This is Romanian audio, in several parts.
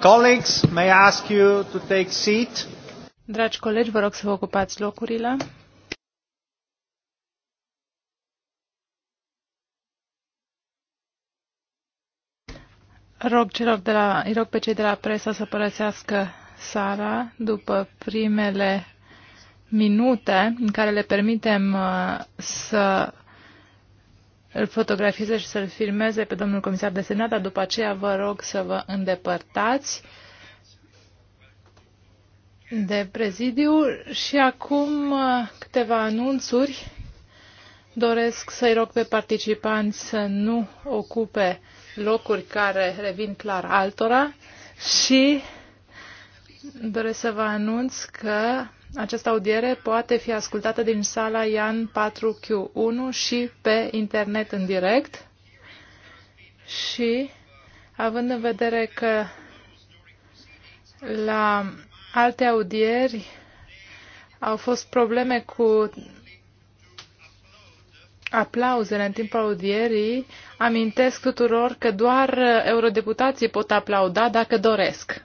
Colleagues, may I ask you to take seat? Dragi colegi, vă rog să vă ocupați locurile. Rog celor de la, îi rog pe cei de la presă să părăsească sala după primele minute în care le permitem uh, să îl fotografieze și să-l filmeze pe domnul comisar de senat, dar după aceea vă rog să vă îndepărtați de prezidiu și acum uh, câteva anunțuri. Doresc să-i rog pe participanți să nu ocupe locuri care revin clar altora și doresc să vă anunț că această audiere poate fi ascultată din sala Ian 4Q1 și pe internet în direct. Și, având în vedere că la alte audieri au fost probleme cu aplauzele în timpul audierii, amintesc tuturor că doar eurodeputații pot aplauda dacă doresc.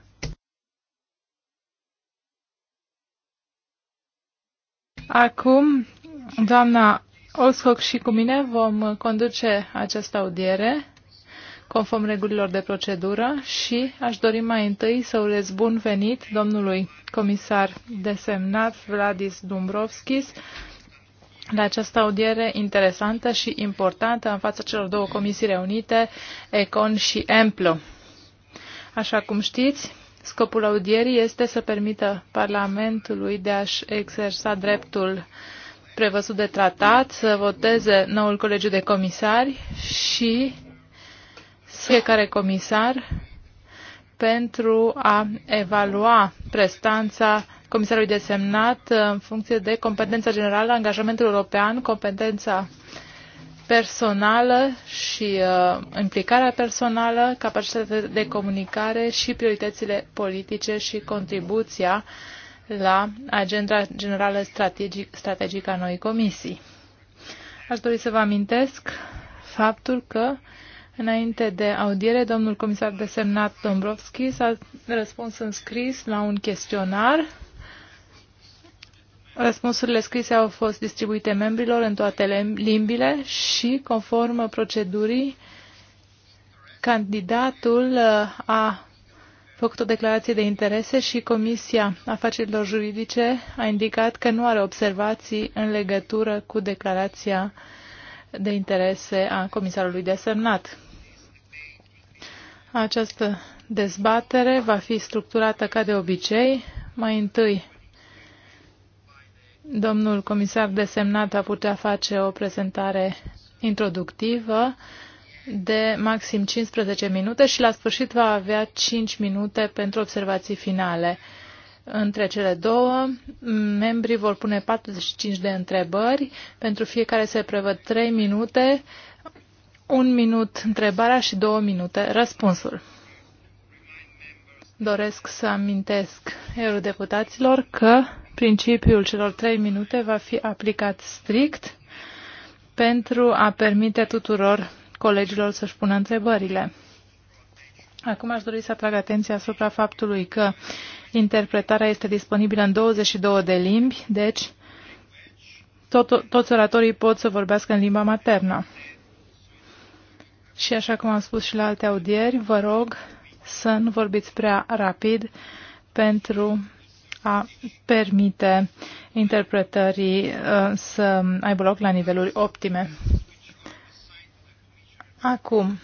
Acum, doamna Olshock și cu mine vom conduce această audiere conform regulilor de procedură și aș dori mai întâi să urez bun venit domnului comisar desemnat Vladis Dumbrovskis la această audiere interesantă și importantă în fața celor două comisii reunite, Econ și Emplo. Așa cum știți, Scopul audierii este să permită Parlamentului de a-și exersa dreptul prevăzut de tratat, să voteze noul colegiu de comisari și fiecare comisar pentru a evalua prestanța comisarului desemnat în funcție de competența generală, angajamentul european, competența personală și uh, implicarea personală, capacitatea de comunicare și prioritățile politice și contribuția la agenda generală strategic, strategică a noii comisii. Aș dori să vă amintesc faptul că înainte de audiere, domnul comisar desemnat Dombrovski s-a răspuns în scris la un chestionar Răspunsurile scrise au fost distribuite membrilor în toate limbile și, conform procedurii, candidatul uh, a făcut o declarație de interese și Comisia Afacerilor Juridice a indicat că nu are observații în legătură cu declarația de interese a comisarului desemnat. Această dezbatere va fi structurată ca de obicei. Mai întâi Domnul comisar desemnat a putea face o prezentare introductivă de maxim 15 minute și la sfârșit va avea 5 minute pentru observații finale. Între cele două, membrii vor pune 45 de întrebări. Pentru fiecare se prevăd 3 minute, 1 minut întrebarea și 2 minute răspunsul. Doresc să amintesc eurodeputaților că principiul celor trei minute va fi aplicat strict pentru a permite tuturor colegilor să-și pună întrebările. Acum aș dori să atrag atenția asupra faptului că interpretarea este disponibilă în 22 de limbi, deci tot, toți oratorii pot să vorbească în limba maternă. Și așa cum am spus și la alte audieri, vă rog să nu vorbiți prea rapid pentru a permite interpretării uh, să aibă loc la niveluri optime. Acum,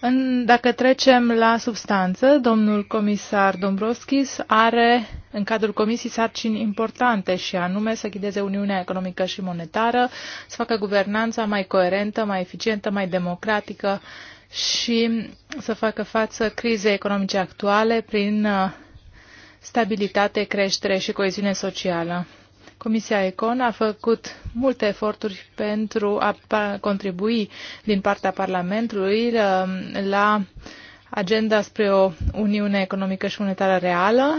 în, dacă trecem la substanță, domnul comisar Dombrovskis are în cadrul comisiei sarcini importante și anume să ghideze Uniunea Economică și Monetară, să facă guvernanța mai coerentă, mai eficientă, mai democratică și să facă față crizei economice actuale prin uh, stabilitate, creștere și coeziune socială. Comisia Econ a făcut multe eforturi pentru a contribui din partea Parlamentului uh, la agenda spre o Uniune economică și monetară reală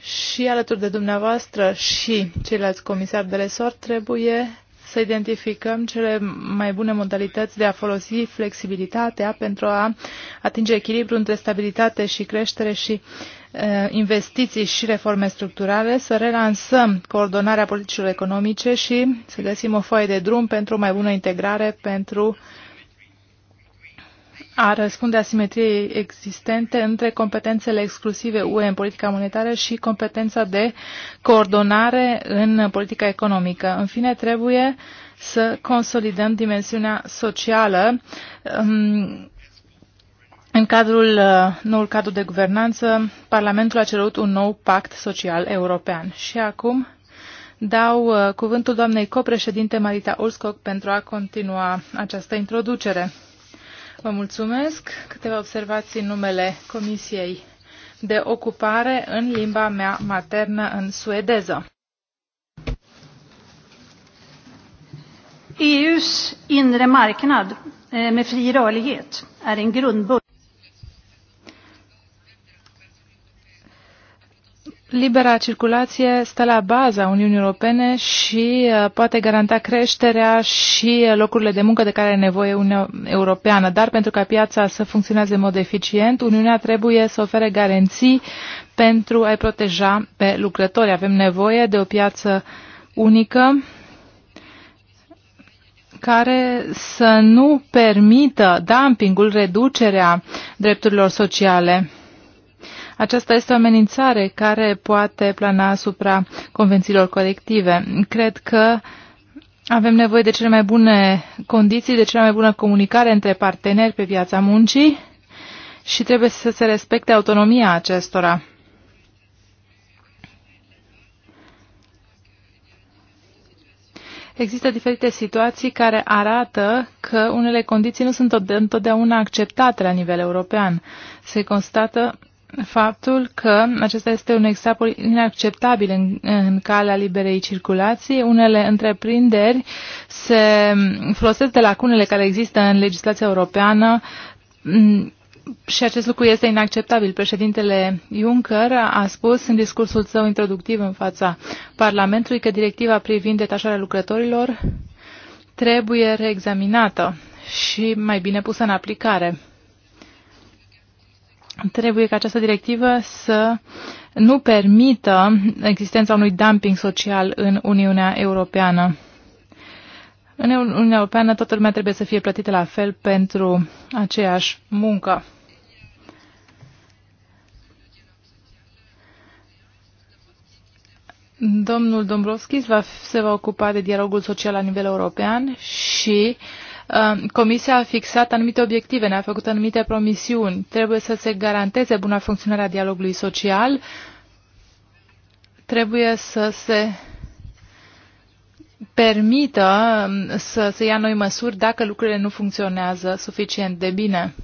și alături de dumneavoastră și ceilalți comisari de resort trebuie să identificăm cele mai bune modalități de a folosi flexibilitatea pentru a atinge echilibru între stabilitate și creștere și investiții și reforme structurale, să relansăm coordonarea politicilor economice și să găsim o foaie de drum pentru o mai bună integrare pentru a răspunde asimetriei existente între competențele exclusive UE în politica monetară și competența de coordonare în politica economică. În fine, trebuie să consolidăm dimensiunea socială um, în cadrul uh, noul cadru de guvernanță, Parlamentul a cerut un nou pact social european. Și acum dau uh, cuvântul doamnei copreședinte Marita Ulskog pentru a continua această introducere. Vă mulțumesc. Câteva observații în numele Comisiei de Ocupare în limba mea maternă în suedeză. EUs inre marknad eh, med fri rörlighet är en grundbult Libera circulație stă la baza Uniunii Europene și uh, poate garanta creșterea și uh, locurile de muncă de care are nevoie Uniunea Europeană. Dar pentru ca piața să funcționeze în mod eficient, Uniunea trebuie să ofere garanții pentru a-i proteja pe lucrători. Avem nevoie de o piață unică care să nu permită dumpingul, reducerea drepturilor sociale aceasta este o amenințare care poate plana asupra convențiilor colective. Cred că avem nevoie de cele mai bune condiții, de cea mai bună comunicare între parteneri pe piața muncii și trebuie să se respecte autonomia acestora. Există diferite situații care arată că unele condiții nu sunt întotdeauna acceptate la nivel european. Se constată faptul că acesta este un exemplu inacceptabil în, în calea liberei circulații. Unele întreprinderi se folosesc de lacunele care există în legislația europeană mm, și acest lucru este inacceptabil. Președintele Juncker a spus în discursul său introductiv în fața Parlamentului că directiva privind detașarea lucrătorilor trebuie reexaminată și mai bine pusă în aplicare trebuie ca această directivă să nu permită existența unui dumping social în Uniunea Europeană. În Uniunea Europeană toată lumea trebuie să fie plătită la fel pentru aceeași muncă. Domnul Dombrovskis va, se va ocupa de dialogul social la nivel european și uh, Comisia a fixat anumite obiective, ne-a făcut anumite promisiuni. Trebuie să se garanteze buna funcționare a dialogului social, trebuie să se permită să se ia noi măsuri dacă lucrurile nu funcționează suficient de bine.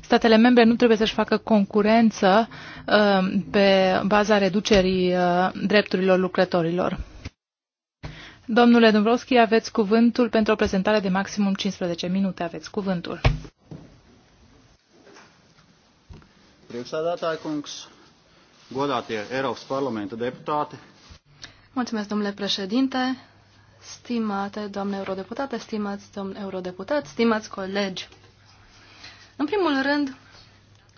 Statele membre nu trebuie să-și facă concurență pe baza reducerii uh, drepturilor lucrătorilor. Domnule Dumbrovski, aveți cuvântul pentru o prezentare de maximum 15 minute. Aveți cuvântul. Mulțumesc, domnule președinte, stimate doamne eurodeputate, stimați domn eurodeputat, stimați colegi. În primul rând,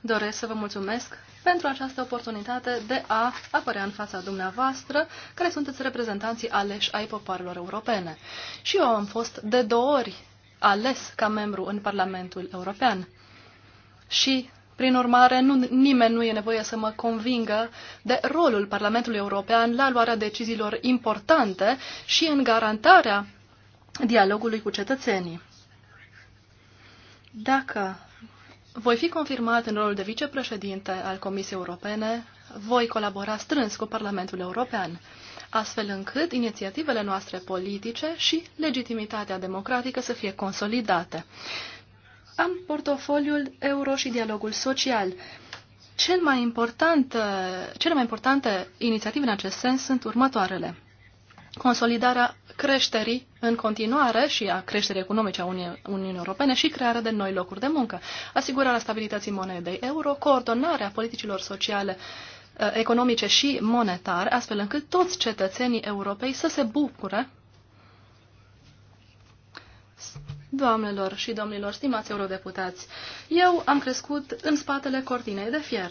doresc să vă mulțumesc pentru această oportunitate de a apărea în fața dumneavoastră, care sunteți reprezentanții aleși ai popoarelor europene. Și eu am fost de două ori ales ca membru în Parlamentul European. Și prin urmare, nu, nimeni nu e nevoie să mă convingă de rolul Parlamentului European la luarea deciziilor importante și în garantarea dialogului cu cetățenii. Dacă voi fi confirmat în rolul de vicepreședinte al Comisiei Europene, voi colabora strâns cu Parlamentul European, astfel încât inițiativele noastre politice și legitimitatea democratică să fie consolidate. Am portofoliul Euro și Dialogul Social. Cel mai important, cele mai importante inițiative în acest sens sunt următoarele consolidarea creșterii în continuare și a creșterii economice a Uniunii Europene și crearea de noi locuri de muncă, asigurarea stabilității monedei euro, coordonarea politicilor sociale eh, economice și monetare, astfel încât toți cetățenii Europei să se bucure Doamnelor și domnilor, stimați eurodeputați, eu am crescut în spatele cortinei de fier.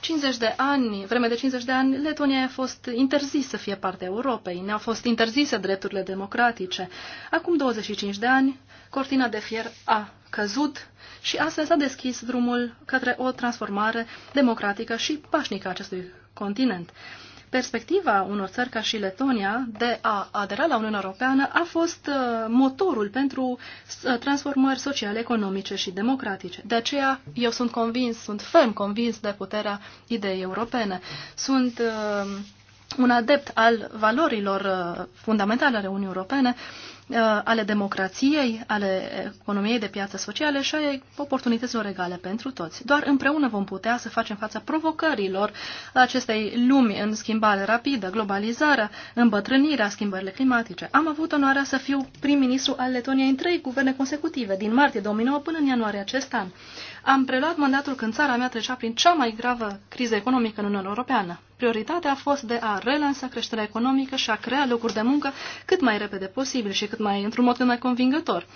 50 de ani, vreme de 50 de ani, Letonia a fost interzis să fie parte a Europei, ne-au fost interzise drepturile democratice. Acum 25 de ani, cortina de fier a căzut și astfel s-a deschis drumul către o transformare democratică și pașnică a acestui continent. Perspectiva unor țări ca și Letonia de a adera la Uniunea Europeană a fost uh, motorul pentru uh, transformări sociale, economice și democratice. De aceea eu sunt convins, sunt ferm convins de puterea ideii europene. Sunt uh, un adept al valorilor fundamentale ale Uniunii Europene Uh, ale democrației, ale economiei de piață sociale și ale oportunităților egale pentru toți. Doar împreună vom putea să facem fața provocărilor acestei lumi în schimbare rapidă, globalizarea, îmbătrânirea, schimbările climatice. Am avut onoarea să fiu prim-ministru al Letoniei în trei guverne consecutive, din martie 2009 până în ianuarie acest an. Am preluat mandatul când țara mea trecea prin cea mai gravă criză economică în Uniunea Europeană prioritatea a fost de a relansa creșterea economică și a crea locuri de muncă cât mai repede posibil și cât mai într-un mod cât mai convingător.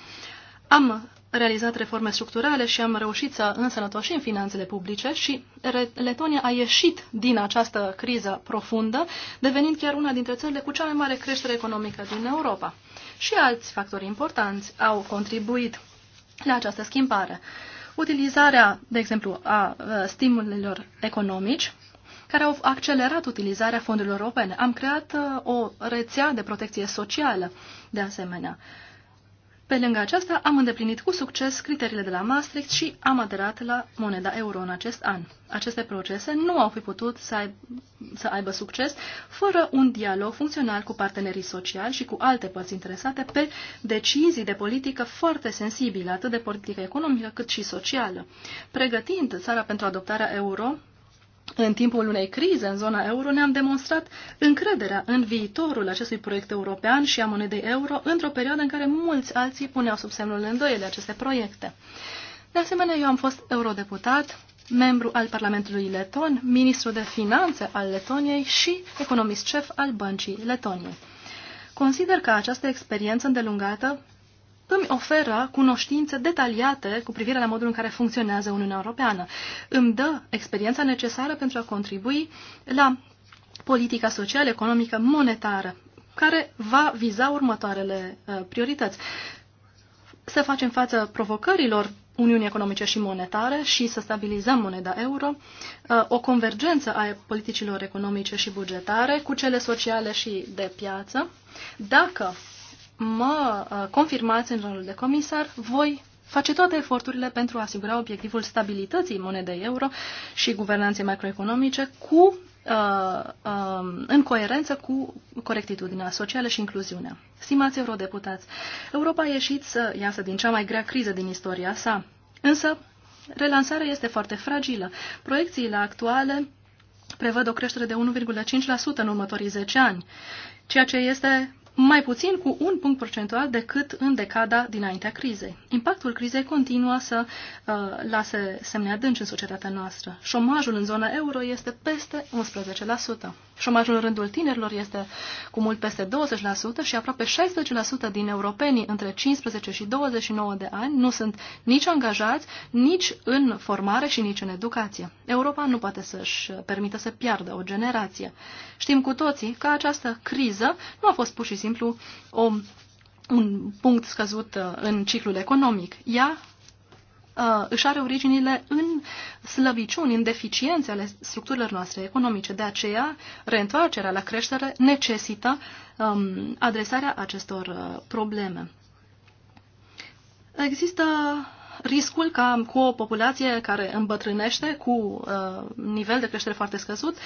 Am realizat reforme structurale și am reușit să însănătoșim finanțele publice și Letonia a ieșit din această criză profundă, devenind chiar una dintre țările cu cea mai mare creștere economică din Europa. Și alți factori importanți au contribuit la această schimbare. Utilizarea, de exemplu, a uh, stimulilor economici, care au accelerat utilizarea fondurilor europene. Am creat uh, o rețea de protecție socială, de asemenea. Pe lângă aceasta, am îndeplinit cu succes criteriile de la Maastricht și am aderat la moneda euro în acest an. Aceste procese nu au fi putut să, aibă, să aibă succes fără un dialog funcțional cu partenerii sociali și cu alte părți interesate pe decizii de politică foarte sensibile, atât de politică economică cât și socială. Pregătind țara pentru adoptarea euro, în timpul unei crize în zona euro ne-am demonstrat încrederea în viitorul acestui proiect european și a monedei euro într-o perioadă în care mulți alții puneau sub semnul îndoiele aceste proiecte. De asemenea, eu am fost eurodeputat, membru al Parlamentului Leton, ministru de finanțe al Letoniei și economist șef al Băncii Letoniei. Consider că această experiență îndelungată îmi oferă cunoștințe detaliate cu privire la modul în care funcționează Uniunea Europeană. Îmi dă experiența necesară pentru a contribui la politica socială, economică, monetară, care va viza următoarele uh, priorități. Să facem față provocărilor Uniunii Economice și Monetare și să stabilizăm moneda euro, uh, o convergență a politicilor economice și bugetare cu cele sociale și de piață. Dacă mă uh, confirmați în rolul de comisar, voi face toate eforturile pentru a asigura obiectivul stabilității monedei euro și guvernanței macroeconomice cu, uh, uh, în coerență cu corectitudinea socială și incluziunea. Stimați eurodeputați, Europa a ieșit să iasă din cea mai grea criză din istoria sa, însă relansarea este foarte fragilă. Proiecțiile actuale prevăd o creștere de 1,5% în următorii 10 ani, ceea ce este mai puțin cu un punct procentual decât în decada dinaintea crizei. Impactul crizei continuă să uh, lase semne adânci în societatea noastră. Șomajul în zona euro este peste 11%. Șomajul în rândul tinerilor este cu mult peste 20% și aproape 60% din europenii între 15 și 29 de ani nu sunt nici angajați, nici în formare și nici în educație. Europa nu poate să-și permită să piardă o generație. Știm cu toții că această criză nu a fost pur și simplu o, un punct scăzut uh, în ciclul economic. Ea Uh, își are originile în slăbiciuni, în deficiențe ale structurilor noastre economice. De aceea, reîntoarcerea la creștere necesită um, adresarea acestor uh, probleme. Există riscul ca cu o populație care îmbătrânește, cu uh, nivel de creștere foarte scăzut,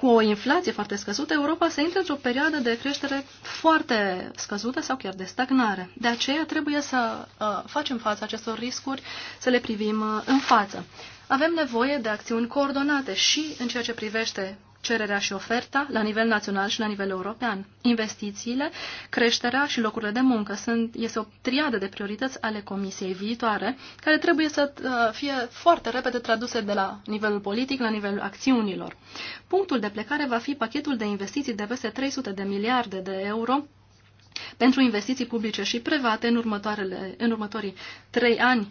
cu o inflație foarte scăzută, Europa se intre într-o perioadă de creștere foarte scăzută sau chiar de stagnare. De aceea trebuie să uh, facem față acestor riscuri, să le privim uh, în față. Avem nevoie de acțiuni coordonate și în ceea ce privește cererea și oferta la nivel național și la nivel european. Investițiile, creșterea și locurile de muncă sunt, este o triadă de priorități ale Comisiei viitoare, care trebuie să uh, fie foarte repede traduse de la nivelul politic la nivelul acțiunilor. Punctul de plecare va fi pachetul de investiții de peste 300 de miliarde de euro pentru investiții publice și private în, următoarele, în următorii trei ani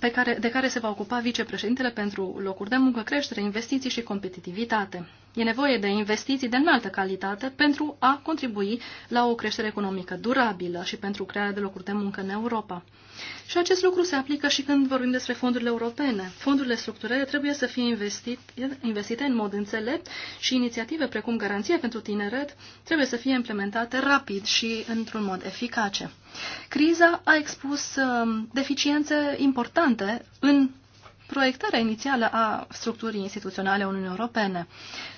pe care, de care se va ocupa vicepreședintele pentru locuri de muncă, creștere, investiții și competitivitate. E nevoie de investiții de înaltă calitate pentru a contribui la o creștere economică durabilă și pentru crearea de locuri de muncă în Europa. Și acest lucru se aplică și când vorbim despre fondurile europene. Fondurile structurale trebuie să fie investit, investite în mod înțelept și inițiative precum Garanția pentru Tineret trebuie să fie implementate rapid și într-un mod eficace. Criza a expus um, deficiențe importante în proiectarea inițială a structurii instituționale a Uniunii Europene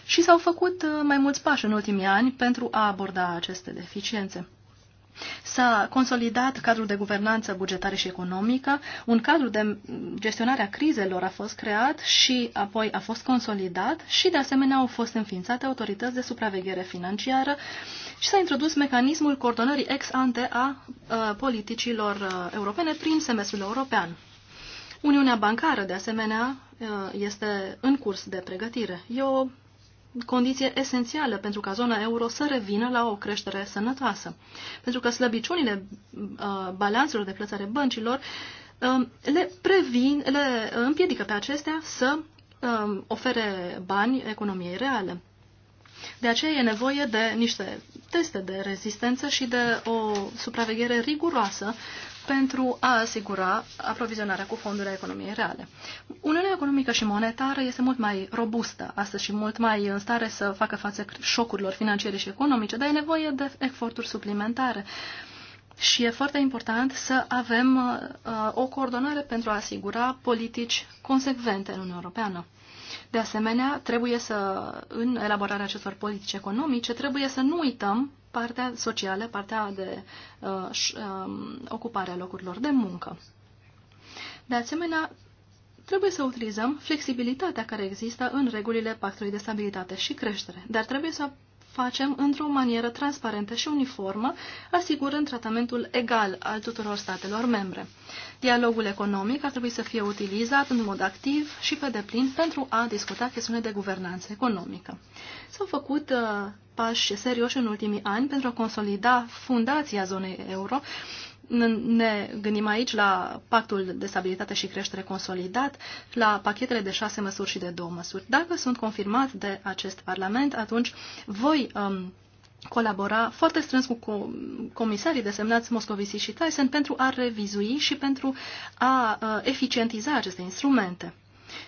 și s-au făcut uh, mai mulți pași în ultimii ani pentru a aborda aceste deficiențe. S-a consolidat cadrul de guvernanță bugetară și economică, un cadru de gestionare a crizelor a fost creat și apoi a fost consolidat și de asemenea au fost înființate autorități de supraveghere financiară și s-a introdus mecanismul coordonării ex ante a, a uh, politicilor uh, europene prin semestrul european. Uniunea bancară, de asemenea, ă, este în curs de pregătire. E o condiție esențială pentru ca zona euro să revină la o creștere sănătoasă. Pentru că slăbiciunile ă, balanțelor de plățare băncilor ă, le, previn, le împiedică pe acestea să ofere bani economiei reale. De aceea e nevoie de niște teste de rezistență și de o supraveghere riguroasă pentru a asigura aprovizionarea cu fondurile economiei reale. Uniunea economică și monetară este mult mai robustă astăzi și mult mai în stare să facă față șocurilor financiare și economice, dar e nevoie de eforturi suplimentare. Și e foarte important să avem uh, o coordonare pentru a asigura politici consecvente în Uniunea Europeană. De asemenea, trebuie să, în elaborarea acestor politici economice, trebuie să nu uităm partea socială, partea de uh, ocuparea um, ocupare locurilor de muncă. De asemenea, trebuie să utilizăm flexibilitatea care există în regulile Pactului de Stabilitate și Creștere, dar trebuie să facem într-o manieră transparentă și uniformă, asigurând tratamentul egal al tuturor statelor membre. Dialogul economic ar trebui să fie utilizat în mod activ și pe deplin pentru a discuta chestiune de guvernanță economică. S-au făcut uh, pași serioși în ultimii ani pentru a consolida fundația zonei euro, ne gândim aici la pactul de stabilitate și creștere consolidat, la pachetele de șase măsuri și de două măsuri. Dacă sunt confirmat de acest Parlament, atunci voi um, colabora foarte strâns cu comisarii desemnați Moscovici și Tyson pentru a revizui și pentru a uh, eficientiza aceste instrumente.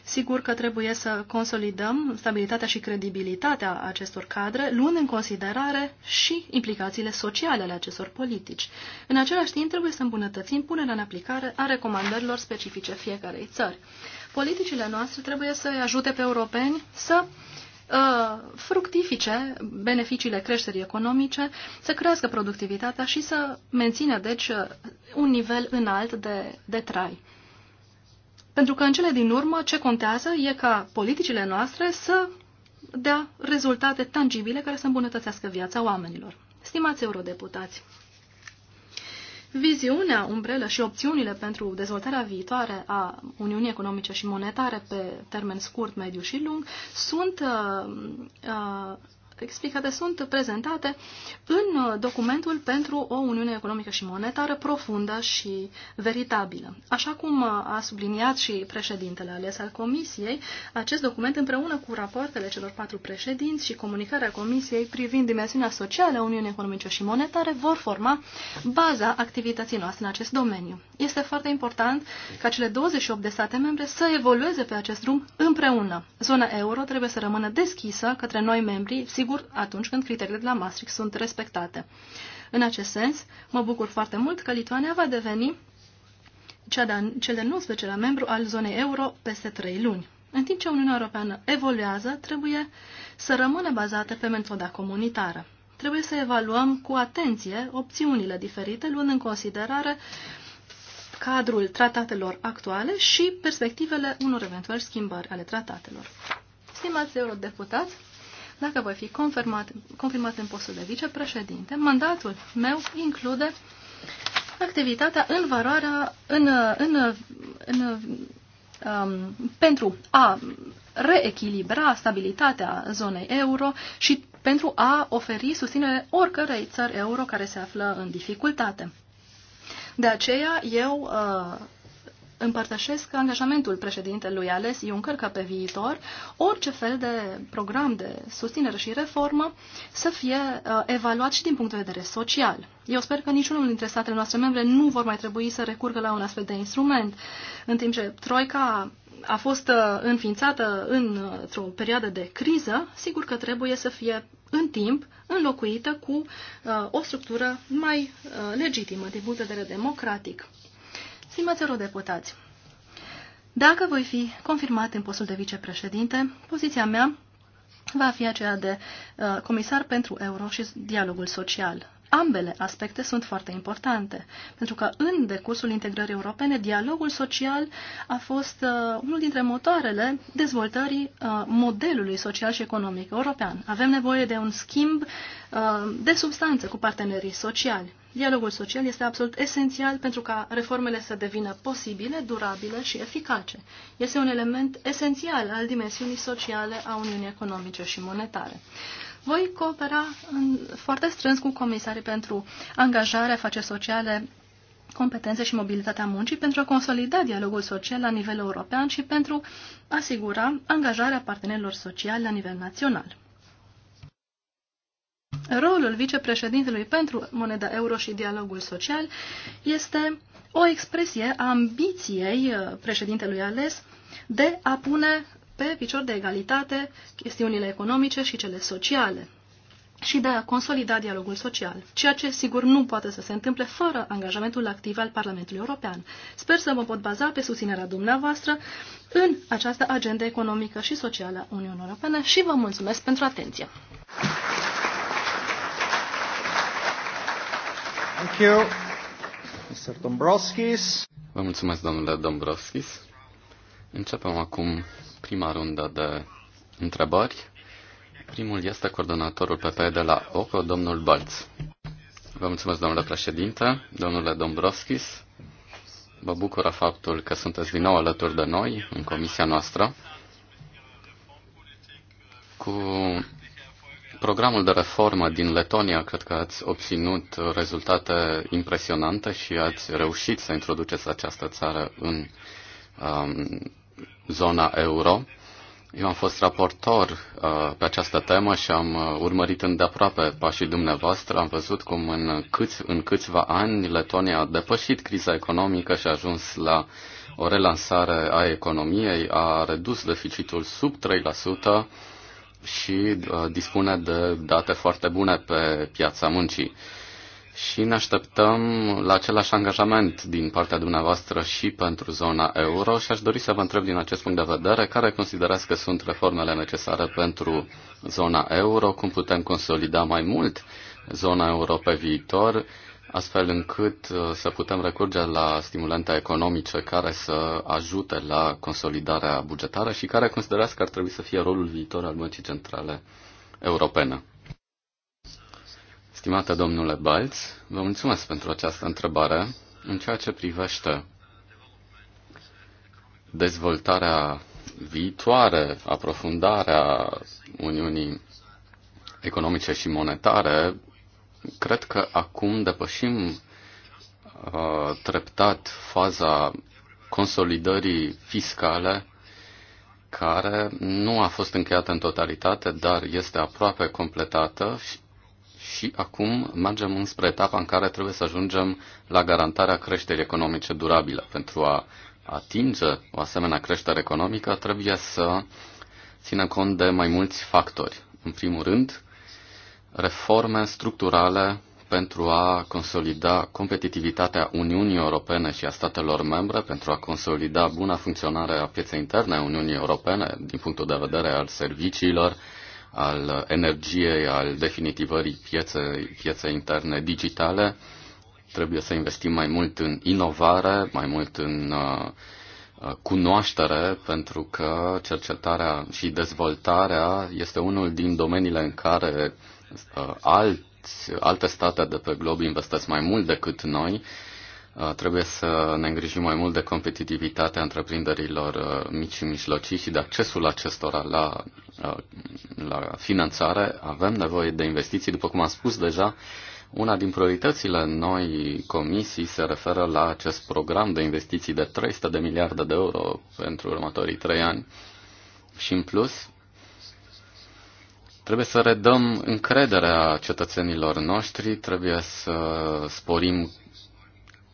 Sigur că trebuie să consolidăm stabilitatea și credibilitatea acestor cadre, luând în considerare și implicațiile sociale ale acestor politici. În același timp, trebuie să îmbunătățim punerea în aplicare a recomandărilor specifice fiecarei țări. Politicile noastre trebuie să îi ajute pe europeni să uh, fructifice beneficiile creșterii economice, să crească productivitatea și să mențină, deci, un nivel înalt de, de trai. Pentru că în cele din urmă ce contează e ca politicile noastre să dea rezultate tangibile care să îmbunătățească viața oamenilor. Stimați eurodeputați, viziunea, umbrelă și opțiunile pentru dezvoltarea viitoare a Uniunii Economice și Monetare pe termen scurt, mediu și lung sunt uh, uh, explicate sunt prezentate în uh, documentul pentru o Uniune Economică și Monetară profundă și veritabilă. Așa cum uh, a subliniat și președintele ales al Comisiei, acest document împreună cu rapoartele celor patru președinți și comunicarea Comisiei privind dimensiunea socială a Uniunii Economice și Monetare vor forma baza activității noastre în acest domeniu. Este foarte important ca cele 28 de state membre să evolueze pe acest drum împreună. Zona euro trebuie să rămână deschisă către noi membri, sigur sigur, atunci când criteriile de la Maastricht sunt respectate. În acest sens, mă bucur foarte mult că Lituania va deveni cea de, cel de 19-lea membru al zonei euro peste 3 luni. În timp ce Uniunea Europeană evoluează, trebuie să rămână bazată pe metoda comunitară. Trebuie să evaluăm cu atenție opțiunile diferite, luând în considerare cadrul tratatelor actuale și perspectivele unor eventuali schimbări ale tratatelor. Stimați eurodeputați, dacă voi fi confirmat, confirmat în postul de vicepreședinte, mandatul meu include activitatea în valoarea, în, în, în, um, pentru a reechilibra stabilitatea zonei euro și pentru a oferi susținere oricărei țări euro care se află în dificultate. De aceea eu uh, împărtășesc angajamentul președintelui ales Juncker ca pe viitor orice fel de program de susținere și reformă să fie uh, evaluat și din punct de vedere social. Eu sper că niciunul dintre statele noastre membre nu vor mai trebui să recurgă la un astfel de instrument, în timp ce Troica a fost uh, înființată uh, într-o perioadă de criză, sigur că trebuie să fie în timp înlocuită cu uh, o structură mai legitimă din punct de vedere democratic. Stimați eurodeputați, dacă voi fi confirmat în postul de vicepreședinte, poziția mea va fi aceea de uh, comisar pentru euro și dialogul social. Ambele aspecte sunt foarte importante, pentru că în decursul integrării europene, dialogul social a fost uh, unul dintre motoarele dezvoltării uh, modelului social și economic european. Avem nevoie de un schimb uh, de substanță cu partenerii sociali. Dialogul social este absolut esențial pentru ca reformele să devină posibile, durabile și eficace. Este un element esențial al dimensiunii sociale a Uniunii Economice și Monetare. Voi coopera în, foarte strâns cu comisarii pentru angajare, face sociale, competențe și mobilitatea muncii pentru a consolida dialogul social la nivel european și pentru a asigura angajarea partenerilor sociali la nivel național. Rolul vicepreședintelui pentru moneda euro și dialogul social este o expresie a ambiției uh, președintelui ales de a pune pe picior de egalitate chestiunile economice și cele sociale și de a consolida dialogul social, ceea ce sigur nu poate să se întâmple fără angajamentul activ al Parlamentului European. Sper să mă pot baza pe susținerea dumneavoastră în această agendă economică și socială a Uniunii Europene și vă mulțumesc pentru atenție. Thank you, Mr. Dombrovskis. Vă mulțumesc, domnule Dombrovskis. Începem acum prima rundă de întrebări. Primul este coordonatorul PP de la OCO, domnul Balț. Vă mulțumesc, domnule președinte, domnule Dombrovskis. Vă bucură faptul că sunteți din nou alături de noi, în comisia noastră. Cu programul de reformă din Letonia, cred că ați obținut rezultate impresionante și ați reușit să introduceți această țară în um, zona euro. Eu am fost raportor uh, pe această temă și am uh, urmărit îndeaproape pașii dumneavoastră. Am văzut cum în, câți, în câțiva ani Letonia a depășit criza economică și a ajuns la o relansare a economiei, a redus deficitul sub 3%, și uh, dispune de date foarte bune pe piața muncii. Și ne așteptăm la același angajament din partea dumneavoastră și pentru zona euro și aș dori să vă întreb din acest punct de vedere care considerați că sunt reformele necesare pentru zona euro, cum putem consolida mai mult zona euro pe viitor, astfel încât uh, să putem recurge la stimulente economice care să ajute la consolidarea bugetară și care considerați că ar trebui să fie rolul viitor al Băncii Centrale Europene. Stimate domnule Balț, vă mulțumesc pentru această întrebare. În ceea ce privește dezvoltarea viitoare, aprofundarea Uniunii economice și monetare, cred că acum depășim uh, treptat faza consolidării fiscale care nu a fost încheiată în totalitate, dar este aproape completată și, și acum mergem înspre etapa în care trebuie să ajungem la garantarea creșterii economice durabile. Pentru a atinge o asemenea creștere economică, trebuie să ținem cont de mai mulți factori. În primul rând, reforme structurale pentru a consolida competitivitatea Uniunii Europene și a statelor membre, pentru a consolida buna funcționare a pieței interne a Uniunii Europene din punctul de vedere al serviciilor, al energiei, al definitivării pieței, pieței interne digitale. Trebuie să investim mai mult în inovare, mai mult în uh, uh, cunoaștere, pentru că cercetarea și dezvoltarea este unul din domeniile în care Uh, alți, alte state de pe glob investesc mai mult decât noi, uh, trebuie să ne îngrijim mai mult de competitivitatea întreprinderilor uh, mici și mijlocii și de accesul acestora la, la finanțare. Avem nevoie de investiții, după cum am spus deja, una din prioritățile noi comisii se referă la acest program de investiții de 300 de miliarde de euro pentru următorii trei ani. Și în plus, Trebuie să redăm încrederea cetățenilor noștri, trebuie să sporim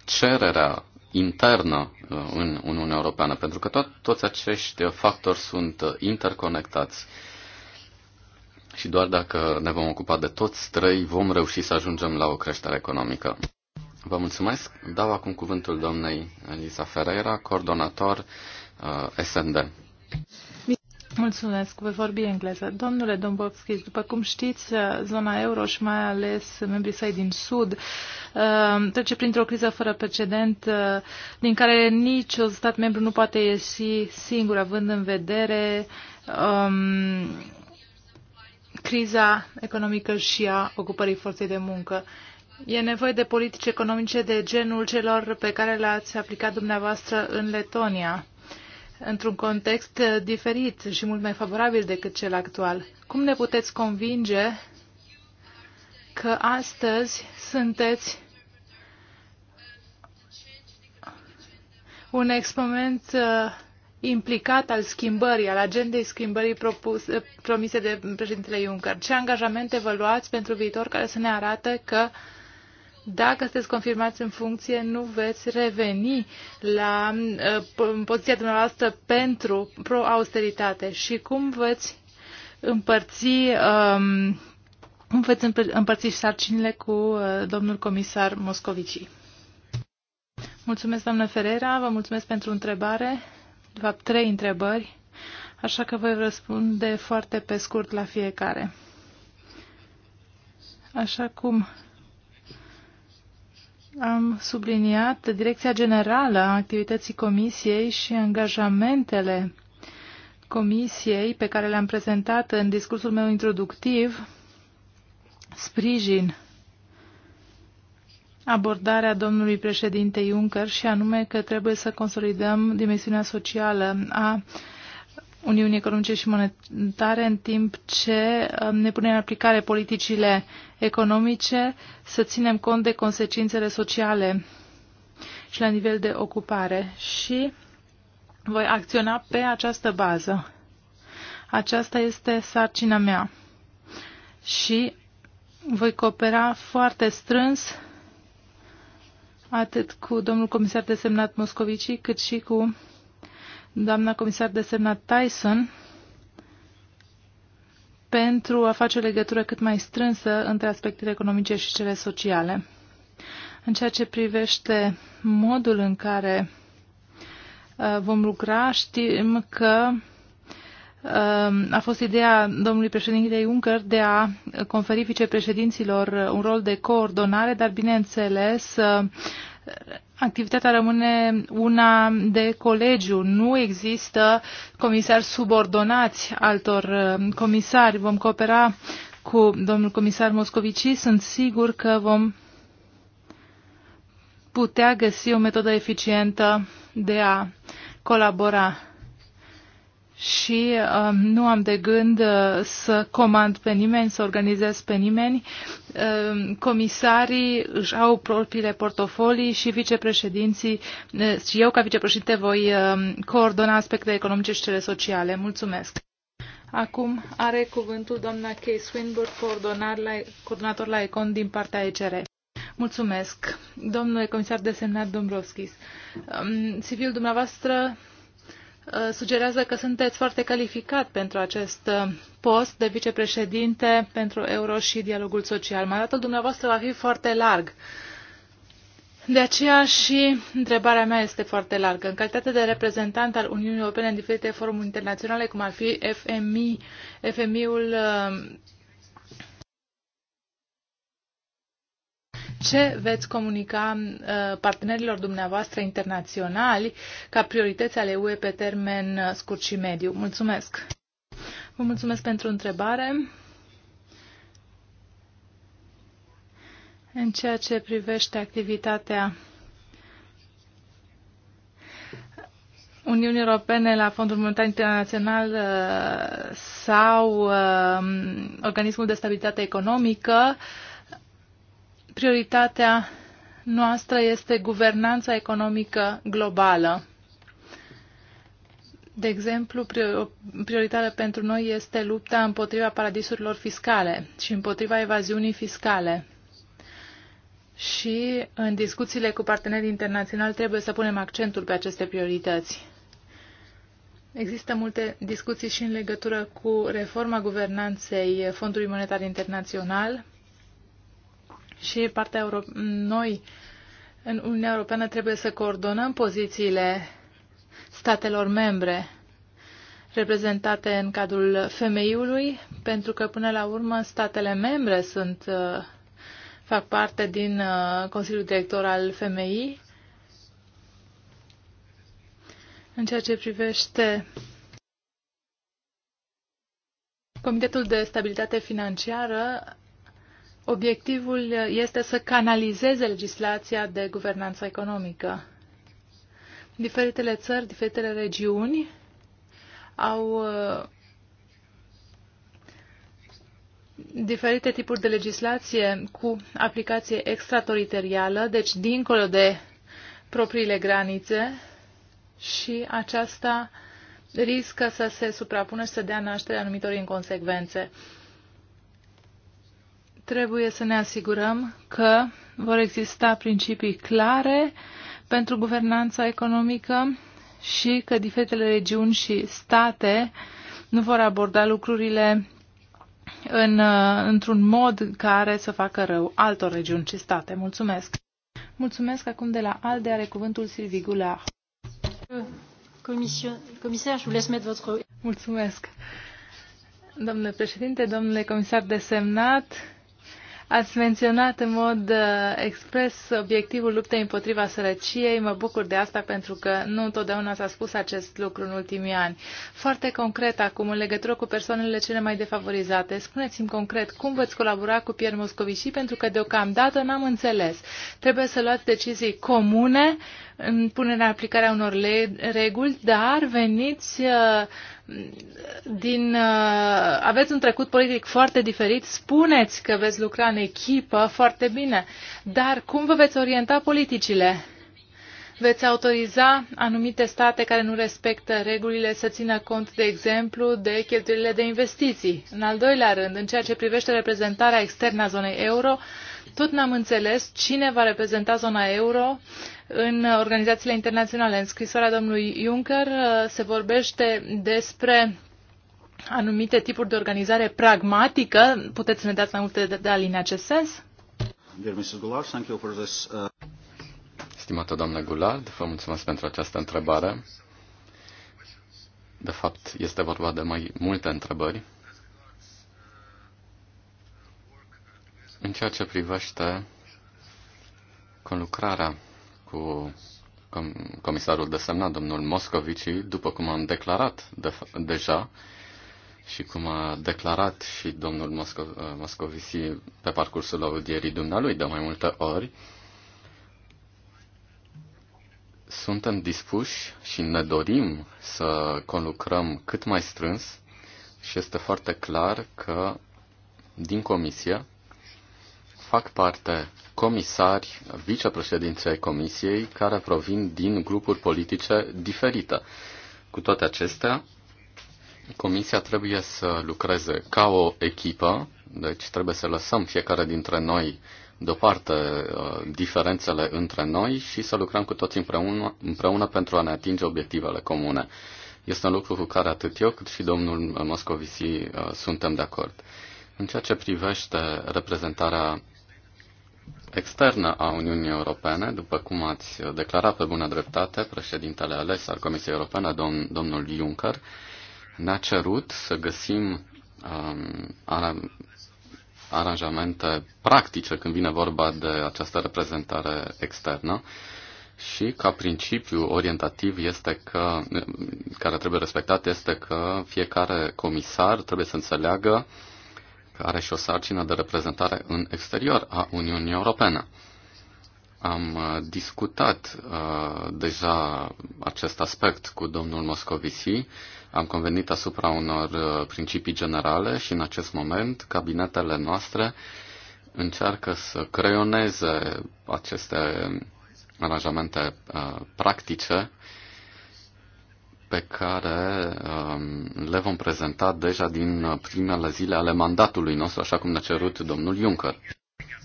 cererea internă uh, în Uniunea Europeană, pentru că tot, toți acești factori sunt uh, interconectați. Și doar dacă ne vom ocupa de toți trei, vom reuși să ajungem la o creștere economică. Vă mulțumesc. Dau acum cuvântul doamnei Elisa Ferreira, coordonator uh, SND. Mulțumesc, voi vorbi engleză. Domnule Dombovski, după cum știți, zona euro și mai ales membrii săi din Sud uh, trece printr-o criză fără precedent uh, din care nici un stat membru nu poate ieși singur, având în vedere um, criza economică și a ocupării forței de muncă. E nevoie de politici economice de genul celor pe care le-ați aplicat dumneavoastră în Letonia într-un context eh, diferit și mult mai favorabil decât cel actual. Cum ne puteți convinge că astăzi sunteți un exponent eh, implicat al schimbării, al agendei schimbării propuse, eh, promise de președintele Juncker. Ce angajamente vă luați pentru viitor care să ne arată că uh, dacă sunteți confirmați în funcție, nu veți reveni la uh, poziția dumneavoastră pentru pro-austeritate și cum veți împărți, um, cum veți împărți sarcinile cu uh, domnul comisar Moscovici. Mulțumesc, doamnă Ferera, vă mulțumesc pentru întrebare. De fapt, trei întrebări, așa că voi răspunde foarte pe scurt la fiecare. Așa cum am subliniat direcția generală a activității comisiei și angajamentele comisiei pe care le-am prezentat în discursul meu introductiv, sprijin abordarea domnului președinte Juncker și anume că trebuie să consolidăm dimensiunea socială a Uniunii Economice și Monetare, în timp ce um, ne punem în aplicare politicile economice, să ținem cont de consecințele sociale și la nivel de ocupare. Și voi acționa pe această bază. Aceasta este sarcina mea. Și voi coopera foarte strâns atât cu domnul comisar desemnat Moscovici, cât și cu doamna comisar desemnat Tyson pentru a face legătură cât mai strânsă între aspectele economice și cele sociale. În ceea ce privește modul în care uh, vom lucra, știm că uh, a fost ideea domnului președinte Juncker de a conferi vicepreședinților un rol de coordonare, dar bineînțeles uh, activitatea rămâne una de colegiu. Nu există comisari subordonați altor uh, comisari. Vom coopera cu domnul comisar Moscovici. Sunt sigur că vom putea găsi o metodă eficientă de a colabora. Și uh, nu am de gând uh, să comand pe nimeni, să organizez pe nimeni. Ehm, comisarii își au propriile portofolii și vicepreședinții și eu ca vicepreședinte voi ehm, coordona aspectele economice și cele sociale. Mulțumesc! Acum are cuvântul doamna Kay Swinburne, coordonator la, coordonator la ECON din partea ECR. Mulțumesc, domnule comisar desemnat Dombrovskis. Ehm, civil dumneavoastră Uh, sugerează că sunteți foarte calificat pentru acest uh, post de vicepreședinte pentru euro și dialogul social. Mandatul dumneavoastră va fi foarte larg. De aceea și întrebarea mea este foarte largă. În calitate de reprezentant al Uniunii Europene în diferite forumuri internaționale, cum ar fi FMI, FMI-ul uh, ce veți comunica uh, partenerilor dumneavoastră internaționali ca priorități ale UE pe termen uh, scurt și mediu? Mulțumesc! Vă mulțumesc pentru întrebare. În ceea ce privește activitatea Uniunii Europene la Fondul Monetar Internațional uh, sau Organismul de Stabilitate Economică, prioritatea noastră este guvernanța economică globală. De exemplu, prioritatea pentru noi este lupta împotriva paradisurilor fiscale și împotriva evaziunii fiscale. Și în discuțiile cu partenerii internaționali trebuie să punem accentul pe aceste priorități. Există multe discuții și în legătură cu reforma guvernanței Fondului Monetar Internațional și partea euro- noi în Uniunea Europeană trebuie să coordonăm pozițiile statelor membre reprezentate în cadrul femeiului, pentru că până la urmă statele membre sunt, uh, fac parte din uh, Consiliul Director al femeii. În ceea ce privește Comitetul de Stabilitate Financiară, Obiectivul este să canalizeze legislația de guvernanță economică. Diferitele țări, diferitele regiuni au uh, diferite tipuri de legislație cu aplicație extrateritorială, deci dincolo de propriile granițe și aceasta riscă să se suprapună și să dea naștere anumitor inconsecvențe. Trebuie să ne asigurăm că vor exista principii clare pentru guvernanța economică și că diferitele regiuni și state nu vor aborda lucrurile în, uh, într-un mod care să facă rău altor regiuni și state. Mulțumesc! Mulțumesc acum de la ALDE are cuvântul Sylvie Goulart. Comisar, je vous laisse mettre votre... Mulțumesc! Domnule președinte, domnule comisar desemnat, Ați menționat în mod uh, expres obiectivul luptei împotriva sărăciei. Mă bucur de asta pentru că nu întotdeauna s-a spus acest lucru în ultimii ani. Foarte concret acum, în legătură cu persoanele cele mai defavorizate, spuneți-mi concret cum veți colabora cu Pierre Moscovici pentru că deocamdată n-am înțeles. Trebuie să luați decizii comune în punerea aplicarea unor reguli, dar veniți uh, din... Uh, aveți un trecut politic foarte diferit, spuneți că veți lucra în echipă foarte bine, dar cum vă veți orienta politicile? Veți autoriza anumite state care nu respectă regulile să țină cont, de exemplu, de cheltuielile de investiții. În al doilea rând, în ceea ce privește reprezentarea externă a zonei euro, uh, tot n-am înțeles cine va reprezenta zona euro în organizațiile internaționale. În scrisoarea domnului Juncker uh, se vorbește despre anumite tipuri de organizare pragmatică. Puteți să ne dați mai multe detalii în acest sens? Uh, Stimată doamnă Goulard, vă mulțumesc pentru această întrebare. De fapt, este vorba de mai multe întrebări În ceea ce privește conlucrarea cu comisarul desemnat, domnul Moscovici, după cum am declarat de, deja și cum a declarat și domnul Mosco, Moscovici pe parcursul audierii dumnealui de mai multe ori, suntem dispuși și ne dorim să conlucrăm cât mai strâns și este foarte clar că din comisie fac parte comisari, vicepreședinți ai comisiei, care provin din grupuri politice diferite. Cu toate acestea, comisia trebuie să lucreze ca o echipă, deci trebuie să lăsăm fiecare dintre noi deoparte uh, diferențele între noi și să lucrăm cu toți împreună, împreună pentru a ne atinge obiectivele comune. Este un lucru cu care atât eu cât și domnul Moscovici uh, suntem de acord. În ceea ce privește reprezentarea externă a Uniunii Europene, după cum ați declarat pe bună dreptate, președintele ales al Comisiei Europene, domn, domnul Juncker, ne-a cerut să găsim um, ar- aranjamente practice când vine vorba de această reprezentare externă și ca principiu orientativ este că, care trebuie respectat este că fiecare comisar trebuie să înțeleagă uh, are și o sarcină de reprezentare în exterior a Uniunii Europene. Am uh, discutat uh, deja acest aspect cu domnul Moscovici, am convenit asupra unor uh, principii generale și în acest moment cabinetele noastre încearcă să creioneze aceste aranjamente uh, practice pe care um, le vom prezenta deja din primele zile ale mandatului nostru, așa cum ne-a cerut domnul Juncker.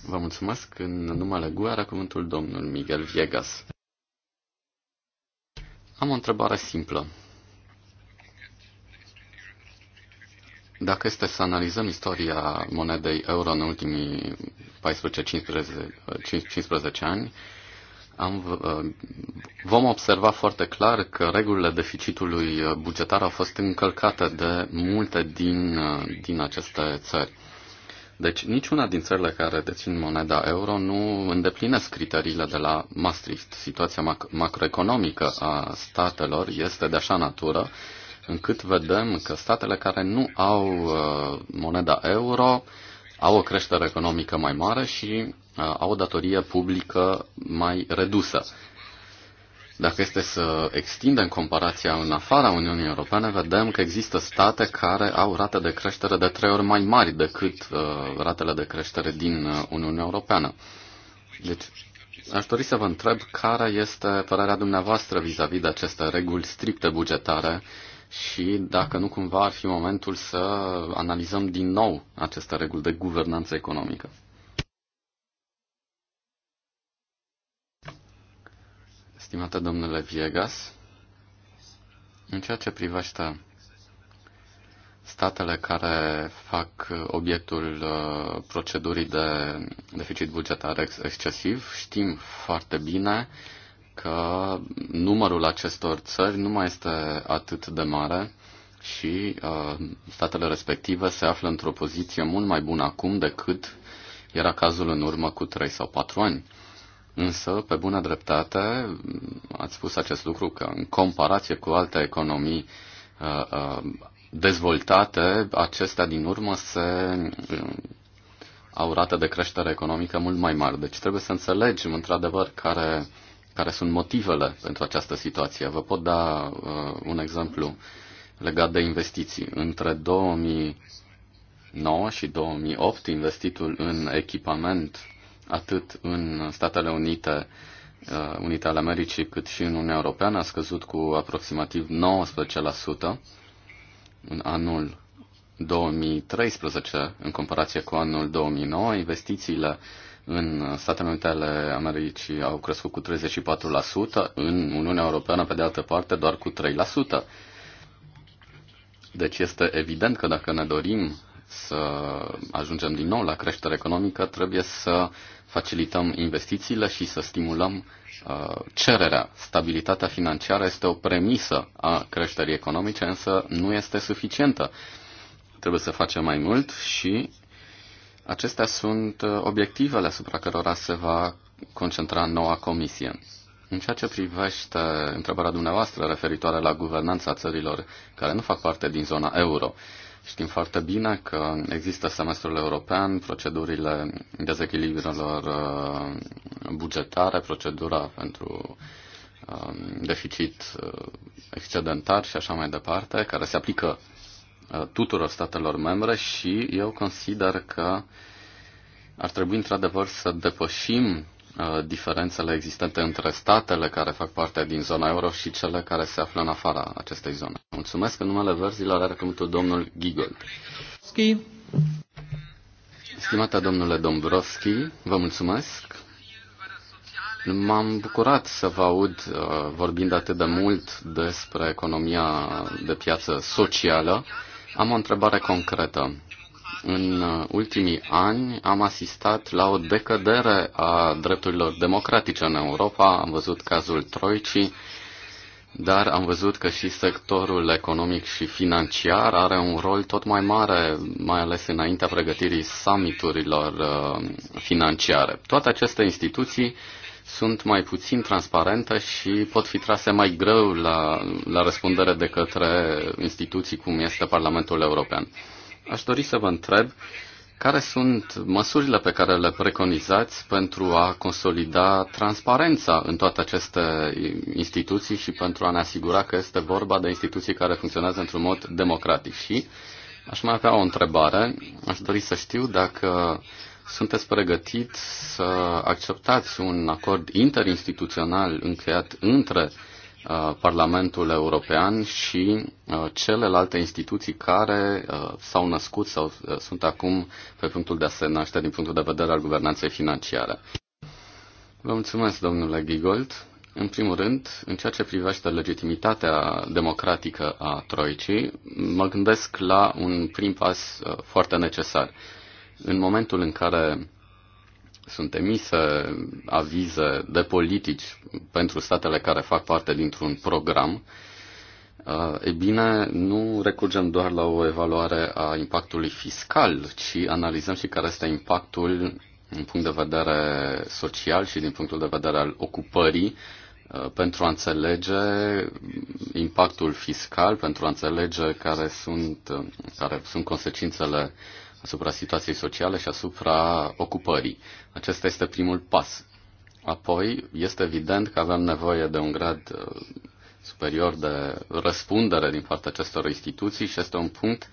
Vă mulțumesc. În numele GUE are cuvântul domnul Miguel Viegas. Am o întrebare simplă. Dacă este să analizăm istoria monedei euro în ultimii 14-15 ani, am, uh, vom observa foarte clar că regulile deficitului bugetar au fost încălcate de multe din, uh, din aceste țări. Deci niciuna din țările care dețin moneda euro nu îndeplinesc criteriile de la Maastricht. Situația mac- macroeconomică a statelor este de așa natură încât vedem că statele care nu au uh, moneda euro uh, au o creștere economică mai mare și uh, au o datorie publică mai redusă. Dacă este să extindem comparația în afara Uniunii Europene, vedem că există state care au rate de creștere de trei ori mai mari decât uh, ratele de creștere din uh, Uniunea Europeană. Deci, aș dori să vă întreb care este părerea dumneavoastră vis-a-vis -vis de aceste reguli stricte bugetare și dacă nu cumva ar fi momentul să analizăm din nou aceste reguli de guvernanță economică. Stimate domnule Viegas, în ceea ce privește statele care fac obiectul uh, procedurii de deficit bugetar excesiv, știm foarte bine uh, că numărul acestor țări nu mai este atât de mare și uh, statele respective se află într-o poziție mult mai bună acum decât era cazul în urmă cu 3 sau 4 ani. Însă, pe bună dreptate, ați spus acest lucru că în comparație cu alte economii uh, uh, dezvoltate, acestea din urmă se uh, au rată de creștere economică mult mai mare. Deci trebuie să înțelegem într-adevăr care care sunt motivele pentru această situație. Vă pot da uh, un exemplu legat de investiții. Între 2009 și 2008, investitul în echipament, atât în Statele Unite, uh, Unite ale Americii, cât și în Uniunea Europeană, a scăzut cu aproximativ 19% în anul 2013, în comparație cu anul 2009. Investițiile uh, în Statele Unite ale Americii au crescut cu 34%, în Uniunea Europeană, pe de altă parte, doar cu 3%. Deci este evident că dacă ne dorim să ajungem din nou la creștere economică, trebuie să facilităm investițiile și să stimulăm uh, cererea. Stabilitatea financiară este o premisă a creșterii economice, însă nu este suficientă. Trebuie să facem mai mult și Acestea sunt uh, obiectivele asupra cărora se va concentra noua comisie. În ceea ce privește întrebarea dumneavoastră referitoare la guvernanța țărilor care nu fac parte din zona euro, știm foarte bine că există semestrul european, procedurile dezechilibrelor uh, bugetare, procedura pentru um, deficit uh, excedentar și așa mai departe, care se aplică Uh, tuturor statelor membre și eu consider că ar trebui într-adevăr să depășim uh, diferențele existente între statele care fac parte din zona euro și cele care se află în afara acestei zone. Mulțumesc. În numele verzilor are cuvântul domnul Gigol. Ski. Stimate domnule Dombrovski, vă mulțumesc. M-am bucurat să vă aud uh, vorbind atât de mult despre economia de piață socială am o întrebare concretă. În uh, ultimii ani am asistat la o decădere a drepturilor democratice în Europa. Am văzut cazul Troicii, dar am văzut că și sectorul economic și financiar are un rol tot mai mare, mai ales înaintea pregătirii summiturilor uh, financiare. Toate aceste instituții sunt mai puțin transparente și pot fi trase mai greu la, la răspundere de către instituții cum este Parlamentul European. Aș dori să vă întreb care sunt măsurile pe care le preconizați pentru a consolida transparența în toate aceste instituții și pentru a ne asigura că este vorba de instituții care funcționează într-un mod democratic. Și aș mai avea o întrebare. Aș dori să știu dacă sunteți pregătit să acceptați un acord interinstituțional încheiat între uh, Parlamentul European și uh, celelalte instituții care uh, s-au născut sau sunt acum pe punctul de a se naște din punctul de vedere al guvernanței financiare. Vă mulțumesc, domnule Gigold. În primul rând, în ceea ce privește legitimitatea democratică a Troicii, mă gândesc la un prim pas foarte necesar. În momentul în care sunt emise avize de politici pentru statele care fac parte dintr-un program, uh, e bine, nu recurgem doar la o evaluare a impactului fiscal, ci analizăm și care este impactul din punct de vedere social și din punctul de vedere al ocupării uh, pentru a înțelege impactul fiscal, pentru a înțelege care sunt, uh, care sunt consecințele asupra situației sociale și asupra ocupării. Acesta este primul pas. Apoi, este evident că avem nevoie de un grad uh, superior de răspundere din partea acestor instituții și este un punct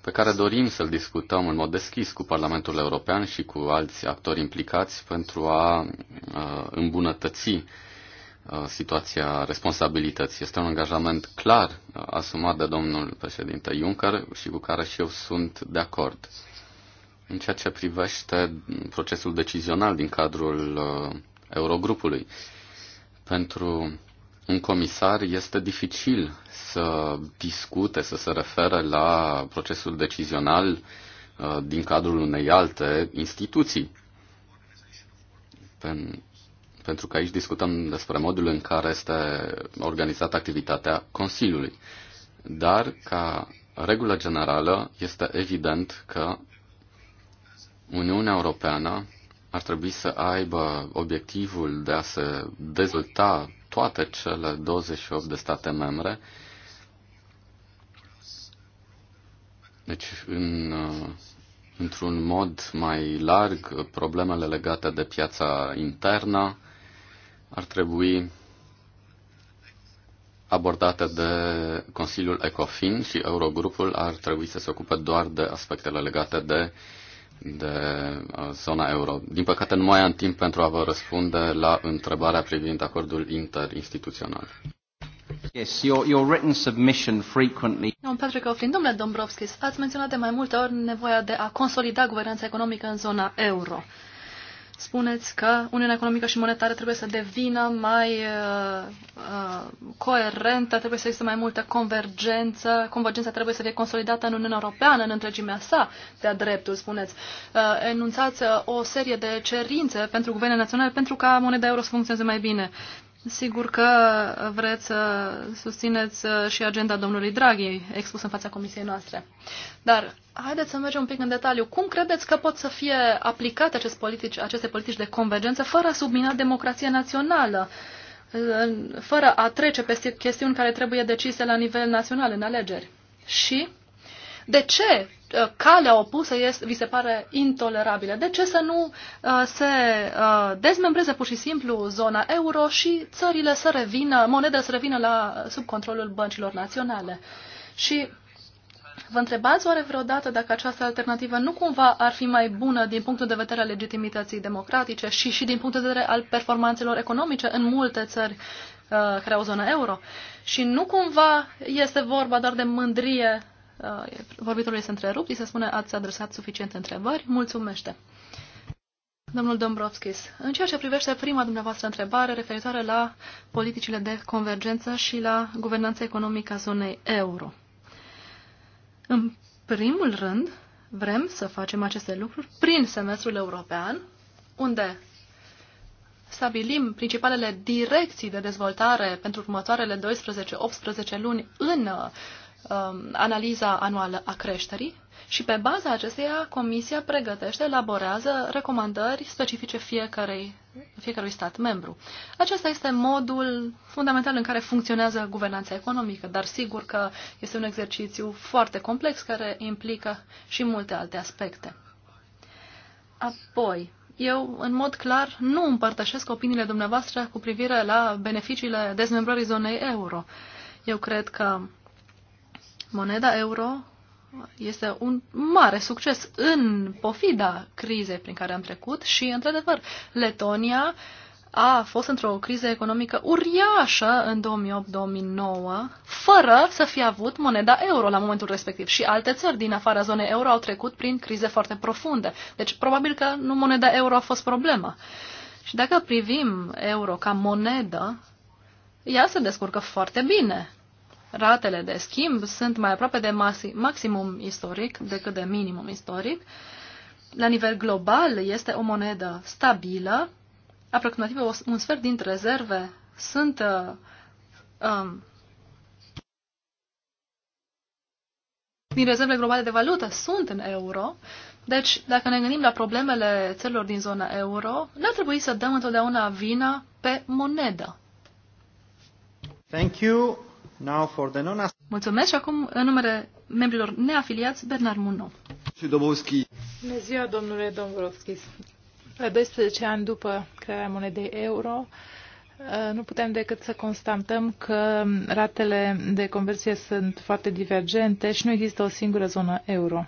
pe care dorim să-l discutăm în mod deschis cu Parlamentul European și cu alți actori implicați pentru a uh, îmbunătăți Uh, situația responsabilității. Este un angajament clar uh, asumat de domnul președinte Juncker și cu care și eu sunt de acord. În ceea ce privește procesul decizional din cadrul uh, Eurogrupului, pentru un comisar este dificil să discute, să se refere la procesul decizional din cadrul unei alte instituții pentru că aici discutăm despre modul în care este organizată activitatea Consiliului. Dar, ca regulă generală, este evident că Uniunea Europeană ar trebui să aibă obiectivul de a se dezvolta toate cele 28 de state membre. Deci, în, într-un mod mai larg, problemele legate de piața internă, ar trebui abordate de Consiliul ECOFIN și Eurogrupul ar trebui să se ocupe doar de aspectele legate de, de uh, zona euro. Din păcate nu mai am timp pentru a vă răspunde la întrebarea privind acordul interinstituțional. Yes, your, your written submission frequently. Domnul Patrick Oflin, domnule Dombrovskis, ați menționat de mai multe ori nevoia de a consolida guvernanța economică în zona euro spuneți că Uniunea Economică și Monetară trebuie să devină mai uh, uh, coerentă, trebuie să existe mai multă convergență, convergența trebuie să fie consolidată în Uniunea Europeană, în întregimea sa, de-a dreptul, spuneți. Uh, enunțați uh, o serie de cerințe pentru guvernele naționale pentru ca moneda euro să funcționeze mai bine. Sigur că vreți să susțineți uh, și agenda domnului Draghi expus în fața comisiei noastre. Dar haideți să mergem un pic în detaliu. Cum credeți că pot să fie aplicate aceste politici, aceste politici de convergență fără a submina democrația națională, fără a trece peste chestiuni care trebuie decise la nivel național în alegeri? Și de ce uh, calea opusă este, vi se pare intolerabilă? De ce să nu uh, se uh, dezmembreze pur și simplu zona euro și țările să revină, monedele să revină la, sub controlul băncilor naționale? Și Vă întrebați oare vreodată dacă această alternativă nu cumva ar fi mai bună din punctul de vedere al legitimității democratice și și din punctul de vedere al performanțelor economice în multe țări uh, care au zona euro? Și nu cumva este vorba doar de mândrie, uh, vorbitorul este întrerupt, îi se spune ați adresat suficiente întrebări, mulțumește. Domnul Dombrovskis, în ceea ce privește prima dumneavoastră întrebare referitoare la politicile de convergență și la guvernanța economică a zonei euro. În primul rând, vrem să facem aceste lucruri prin semestrul european, unde stabilim principalele direcții de dezvoltare pentru următoarele 12-18 luni în um, analiza anuală a creșterii și pe baza acesteia Comisia pregătește, elaborează recomandări specifice fiecarei fiecărui stat membru. Acesta este modul fundamental în care funcționează guvernanța economică, dar sigur că este un exercițiu foarte complex care implică și multe alte aspecte. Apoi, eu, în mod clar, nu împărtășesc opiniile dumneavoastră cu privire la beneficiile dezmembrării zonei euro. Eu cred că moneda euro este un mare succes în pofida crizei prin care am trecut și, într-adevăr, Letonia a fost într-o criză economică uriașă în 2008-2009, fără să fie avut moneda euro la momentul respectiv. Și alte țări din afara zonei euro au trecut prin crize foarte profunde. Deci, probabil că nu moneda euro a fost problema. Și dacă privim euro ca monedă, ea se descurcă foarte bine ratele de schimb sunt mai aproape de maximum istoric decât de minimum istoric. La nivel global este o monedă stabilă, aproximativ un sfert dintre rezerve sunt uh, um, din rezerve globale de valută sunt în euro. Deci, dacă ne gândim la problemele țărilor din zona euro, nu ar trebui să dăm întotdeauna vina pe monedă. Thank you. Now for the non Mulțumesc și acum în numele membrilor neafiliați Bernard Muno. Domnului. Bună ziua, domnule Dombrovskis. La 12 ani după crearea monedei euro, uh, nu putem decât să constatăm că ratele de conversie sunt foarte divergente și nu există o singură zonă euro.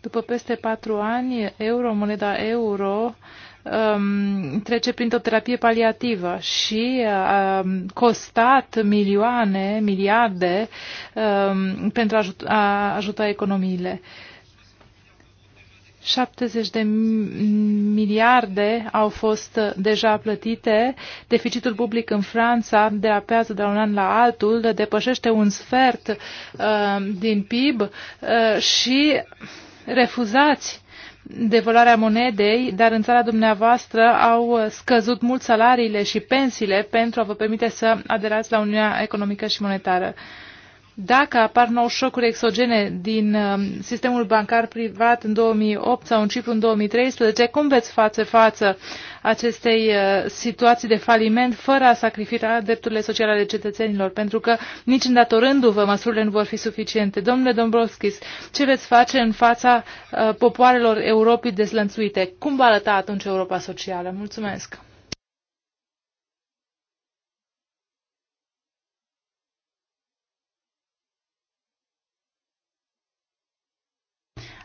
După peste patru ani, euro, moneda euro, um, trece printr-o terapie paliativă și a um, costat milioane, miliarde um, pentru a ajuta, a ajuta economiile. 70 de miliarde au fost deja plătite. Deficitul public în Franța derapează de la un an la altul, depășește un sfert uh, din PIB uh, și refuzați devaluarea monedei, dar în țara dumneavoastră au scăzut mult salariile și pensiile pentru a vă permite să aderați la Uniunea Economică și Monetară. Dacă apar nou șocuri exogene din uh, sistemul bancar privat în 2008 sau în Cipru în 2013, cum veți face față acestei uh, situații de faliment fără a sacrifica drepturile sociale ale cetățenilor, pentru că nici îndatorându-vă măsurile nu vor fi suficiente. Domnule Dombrovskis, ce veți face în fața uh, popoarelor Europei dezlănțuite? Cum va arăta atunci Europa socială? Mulțumesc!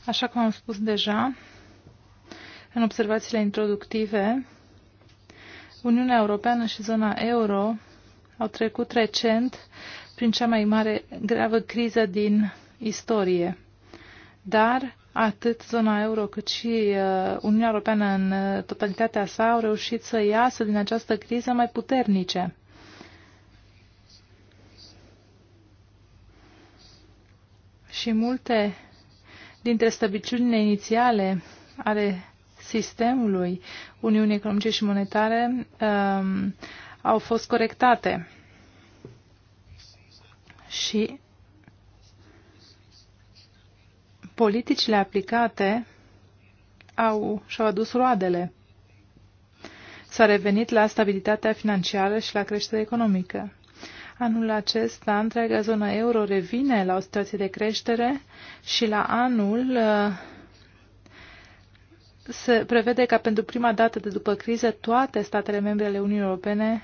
Așa cum am spus deja, în observațiile introductive, Uniunea Europeană și zona euro au trecut recent prin cea mai mare gravă criză din istorie. Dar atât zona euro cât și uh, Uniunea Europeană în uh, totalitatea sa au reușit să iasă din această criză mai puternice. Și multe dintre stăbiciunile inițiale ale sistemului Uniunii Economice și Monetare um, au fost corectate. Și politicile aplicate au, și-au adus roadele. S-a revenit la stabilitatea financiară și la creșterea economică. Anul acesta, întreaga zonă euro revine la o situație de creștere și la anul uh, se prevede ca pentru prima dată de după criză toate statele membre ale Uniunii Europene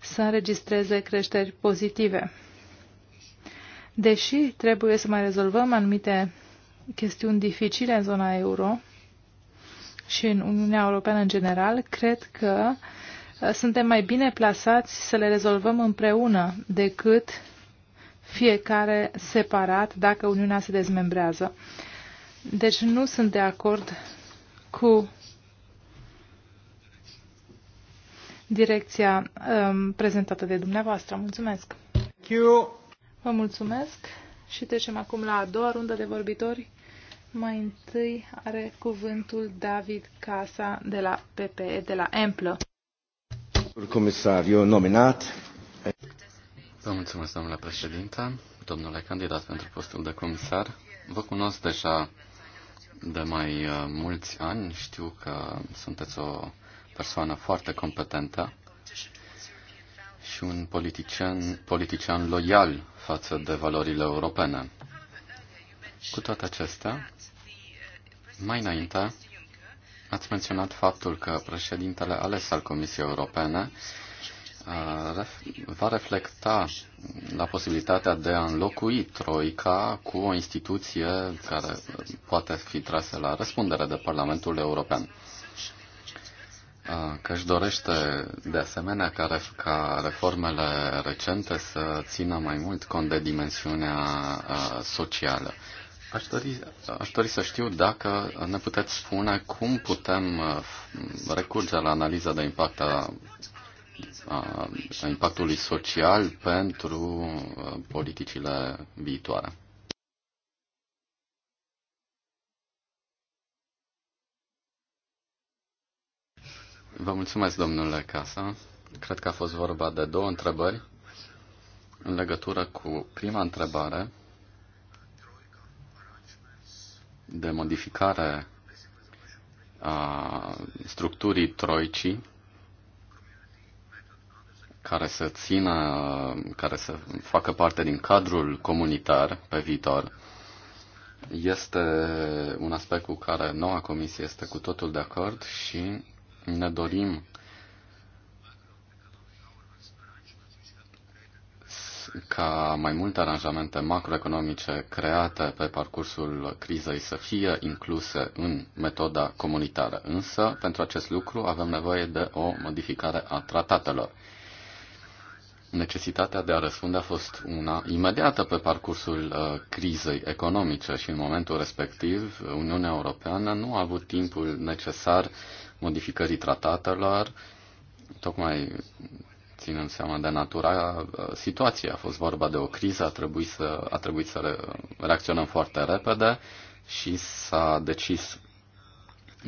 să înregistreze creșteri pozitive. Deși trebuie să mai rezolvăm anumite chestiuni dificile în zona euro și în Uniunea Europeană în general, cred că uh, suntem mai bine plasați să le rezolvăm împreună decât fiecare separat dacă Uniunea se dezmembrează. Deci nu sunt de acord cu direcția um, prezentată de dumneavoastră. Mulțumesc! Thank you. Vă mulțumesc și trecem acum la a doua rundă de vorbitori. Mai întâi are cuvântul David Casa de la PPE, de la Emplă. eu nominat. Vă mulțumesc, domnule președinte, domnule candidat pentru postul de comisar. Vă cunosc deja de mai uh, mulți ani. Știu că sunteți o persoană foarte competentă și un politician, politician loial față de valorile europene. Cu toate acestea, mai înainte, ați menționat faptul că președintele ales al Comisiei Europene va reflecta la posibilitatea de a înlocui Troica cu o instituție care poate fi trasă la răspundere de Parlamentul European. Că își dorește de asemenea ca, ca reformele recente să țină mai mult cont de dimensiunea socială. Aș dori, aș dori să știu dacă ne puteți spune cum putem recurge la analiza de impact a a, a impactului social pentru politicile viitoare. Vă mulțumesc, domnule Casa. Cred că a fost vorba de două întrebări. În legătură cu prima întrebare de modificare a structurii troicii, care să țină, care să facă parte din cadrul comunitar pe viitor, este un aspect cu care noua comisie este cu totul de acord și ne dorim ca mai multe aranjamente macroeconomice create pe parcursul crizei să fie incluse în metoda comunitară. Însă, pentru acest lucru avem nevoie de o modificare a tratatelor necesitatea de a răspunde a fost una imediată pe parcursul uh, crizei economice și în momentul respectiv Uniunea Europeană nu a avut timpul necesar modificării tratatelor, tocmai ținând seama de natura uh, situației. A fost vorba de o criză, a trebuit să, a trebuit să reacționăm foarte repede și s-a decis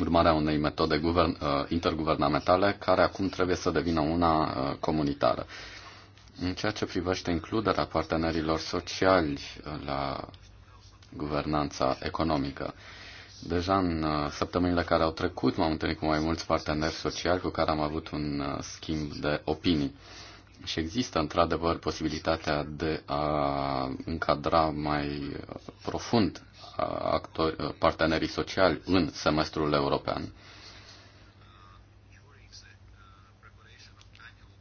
urmarea unei metode guvern, uh, interguvernamentale care acum trebuie să devină una uh, comunitară. În ceea ce privește includerea partenerilor sociali la guvernanța economică, Deja în uh, săptămânile care au trecut m-am întâlnit cu mai mulți parteneri sociali cu care am avut un uh, schimb de opinii. Și există într-adevăr posibilitatea de a încadra mai uh, profund actori, partenerii sociali în semestrul european.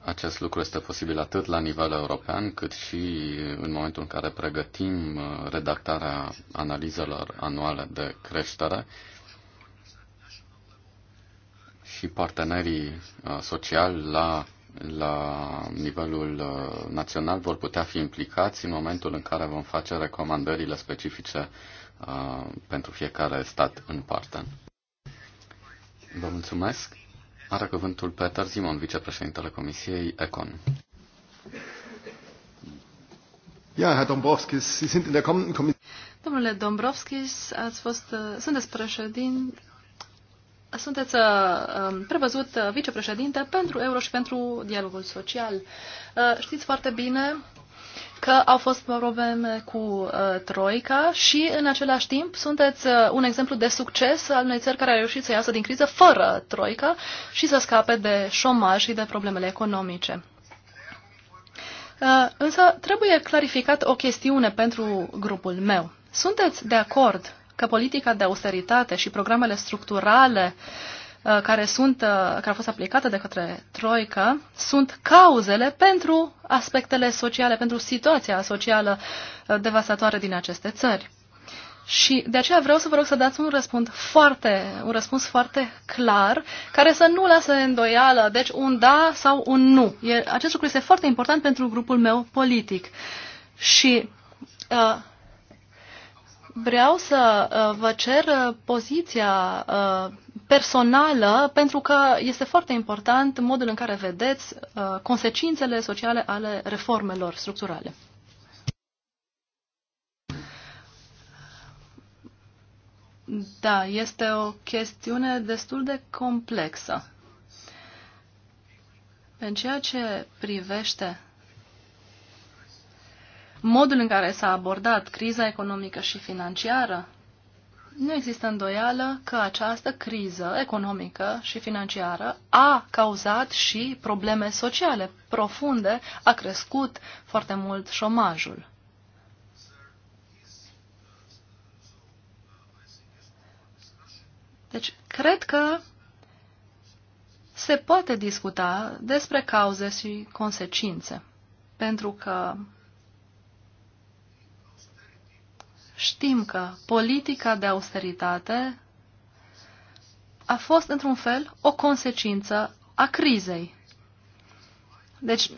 Acest lucru este posibil atât la nivel european, cât și în momentul în care pregătim uh, redactarea analizelor anuale de creștere și partenerii uh, sociali la, la nivelul uh, național vor putea fi implicați în momentul în care vom face recomandările specifice pentru fiecare stat în parte. Vă mulțumesc! Are cuvântul Peter Simon, vicepreședintele Comisiei Econ. Ja, Herr Dombrovskis, Sie sind in der kommenden Kommission. Domnule Dombrovskis, ați fost, uh, sunteți președin, sunteți uh, um, prevăzut uh, vicepreședinte pentru euro și pentru dialogul social. știți foarte bine că au fost probleme cu uh, Troica și în același timp sunteți uh, un exemplu de succes al unei țări care a reușit să iasă din criză fără Troica și să scape de șomaj și de problemele economice. Uh, însă trebuie clarificat o chestiune pentru grupul meu. Sunteți de acord că politica de austeritate și programele structurale uh, Uh, care, sunt, uh, care au fost aplicate de către Troică sunt cauzele pentru aspectele sociale, pentru situația socială uh, devastatoare din aceste țări. Și de aceea vreau să vă rog să dați un răspuns foarte, un răspuns foarte clar, care să nu lase îndoială, deci un da sau un nu. E, acest lucru este foarte important pentru grupul meu politic. Și uh, vreau să uh, vă cer uh, poziția uh, personală, pentru că este foarte important modul în care vedeți uh, consecințele sociale ale reformelor structurale. Da, este o chestiune destul de complexă. În ceea ce privește modul în care s-a abordat criza economică și financiară, nu există îndoială că această criză economică și financiară a cauzat și probleme sociale profunde, a crescut foarte mult șomajul. Deci, cred că se poate discuta despre cauze și consecințe, pentru că Știm că politica de austeritate a fost, într-un fel, o consecință a crizei. Deci,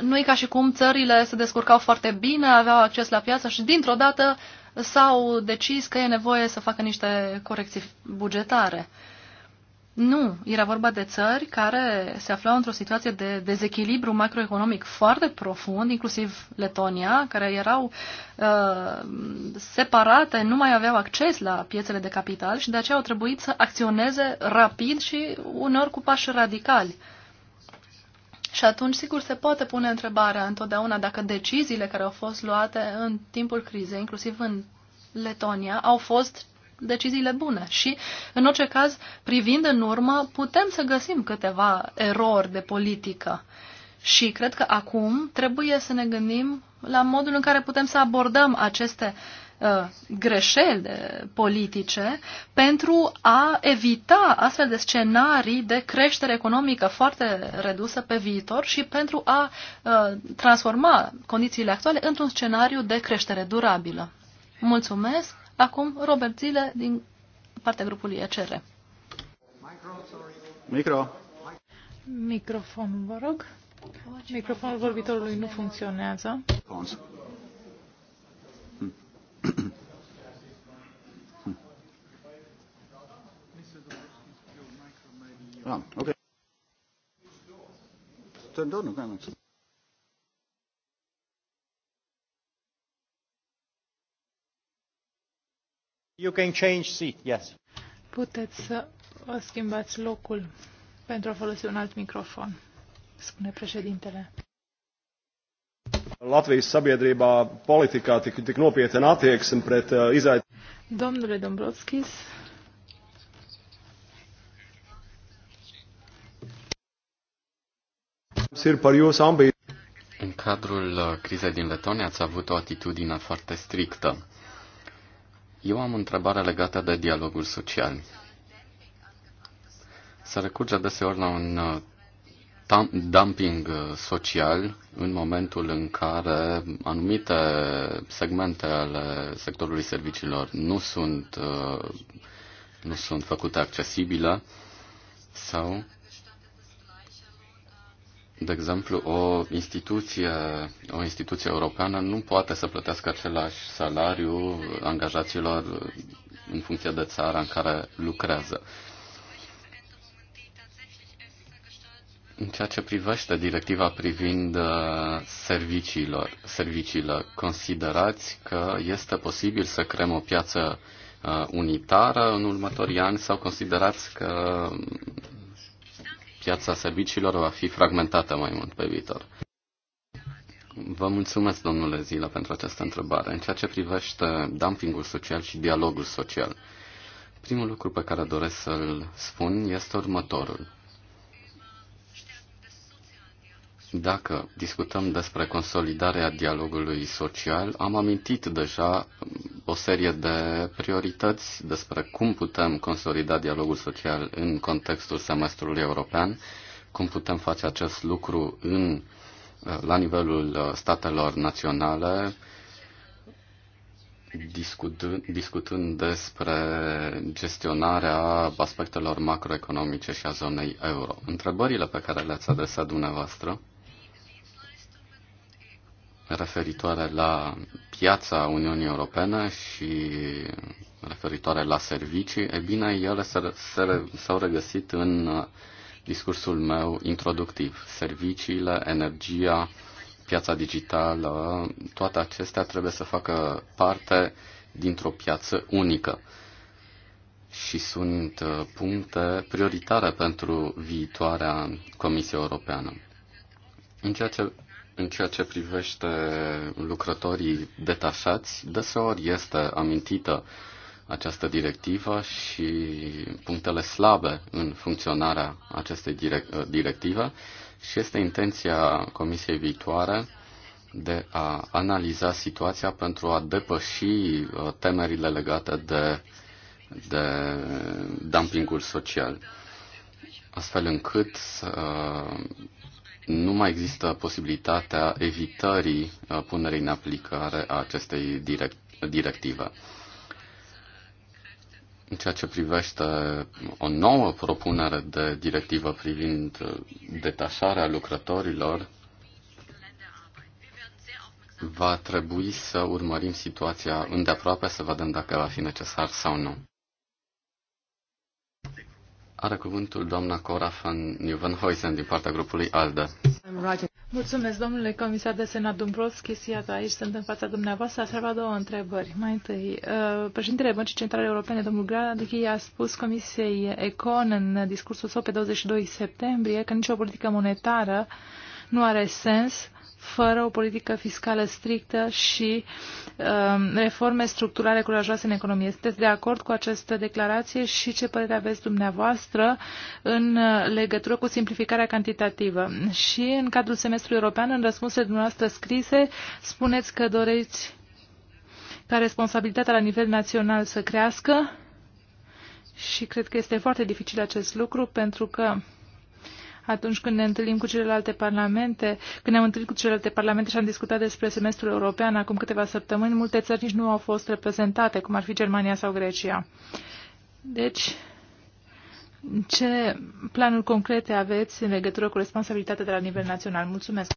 nu e ca și cum țările se descurcau foarte bine, aveau acces la piață și, dintr-o dată, s-au decis că e nevoie să facă niște corecții bugetare. Nu, era vorba de țări care se aflau într-o situație de dezechilibru macroeconomic foarte profund, inclusiv Letonia, care erau uh, separate, nu mai aveau acces la piețele de capital și de aceea au trebuit să acționeze rapid și uneori cu pași radicali. Și atunci, sigur, se poate pune întrebarea întotdeauna dacă deciziile care au fost luate în timpul crizei, inclusiv în Letonia, au fost deciziile bune. Și, în orice caz, privind în urmă, putem să găsim câteva erori de politică. Și cred că acum trebuie să ne gândim la modul în care putem să abordăm aceste uh, greșeli politice pentru a evita astfel de scenarii de creștere economică foarte redusă pe viitor și pentru a uh, transforma condițiile actuale într-un scenariu de creștere durabilă. Mulțumesc! Acum, Robert Zile, din partea grupului ECR. Micro. Microfonul, vă rog. Microfonul vorbitorului nu funcționează. Ah, okay. Turn down the camera. You can change seat, yes. Puteți să vă schimbați locul pentru a folosi un alt microfon, spune președintele. Latvijas sabiedrībā politikā tik, tik nopietna attieksme pret uh, izaicinājumu. Domnule Dombrovskis. Sir par jūsu În cadrul uh, crizei din Letonia ați avut o atitudine foarte strictă eu am o întrebare legată de dialogul social. Se recurge adeseori la un uh, dumping uh, social în momentul în care anumite segmente ale sectorului serviciilor nu sunt, uh, nu sunt făcute accesibile sau de exemplu, o instituție, o instituție europeană nu poate să plătească același salariu angajaților în funcție de țara în care lucrează. În ceea ce privește directiva privind uh, serviciilor, serviciile, considerați că este posibil să creăm o piață uh, unitară în următorii ani sau considerați că piața serviciilor va fi fragmentată mai mult pe viitor. Vă mulțumesc, domnule Zila, pentru această întrebare. În ceea ce privește dumpingul social și dialogul social, primul lucru pe care doresc să-l spun este următorul. Dacă discutăm despre consolidarea dialogului social, am amintit deja o serie de priorități despre cum putem consolida dialogul social în contextul semestrului european, cum putem face acest lucru în, la nivelul statelor naționale, discutând, discutând despre gestionarea aspectelor macroeconomice și a zonei euro. Întrebările pe care le-ați adresat dumneavoastră referitoare la piața Uniunii Europene și referitoare la servicii, e bine, ele s-au regăsit în uh, discursul meu introductiv. Serviciile, energia, piața digitală, toate acestea trebuie să facă parte dintr-o piață unică și sunt uh, puncte prioritare pentru viitoarea Comisie Europeană. În ceea ce în ceea ce privește lucrătorii detașați, deseori este amintită această directivă și punctele slabe în funcționarea acestei ă, directive și este intenția Comisiei viitoare de a analiza situația pentru a depăși ă, temerile legate de, de dumpingul social, astfel încât nu mai există posibilitatea evitării uh, punerii în aplicare a acestei direct, directive. În ceea ce privește o nouă propunere de directivă privind uh, detașarea lucrătorilor, va trebui să urmărim situația îndeaproape să vedem dacă va fi necesar sau nu. Are cuvântul doamna Cora van Nieuwenhuizen din partea grupului ALDE. Mulțumesc, domnule comisar de senat Dumbrovskis. Iată, aici sunt în fața dumneavoastră. Ați avea două întrebări. Mai întâi, uh, președintele Băncii Centrale Europene, domnul Gradchi, a spus Comisiei Econ în discursul său pe 22 septembrie că nicio politică monetară nu are sens fără o politică fiscală strictă și um, reforme structurale curajoase în economie. Sunteți de acord cu această declarație și ce părere aveți dumneavoastră în uh, legătură cu simplificarea cantitativă? Și în cadrul semestrului european, în răspunsurile dumneavoastră scrise, spuneți că doriți ca responsabilitatea la nivel național să crească și cred că este foarte dificil acest lucru pentru că atunci când ne întâlnim cu celelalte parlamente, când ne-am întâlnit cu celelalte parlamente și am discutat despre semestrul european acum câteva săptămâni, multe țări nici nu au fost reprezentate, cum ar fi Germania sau Grecia. Deci, ce planuri concrete aveți în legătură cu responsabilitatea de la nivel național? Mulțumesc!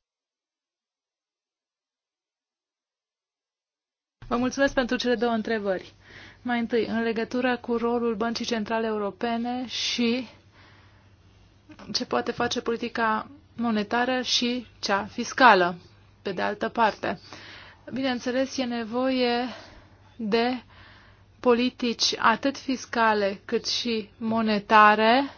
Vă mulțumesc pentru cele două întrebări. Mai întâi, în legătură cu rolul Băncii Centrale Europene și ce poate face politica monetară și cea fiscală, pe de altă parte. Bineînțeles, e nevoie de politici atât fiscale cât și monetare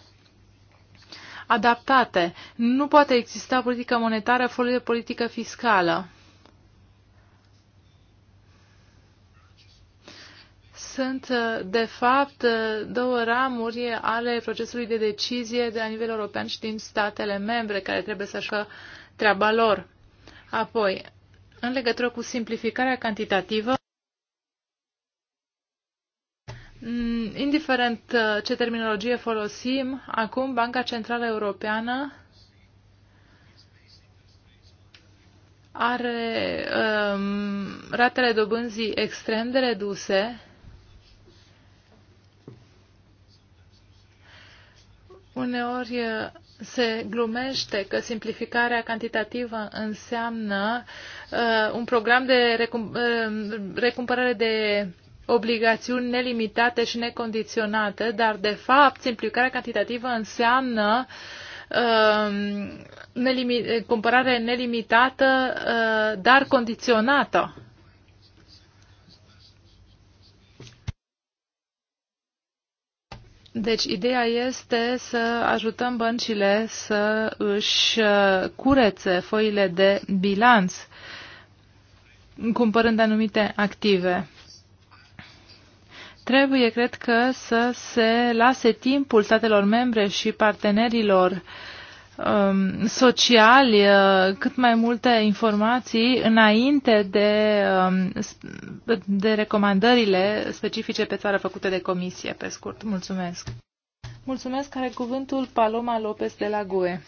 adaptate. Nu poate exista politică monetară fără politică fiscală. sunt, uh, de fapt, uh, două ramuri ale procesului de decizie de la nivel european și din statele membre care trebuie să-și facă treaba lor. Apoi, în legătură cu simplificarea cantitativă, mm, indiferent uh, ce terminologie folosim, acum Banca Centrală Europeană are um, ratele dobânzii extrem de reduse Uneori se glumește că simplificarea cantitativă înseamnă uh, un program de recum uh, recumpărare de obligațiuni nelimitate și necondiționate, dar de fapt simplificarea cantitativă înseamnă uh, nelimi cumpărare nelimitată, uh, dar condiționată. Deci, ideea este să ajutăm băncile să își uh, curețe foile de bilanț cumpărând anumite active. Trebuie, cred că, să se lase timpul statelor membre și partenerilor uh, Um, sociali uh, cât mai multe informații înainte de, um, de recomandările specifice pe țară făcute de comisie, pe scurt. Mulțumesc. Mulțumesc. Are cuvântul Paloma Lopez de la GUE.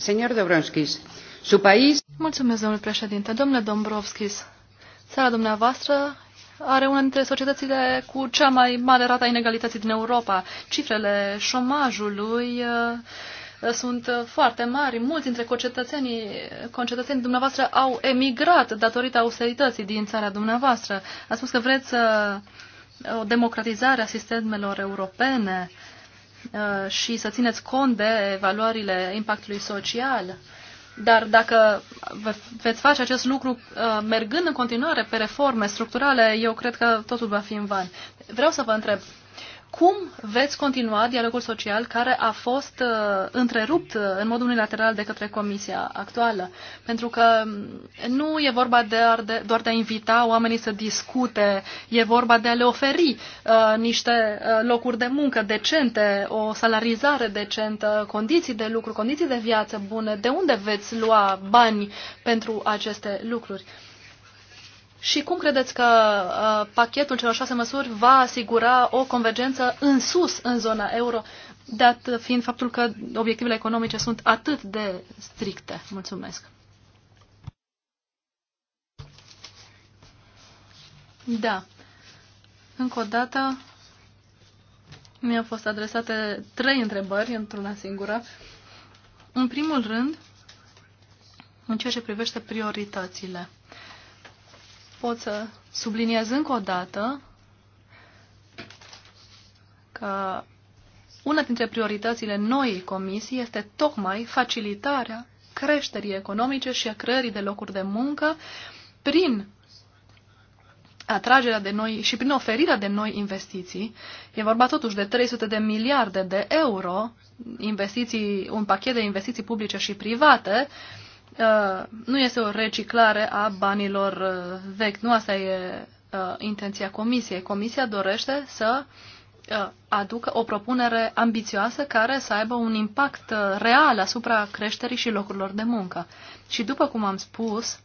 Señor Dobrovskis, su país... Mulțumesc, domnule președinte. Domnule Dombrovskis, țara dumneavoastră are una dintre societățile cu cea mai mare rată a inegalității din Europa. Cifrele șomajului uh, sunt uh, foarte mari. Mulți dintre concetățenii, concetățenii dumneavoastră au emigrat datorită austerității din țara dumneavoastră. A spus că vreți uh, o democratizare a sistemelor europene uh, și să țineți cont de evaluările impactului social. Dar dacă veți face acest lucru mergând în continuare pe reforme structurale, eu cred că totul va fi în van. Vreau să vă întreb, cum veți continua dialogul social care a fost uh, întrerupt uh, în mod unilateral de către comisia actuală? Pentru că mm, nu e vorba de, arde, doar de a invita oamenii să discute, e vorba de a le oferi uh, niște uh, locuri de muncă decente, o salarizare decentă, condiții de lucru, condiții de viață bune. De unde veți lua bani pentru aceste lucruri? Uh, și cum credeți că uh, pachetul celor șase măsuri va asigura o convergență în sus în zona euro, dat fiind faptul că obiectivele economice sunt atât de stricte? Mulțumesc. Da. Încă o dată mi-au fost adresate trei întrebări într-una singură. În primul rând, în ceea ce privește prioritățile pot să subliniez încă o dată că una dintre prioritățile noii comisii este tocmai facilitarea creșterii economice și a creării de locuri de muncă prin atragerea de noi și prin oferirea de noi investiții. E vorba totuși de 300 de miliarde de euro, investiții, un pachet de investiții publice și private, uh, Uh, nu este o reciclare a banilor uh, vechi. Nu asta e uh, intenția comisiei. Comisia dorește să uh, aducă o propunere ambițioasă care să aibă un impact uh, real asupra creșterii și locurilor de muncă. Și după cum am spus,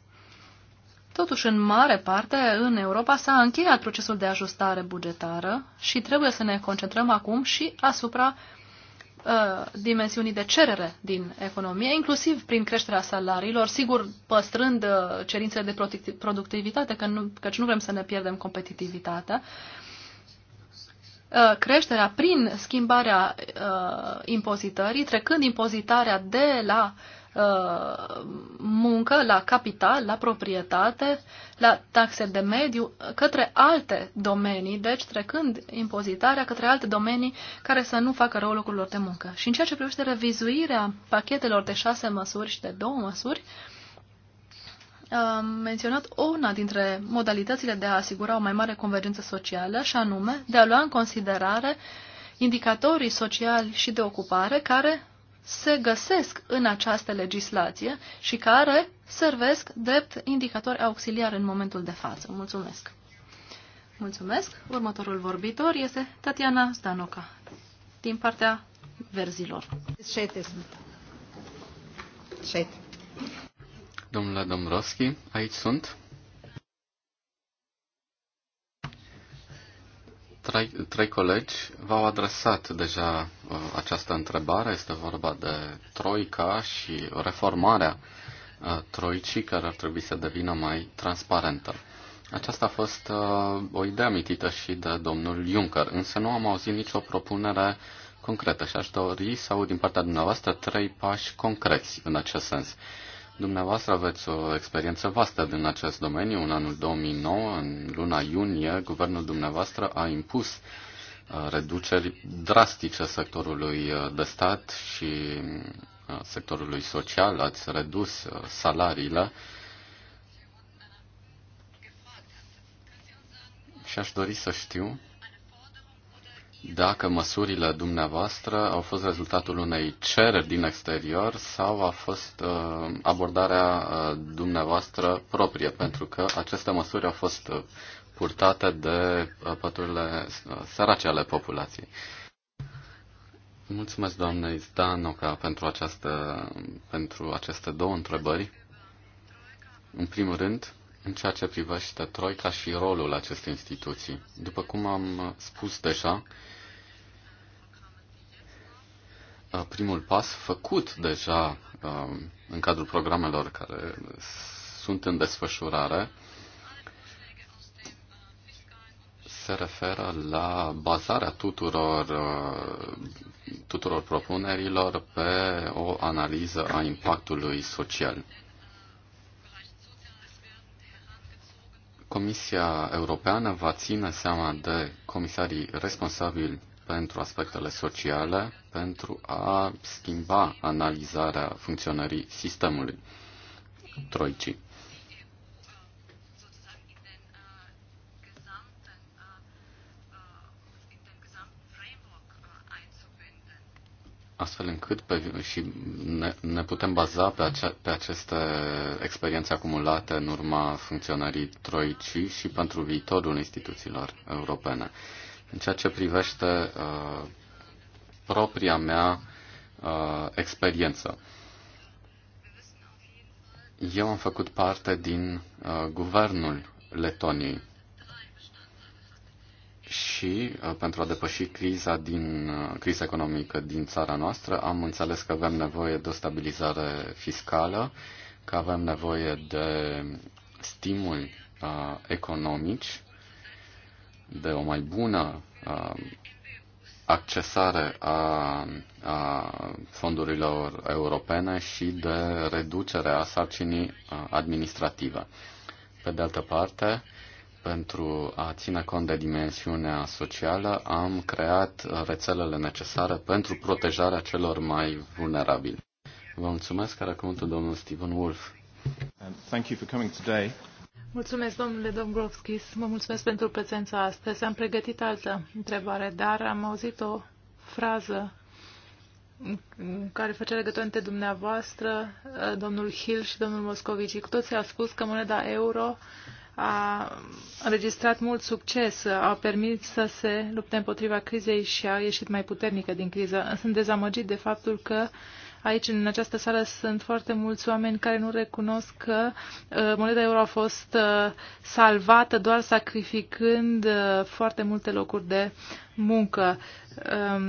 Totuși, în mare parte, în Europa s-a încheiat procesul de ajustare bugetară și trebuie să ne concentrăm acum și asupra uh, Uh, dimensiunii de cerere din economie, inclusiv prin creșterea salariilor, sigur păstrând uh, cerințele de productivitate, că nu, căci nu vrem să ne pierdem competitivitatea. Uh, creșterea prin schimbarea uh, impozitării, trecând impozitarea de la uh, Uh, muncă, la capital, la proprietate, la taxe de mediu, către alte domenii, deci trecând impozitarea către alte domenii care să nu facă rău locurilor de muncă. Și în ceea ce privește revizuirea pachetelor de șase măsuri și de două măsuri, am menționat una dintre modalitățile de a asigura o mai mare convergență socială, și anume de a lua în considerare indicatorii sociali și de ocupare care se găsesc în această legislație și care servesc drept indicatori auxiliari în momentul de față. Mulțumesc! Mulțumesc! Următorul vorbitor este Tatiana Stanoca, din partea verzilor. Domnule Domrovski, aici sunt. trei, trei colegi v-au adresat deja uh, această întrebare. Este vorba de Troica și reformarea uh, Troicii, care ar trebui să devină mai transparentă. Aceasta a fost uh, o idee amintită și de domnul Juncker, însă nu am auzit nicio propunere concretă și aș dori să aud din partea dumneavoastră trei pași concreți în acest sens. Uh, Dumneavoastră aveți o experiență vastă din acest domeniu. În anul 2009, în luna iunie, guvernul dumneavoastră a impus uh, reduceri drastice sectorului uh, de stat și uh, sectorului social. Ați redus salariile. Și aș dori să știu dacă măsurile dumneavoastră au fost rezultatul unei cereri din exterior sau a fost uh, abordarea uh, dumneavoastră proprie, pentru că aceste măsuri au fost uh, purtate de uh, păturile uh, sărace ale populației. Mulțumesc, doamne Izdanoca, pentru, această, pentru aceste două întrebări. În primul rând, în ceea ce privește Troica și rolul acestei instituții. După cum am spus deja, uh, primul pas făcut deja uh, în cadrul programelor care sunt în desfășurare se referă la bazarea tuturor, uh, tuturor propunerilor pe o analiză a impactului social. Comisia Europeană va ține seama de comisarii responsabili pentru aspectele sociale pentru a schimba analizarea funcționării sistemului troicii. astfel încât pe, și ne, ne putem baza pe, acea, pe aceste experiențe acumulate în urma funcționării troicii și pentru viitorul instituțiilor europene. În ceea ce privește uh, propria mea uh, experiență, eu am făcut parte din uh, guvernul Letoniei și uh, pentru a depăși criza, din, uh, criza economică din țara noastră am înțeles că avem nevoie de o stabilizare fiscală, că avem nevoie de stimuli uh, economici, de o mai bună uh, accesare a, a fondurilor europene și de reducerea sarcinii uh, administrative. Pe de altă parte, pentru a ține cont de dimensiunea socială, am creat uh, rețelele necesare pentru protejarea celor mai vulnerabili. Vă mulțumesc, are cuvântul domnul Stephen Wolf. Thank you for coming today. Mulțumesc, domnule Dombrovskis. Mă mulțumesc pentru prezența astăzi. Am pregătit altă întrebare, dar am auzit o frază care face legătură între dumneavoastră, uh, domnul Hill și domnul Moscovici. Cu toți au spus că moneda euro uh, a înregistrat mult succes, a permis să se lupte împotriva crizei și a ieșit mai puternică din criză. Sunt dezamăgit de faptul că uh, Aici, în această sală, sunt foarte mulți oameni care nu recunosc că uh, moneda euro a fost uh, salvată doar sacrificând uh, foarte multe locuri de muncă. Um,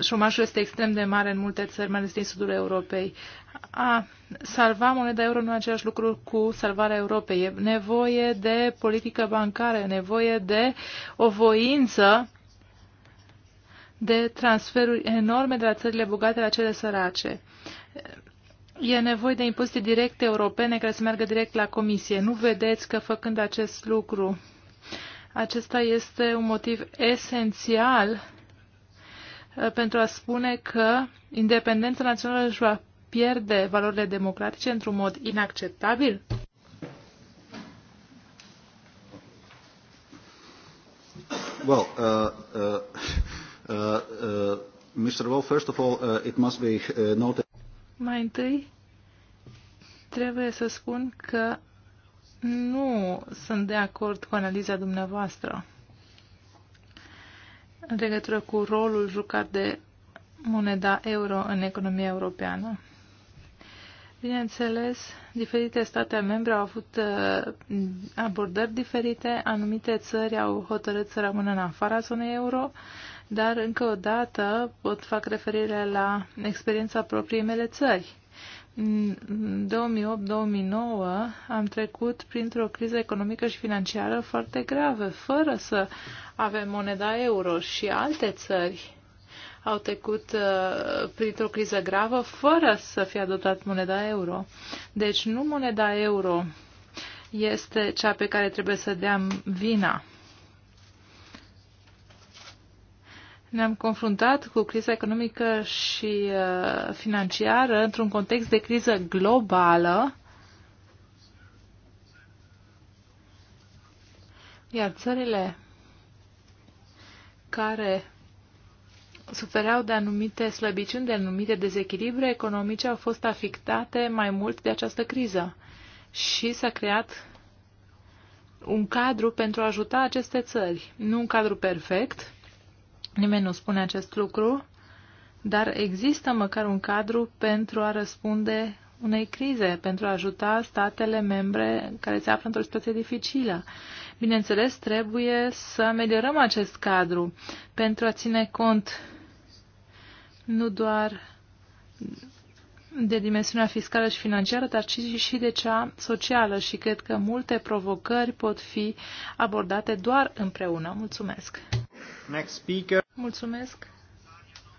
șomajul este extrem de mare în multe țări, mai ales din sudul Europei. A salva moneda euro nu e același lucru cu salvarea Europei. E nevoie de politică bancară, e nevoie de o voință de transferuri enorme de la țările bogate la cele sărace. E nevoie de impozite directe europene care să meargă direct la comisie. Nu vedeți că făcând acest lucru, acesta este un motiv esențial uh, pentru a spune că independența națională își va pierde valorile democratice într-un mod inacceptabil? Well, uh, uh... Eh, eh, Mr. Wolf, first of all, uh, it must be noted. Mai întâi, trebuie să spun că nu sunt de acord cu analiza dumneavoastră în legătură cu rolul jucat de moneda euro în economia europeană. Bineînțeles, diferite state membre au avut uh, abordări diferite, anumite țări au hotărât să rămână în afara zonei euro, dar încă o dată pot fac referire la experiența propriei mele țări. În 2008-2009 am trecut printr-o criză economică și financiară foarte gravă, fără să avem moneda euro și alte țări au trecut uh, printr-o criză gravă fără să fie adoptat moneda euro. Deci nu moneda euro este cea pe care trebuie să deam vina. Ne-am confruntat cu criza economică și uh, financiară într-un context de criză globală, iar țările care sufereau de anumite slăbiciuni, de anumite dezechilibre economice, au fost afectate mai mult de această criză și s-a creat un cadru pentru a ajuta aceste țări. Nu un cadru perfect, nimeni nu spune acest lucru, dar există măcar un cadru pentru a răspunde unei crize, pentru a ajuta statele membre care se află într-o situație dificilă. Bineînțeles, trebuie să ameliorăm acest cadru pentru a ține cont nu doar de dimensiunea fiscală și financiară, dar și de cea socială și cred că multe provocări pot fi abordate doar împreună. Mulțumesc! Next speaker. Mulțumesc!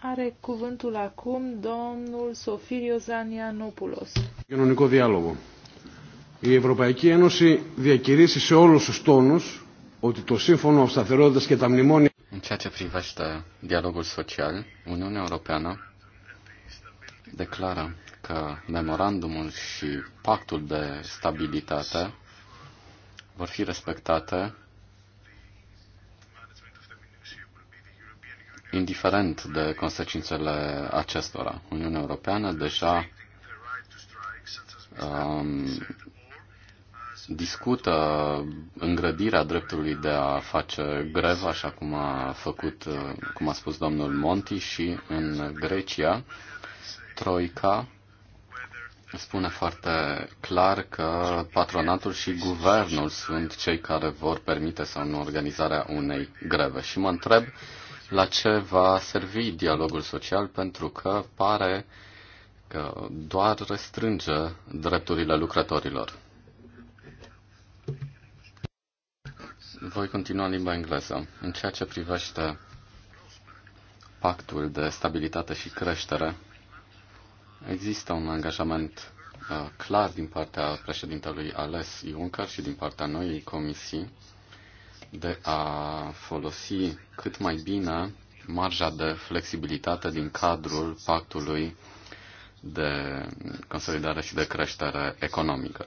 Are cuvântul acum domnul Sofirio Zanianopoulos. Κοινωνικό διάλογο. Η Ευρωπαϊκή Ένωση διακηρύσει σε όλους τους τόνους ότι το Σύμφωνο Σταθερότητας και τα Μνημόνια în ceea ce privește dialogul social, Uniunea Europeană declară că memorandumul și pactul de stabilitate vor fi respectate indiferent de consecințele acestora. Uniunea Europeană deja um, discută îngrădirea dreptului de a face grevă, așa cum a făcut, cum a spus domnul Monti, și în Grecia, Troica spune foarte clar că patronatul și guvernul sunt cei care vor permite sau nu organizarea unei greve. Și mă întreb la ce va servi dialogul social, pentru că pare că doar restrânge drepturile lucrătorilor. Voi continua în limba engleză. În ceea ce privește pactul de stabilitate și creștere, există un angajament uh, clar din partea președintelui ales Juncker și din partea noii comisii de a folosi cât mai bine marja de flexibilitate din cadrul pactului de consolidare și de creștere economică.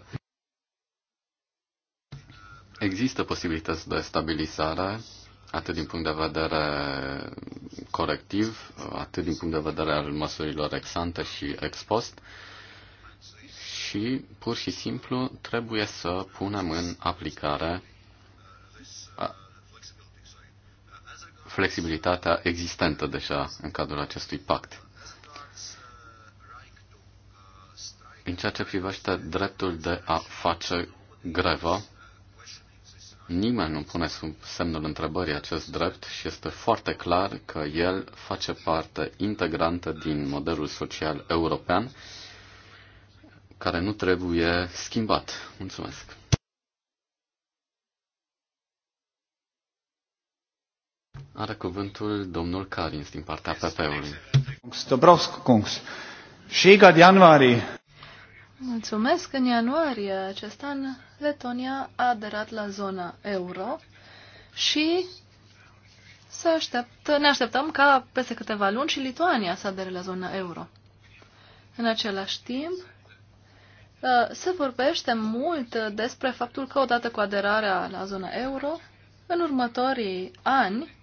Există posibilități de stabilizare, atât din punct de vedere corectiv, atât din punct de vedere al măsurilor exante și expost, și pur și simplu trebuie să punem în aplicare flexibilitatea existentă deja în cadrul acestui pact. În ceea ce privește dreptul de a face grevă, Nimeni nu pune sub semnul întrebării acest drept și este foarte clar că el face parte integrantă din modelul social european care nu trebuie schimbat. Mulțumesc! Are cuvântul domnul Carins din partea PP-ului. Dobrovsk Kungs. Šī gada Mulțumesc! În ianuarie acest an, Letonia a aderat la zona euro și se așteaptă, ne așteptăm ca peste câteva luni și Lituania să adere la zona euro. În același timp, ă, se vorbește mult despre faptul că odată cu aderarea la zona euro, în următorii ani,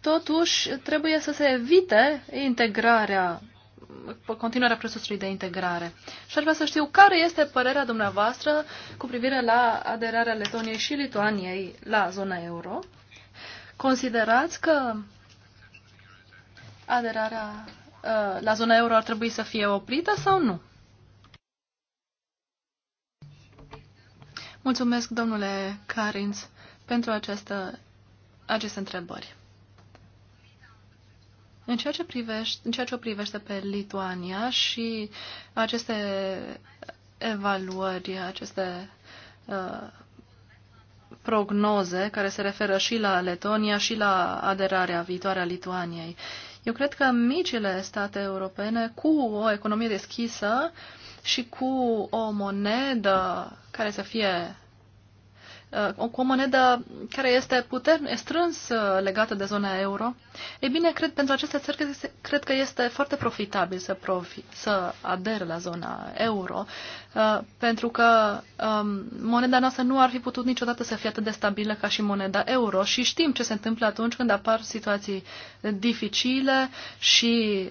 totuși trebuie să se evite integrarea continuarea procesului de integrare. Și aș vrea să știu care este părerea dumneavoastră cu privire la aderarea Letoniei și Lituaniei la zona euro. Considerați că aderarea uh, la zona euro ar trebui să fie oprită sau nu? Mulțumesc, domnule Carinț, pentru această, aceste întrebări. În ceea ce, privește, în ceea ce o privește pe Lituania și aceste evaluări, aceste uh, prognoze care se referă și la Letonia și la aderarea viitoare a Lituaniei. Eu cred că micile state europene, cu o economie deschisă și cu o monedă care să fie o, uh, o monedă care este puternic, strâns uh, legată de zona euro, e bine, cred, pentru aceste țări cred că este foarte profitabil să, profi, să adere la zona euro, uh, pentru că um, moneda noastră nu ar fi putut niciodată să fie atât de stabilă ca și moneda euro și știm ce se întâmplă atunci când apar situații dificile și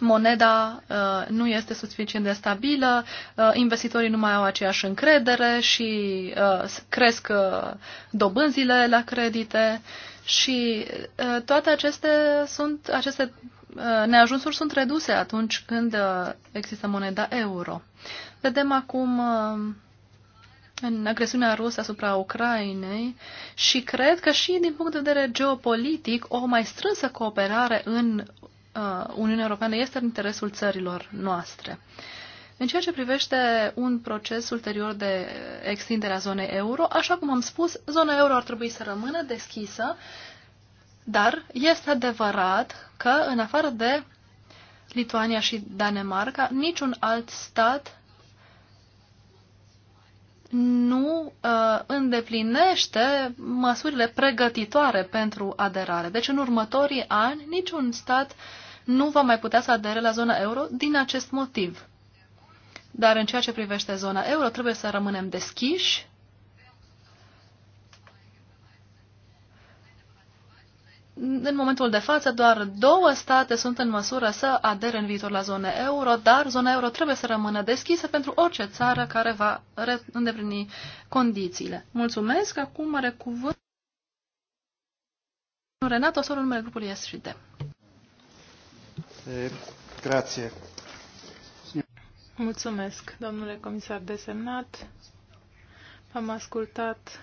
moneda uh, nu este suficient de stabilă, uh, investitorii nu mai au aceeași încredere și uh, cresc uh, dobânzile la credite și uh, toate aceste sunt aceste uh, neajunsuri sunt reduse atunci când uh, există moneda euro. Vedem acum uh, în agresiunea rusă asupra Ucrainei și cred că și din punct de vedere geopolitic o mai strânsă cooperare în Uh, Uniunea Europeană este în interesul țărilor noastre. În ceea ce privește un proces ulterior de extindere a zonei euro, așa cum am spus, zona euro ar trebui să rămână deschisă, dar este adevărat că, în afară de Lituania și Danemarca, niciun alt stat nu uh, îndeplinește măsurile pregătitoare pentru aderare. Deci în următorii ani niciun stat nu va mai putea să adere la zona euro din acest motiv. Dar în ceea ce privește zona euro trebuie să rămânem deschiși În momentul de față, doar două state sunt în măsură să adere în viitor la zone euro, dar zona euro trebuie să rămână deschisă pentru orice țară care va îndeplini condițiile. Mulțumesc. Acum are cuvânt Renato Sorul, numele grupului SD. Eh, Grație. Mulțumesc, domnule comisar desemnat. V-am ascultat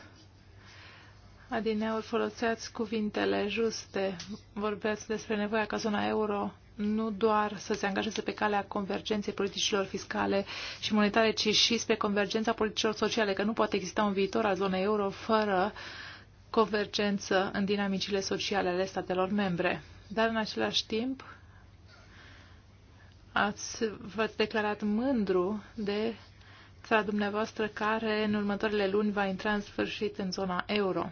adineori foloseați cuvintele juste, vorbeați despre nevoia ca zona euro nu doar să se angajeze pe calea convergenței politicilor fiscale și monetare, ci și spre convergența politicilor sociale, că nu poate exista un viitor al zonei euro fără convergență în dinamicile sociale ale statelor membre. Dar în același timp ați, v-ați declarat mândru de țara dumneavoastră care în următoarele luni va intra în sfârșit în zona euro.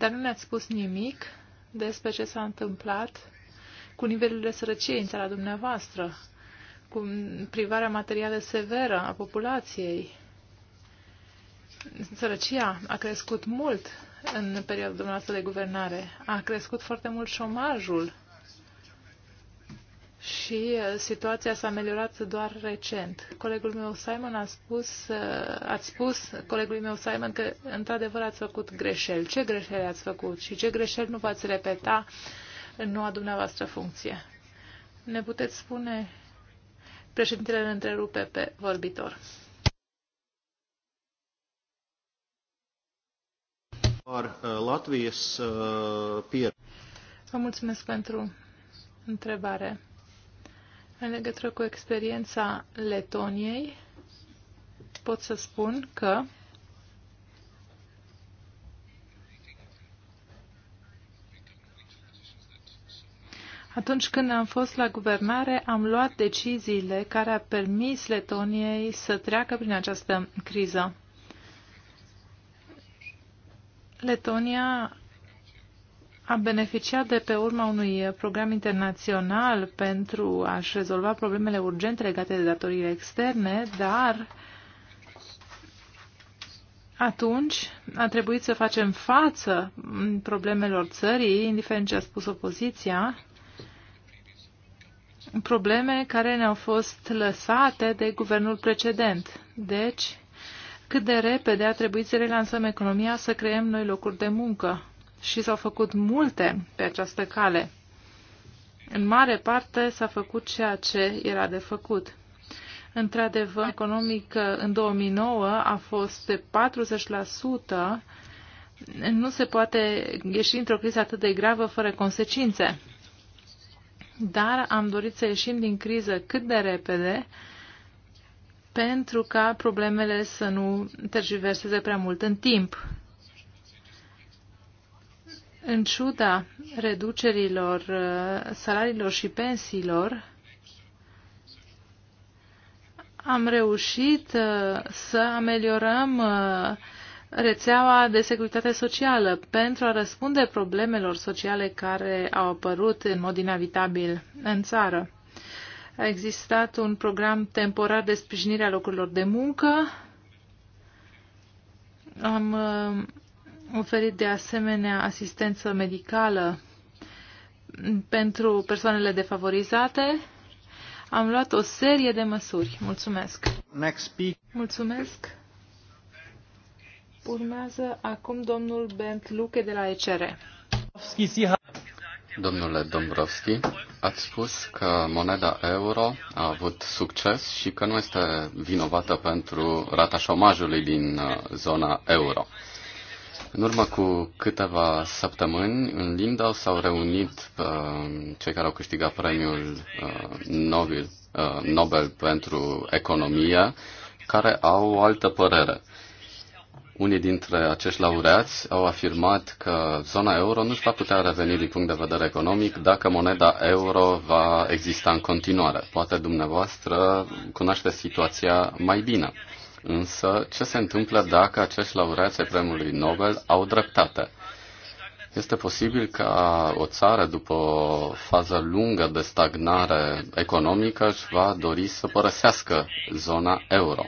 Dar nu mi-ați spus nimic despre ce s-a întâmplat cu nivelul de sărăcie în țara dumneavoastră, cu privarea materială severă a populației. Sărăcia a crescut mult în perioada dumneavoastră de guvernare. A crescut foarte mult șomajul și uh, situația s-a ameliorat doar recent. Colegul meu Simon a spus, uh, ați spus colegului meu Simon că într-adevăr ați făcut greșeli. Ce greșeli ați făcut și ce greșeli nu v-ați repeta în noua dumneavoastră funcție? Ne puteți spune? Președintele îl întrerupe pe vorbitor. Uh, Vă mulțumesc pentru întrebare. În legătură cu experiența Letoniei, pot să spun că Atunci când am fost la guvernare, am luat deciziile care a permis Letoniei să treacă prin această criză. Letonia am beneficiat de pe urma unui program internațional pentru a-și rezolva problemele urgente legate de datoriile externe, dar atunci a trebuit să facem față problemelor țării, indiferent ce a spus opoziția, probleme care ne-au fost lăsate de guvernul precedent. Deci, cât de repede a trebuit să relansăm economia, să creăm noi locuri de muncă și s-au făcut multe pe această cale. În mare parte s-a făcut ceea ce era de făcut. Într-adevăr, economică în 2009 a fost de 40%. Nu se poate ieși într-o criză atât de gravă fără consecințe. Dar am dorit să ieșim din criză cât de repede pentru ca problemele să nu tergiverseze prea mult în timp. În ciuda reducerilor uh, salariilor și pensiilor, am reușit uh, să ameliorăm uh, rețeaua de securitate socială pentru a răspunde problemelor sociale care au apărut în mod inevitabil în țară. A existat un program temporar de sprijinire a locurilor de muncă. Am oferit de asemenea asistență medicală pentru persoanele defavorizate. Am luat o serie de măsuri. Mulțumesc. Next Mulțumesc. Urmează acum domnul Bent Luke de la ECR. Domnule Dombrovski, ați spus că moneda euro a avut succes și că nu este vinovată pentru rata șomajului din uh, zona euro. În urmă cu câteva săptămâni, în Lindau s-au reunit uh, cei care au câștigat premiul uh, Nobel, uh, Nobel pentru economie, care au o altă părere. Unii dintre acești laureați au afirmat că zona euro nu își va putea reveni din punct de vedere economic dacă moneda euro va exista în continuare. Poate dumneavoastră cunoaște situația mai bine. Însă, ce se întâmplă dacă acești laureați ai premiului Nobel au dreptate? Este posibil ca o țară, după o fază lungă de stagnare economică, își va dori să părăsească zona euro.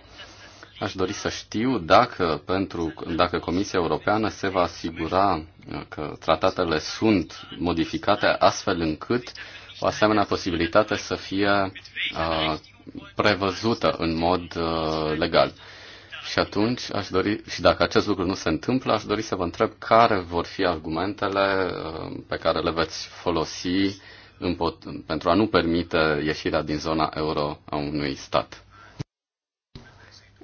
Aș dori să știu dacă, pentru, dacă Comisia Europeană se va asigura că tratatele sunt modificate astfel încât o asemenea posibilitate să fie uh, prevăzută în mod uh, legal. Și atunci aș dori, și dacă acest lucru nu se întâmplă, aș dori să vă întreb care vor fi argumentele uh, pe care le veți folosi pot, pentru a nu permite ieșirea din zona euro a unui stat.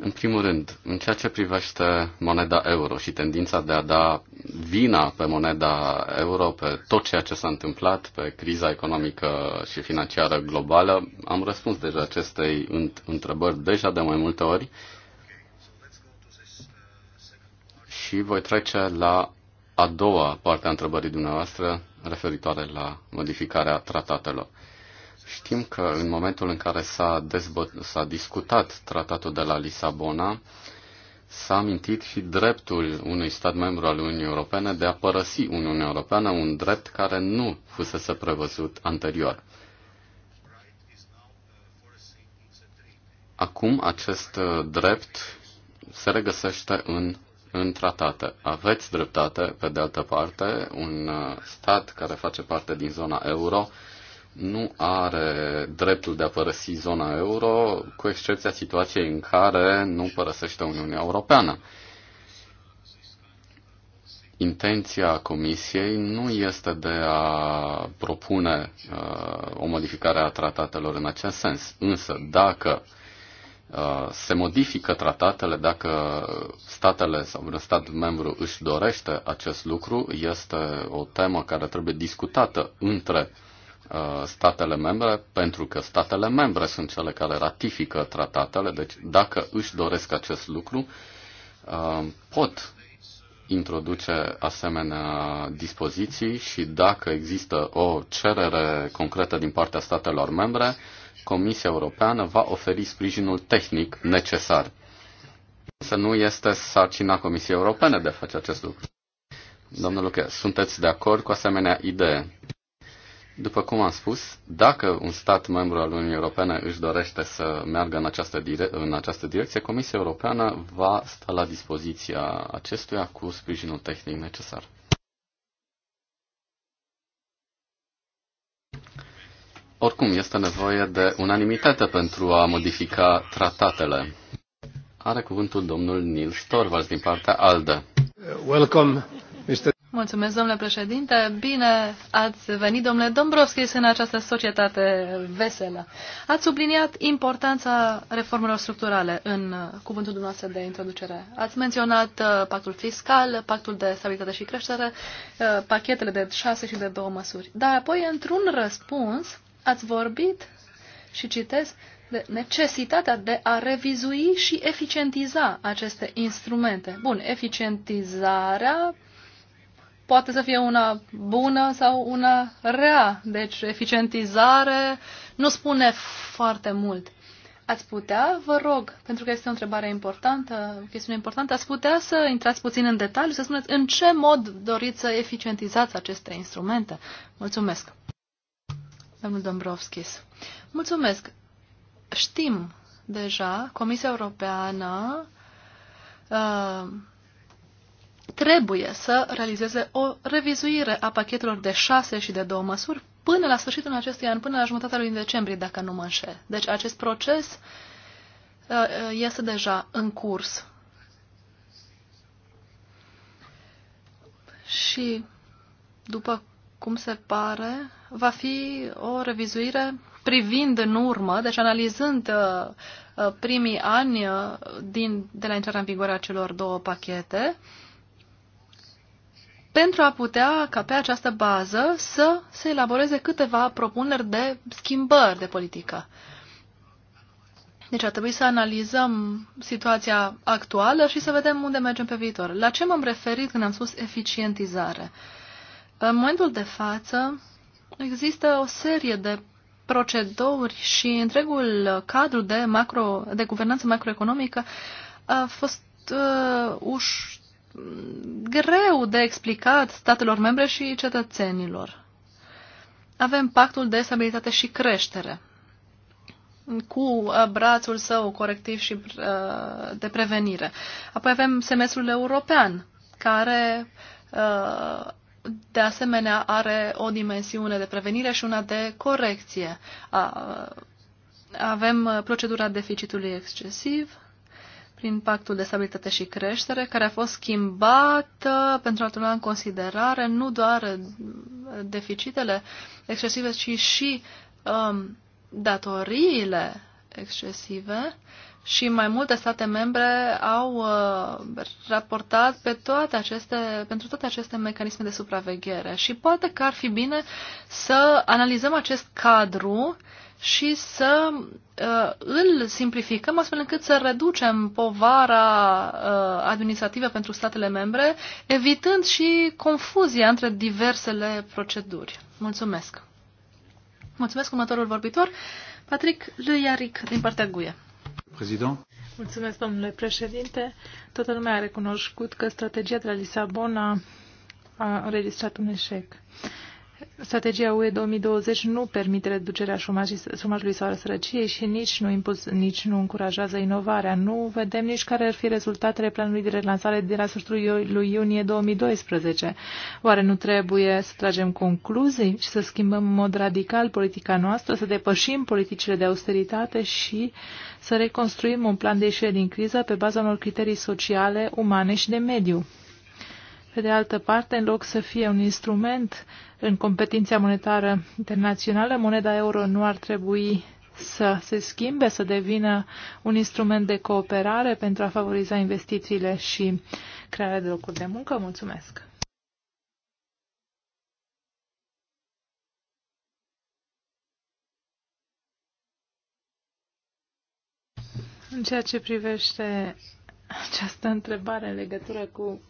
În primul rând, în ceea ce privește moneda euro și tendința de a da vina pe moneda euro, pe tot ceea ce s-a întâmplat, pe criza economică și financiară globală, am răspuns deja acestei întrebări deja de mai multe ori și voi trece la a doua parte a întrebării dumneavoastră referitoare la modificarea tratatelor. Știm că în momentul în care s-a, s-a discutat tratatul de la Lisabona, s-a amintit și dreptul unui stat membru al Uniunii Europene de a părăsi Uniunea Europeană, un drept care nu fusese prevăzut anterior. Acum acest uh, drept se regăsește în, în tratate. Aveți dreptate, pe de altă parte, un uh, stat care face parte din zona euro nu are dreptul de a părăsi zona euro, cu excepția situației în care nu părăsește Uniunea Europeană. Intenția Comisiei nu este de a propune uh, o modificare a tratatelor în acest sens, însă dacă uh, se modifică tratatele dacă statele sau un stat membru își dorește acest lucru, este o temă care trebuie discutată între uh, Uh, statele membre, pentru că statele membre sunt cele care ratifică tratatele, deci dacă își doresc acest lucru, uh, pot introduce asemenea dispoziții și dacă există o cerere concretă din partea statelor membre, Comisia Europeană va oferi sprijinul tehnic necesar. Să nu este sarcina Comisiei Europene de a face acest lucru. Domnul Luche, sunteți de acord cu asemenea idee? După cum am spus, dacă un stat membru al Uniunii Europene își dorește să meargă în această, dire- în această direcție, Comisia Europeană va sta la dispoziția acestuia cu sprijinul tehnic necesar. Oricum, este nevoie de unanimitate pentru a modifica tratatele. Are cuvântul domnul Nils Torvalds din partea ALDE. Welcome Mulțumesc, domnule președinte. Bine ați venit, domnule Dombrovskis, în această societate veselă. Ați subliniat importanța reformelor structurale în cuvântul dumneavoastră de introducere. Ați menționat uh, pactul fiscal, pactul de stabilitate și creștere, uh, pachetele de șase și de două măsuri. Dar apoi, într-un răspuns, ați vorbit și citesc de necesitatea de a revizui și eficientiza aceste instrumente. Bun, eficientizarea poate să fie una bună sau una rea. Deci eficientizare nu spune foarte mult. Ați putea, vă rog, pentru că este o întrebare importantă, o chestiune importantă, ați putea să intrați puțin în detaliu, să spuneți în ce mod doriți să eficientizați aceste instrumente. Mulțumesc. Domnul Dombrovskis. Mulțumesc. Știm deja, Comisia Europeană uh, trebuie să realizeze o revizuire a pachetelor de șase și de două măsuri până la sfârșitul acestui an, până la jumătatea lui decembrie, dacă nu mă înșel. Deci acest proces uh, este deja în curs. Și, după cum se pare, va fi o revizuire privind în urmă, deci analizând uh, uh, primii ani din, de la intrarea în vigoare a celor două pachete, uh, pentru a putea, ca pe această bază, să se elaboreze câteva propuneri de schimbări de politică. Deci ar trebui să analizăm situația actuală și să vedem unde mergem pe viitor. La ce m-am referit când am spus eficientizare? În momentul de față există o serie de proceduri și întregul cadru de, macro, de guvernanță macroeconomică a fost uh, uș, greu de explicat statelor membre și cetățenilor. Avem pactul de stabilitate și creștere cu uh, brațul său corectiv și uh, de prevenire. Apoi avem semestrul european, care uh, de asemenea are o dimensiune de prevenire și una de corecție. Avem procedura deficitului excesiv, prin Pactul de Stabilitate și Creștere, care a fost schimbată pentru a lua în considerare nu doar deficitele excesive, ci și um, datoriile excesive și mai multe state membre au uh, raportat pe toate aceste, pentru toate aceste mecanisme de supraveghere. Și poate că ar fi bine să analizăm acest cadru uh, și să uh, îl simplificăm astfel încât să reducem povara uh, administrativă pentru statele membre, evitând și confuzia între diversele proceduri. Mulțumesc! Mulțumesc următorul vorbitor, Patrick Luiaric, din partea GUE. Prezident. Mulțumesc, domnule președinte. Toată lumea a recunoscut că strategia de la Lisabona a înregistrat un eșec. Uh, Strategia UE 2020 nu permite reducerea șomajului sau a sărăciei și nici nu, impus, nici nu încurajează inovarea. Nu vedem nici care ar fi rezultatele planului de relansare de la sfârșitul lui iunie 2012. Oare nu trebuie să tragem concluzii și să schimbăm în mod radical politica noastră, să depășim politicile de austeritate și să reconstruim un plan de ieșire din criză pe baza unor criterii sociale, umane și de mediu? Pe de altă parte, în loc să fie un instrument în competiția monetară internațională, moneda euro nu ar trebui să se schimbe, să devină un instrument de cooperare pentru a favoriza investițiile și crearea de locuri de muncă. Mulțumesc! În ceea ce privește această întrebare în legătură cu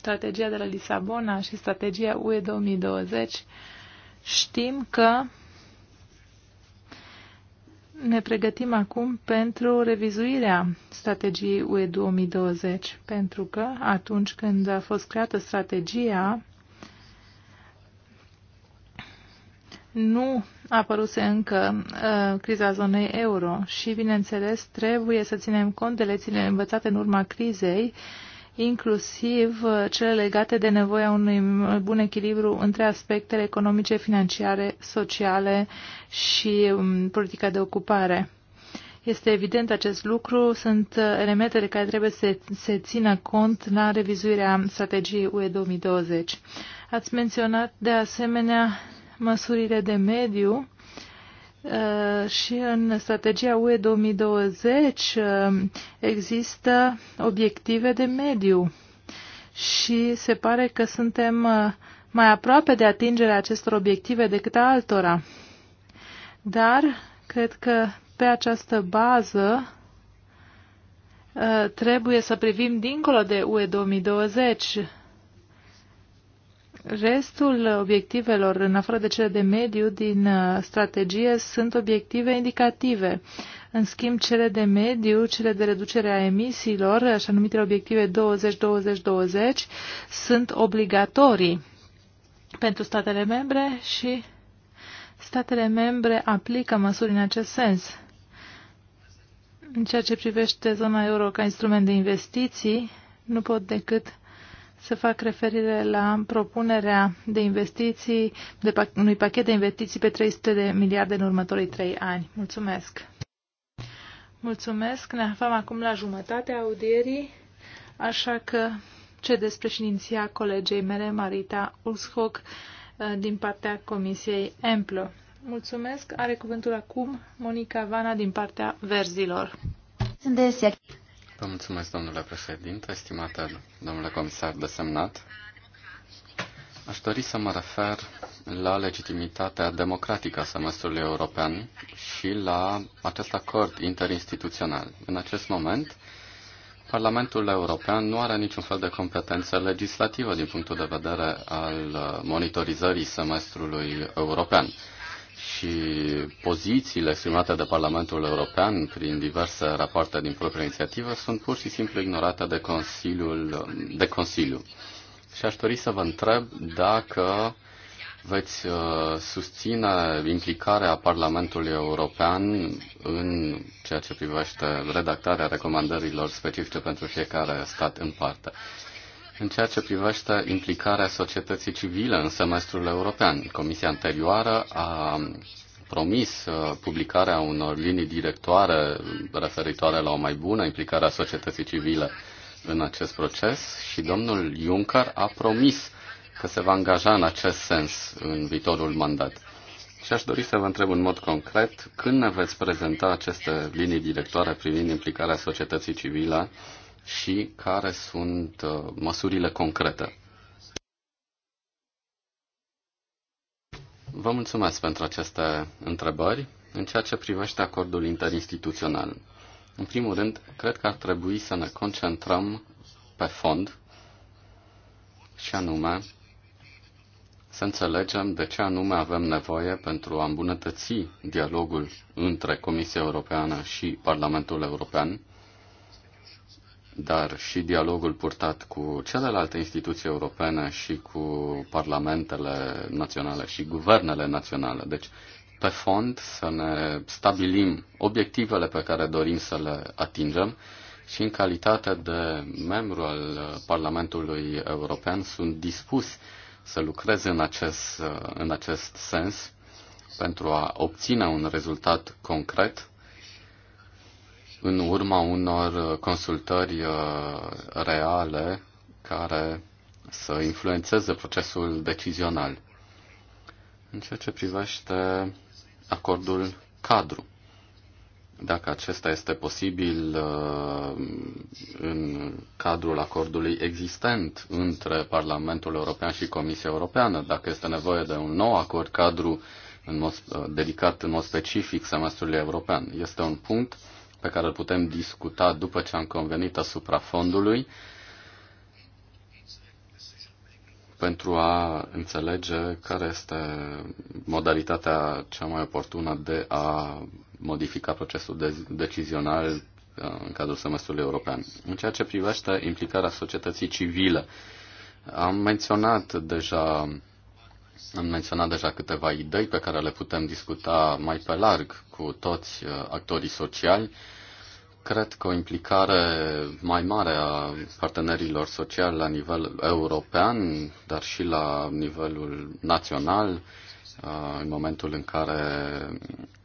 strategia de la Lisabona și strategia UE 2020, știm că ne pregătim acum pentru revizuirea strategiei UE 2020, pentru că atunci când a fost creată strategia, nu apăruse încă uh, criza zonei euro și, bineînțeles, trebuie să ținem cont de lecțiile învățate în urma crizei uh, inclusiv uh, cele legate de nevoia unui bun echilibru între aspectele economice, financiare, sociale și um, politica de ocupare. Este evident acest lucru, sunt uh, elemente care trebuie să se țină cont la revizuirea strategiei UE 2020. Ați menționat de asemenea măsurile de mediu Uh, și în strategia UE 2020 uh, există obiective de mediu și se pare că suntem uh, mai aproape de atingerea acestor obiective decât a altora. Dar cred că pe această bază trebuie să privim dincolo de UE 2020 Restul obiectivelor, în afară de cele de mediu, din uh, strategie sunt obiective indicative. În schimb, cele de mediu, cele de reducere a emisiilor, așa numitele obiective 20-20-20, sunt obligatorii pentru statele membre și statele membre aplică măsuri în acest sens. În ceea ce privește zona euro ca instrument de investiții, nu pot decât să fac referire la propunerea de investiții, de pach unui pachet de investiții pe 300 de miliarde în următorii trei ani. Mulțumesc! Mulțumesc! Ne aflăm acum la jumătatea audierii, așa că ce despre președinția colegei mele, Marita Ulshoc, eh, din partea Comisiei Emplă. Mulțumesc! Are cuvântul acum Monica Vana din partea Verzilor. Vă mulțumesc, domnule președinte, estimate domnule comisar desemnat. Aș dori să mă refer la legitimitatea democratică a semestrului european și la acest acord interinstituțional. În acest moment, Parlamentul European nu are niciun fel de competență legislativă din punctul de vedere al monitorizării semestrului european și pozițiile exprimate de Parlamentul European prin diverse rapoarte din propria inițiativă sunt pur și simplu ignorate de Consiliul de Consiliu. Și aș dori să vă întreb dacă veți uh, susține implicarea Parlamentului European în ceea ce privește redactarea recomandărilor specifice pentru fiecare stat în parte. În ceea ce privește implicarea societății civile în semestrul european, Comisia anterioară a promis uh, publicarea unor linii directoare referitoare la o mai bună implicare a societății civile în acest proces și domnul Juncker a promis că se va angaja în acest sens în viitorul mandat. Și aș dori să vă întreb în mod concret când ne veți prezenta aceste linii directoare privind implicarea societății civile și care sunt uh, măsurile concrete. Vă mulțumesc pentru aceste întrebări în ceea ce privește acordul interinstituțional. În primul rând, cred că ar trebui să ne concentrăm pe fond și anume să înțelegem de ce anume avem nevoie pentru a îmbunătăți dialogul între Comisia Europeană și Parlamentul European dar și dialogul purtat cu celelalte instituții europene și cu parlamentele naționale și guvernele naționale. Deci, pe fond, să ne stabilim obiectivele pe care dorim să le atingem și în calitate de membru al Parlamentului European sunt dispus să lucrez în acest, în acest sens pentru a obține un rezultat concret în urma unor consultări uh, reale care să influențeze procesul decizional. În ceea ce privește acordul cadru, dacă acesta este posibil uh, în cadrul acordului existent între Parlamentul European și Comisia Europeană, dacă este nevoie de un nou acord cadru în mod, uh, dedicat în mod specific semestrului european. Este un punct uh, pe care îl putem discuta după ce am convenit asupra fondului pentru a înțelege care este modalitatea cea mai oportună de a modifica procesul de- decizional uh, în cadrul semestrului european. În ceea ce privește implicarea societății civile, am menționat deja am menționat deja câteva idei pe care le putem discuta mai pe larg cu toți uh, actorii sociali. Cred că o implicare mai mare a partenerilor sociali la nivel european, dar și la nivelul național, uh, în momentul în care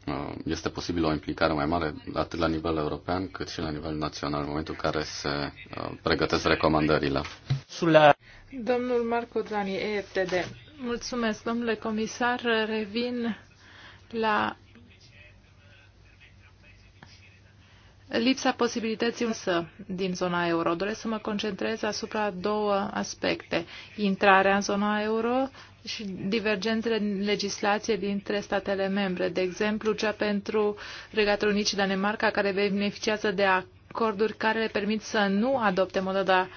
uh, este posibilă o implicare mai mare atât la nivel european cât și la nivel național, în momentul în care se pregătesc recomandările. Domnul Marco Zani, EFTD. Mulțumesc, domnule comisar. Revin la lipsa posibilității însă din zona euro. Doresc să mă concentrez asupra două aspecte. Intrarea în zona euro și divergențele în legislație dintre statele membre. De exemplu, cea pentru Regatul Unit și Danemarca, care beneficiază de acorduri care le permit să nu adopte moneda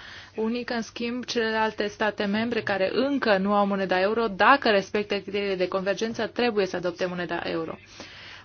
unică, în schimb, celelalte state membre care încă nu au moneda euro, dacă respectă criteriile de convergență, trebuie să adopte moneda euro.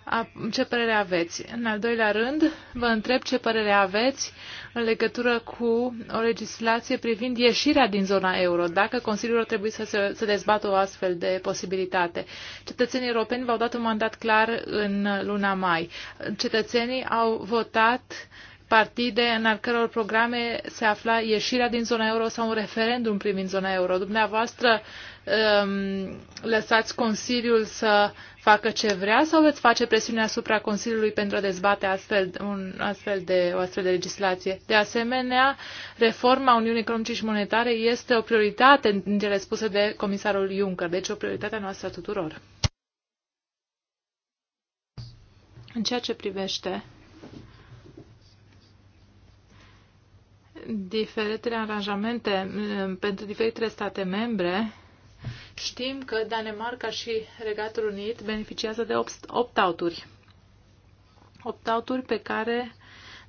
A, ce părere aveți? În al doilea rând, vă întreb ce părere aveți în legătură cu o legislație privind ieșirea din zona euro, dacă Consiliul ar trebui să, se, să dezbată o astfel de posibilitate. Cetățenii europeni v-au dat un mandat clar în luna mai. Cetățenii au votat uh, partide în al căror programe se afla ieșirea din zona euro sau un referendum privind zona euro. Dumneavoastră um, lăsați Consiliul să facă ce vrea sau veți face presiune asupra Consiliului pentru a dezbate astfel, un, astfel de, o astfel de legislație? De asemenea, reforma Uniunii Economice și Monetare este o prioritate în cele spuse de comisarul Juncker, deci o prioritate a noastră a tuturor. În ceea ce privește diferitele aranjamente mm, pentru diferitele state membre, știm că Danemarca și Regatul Unit beneficiază de opt out opt out pe care,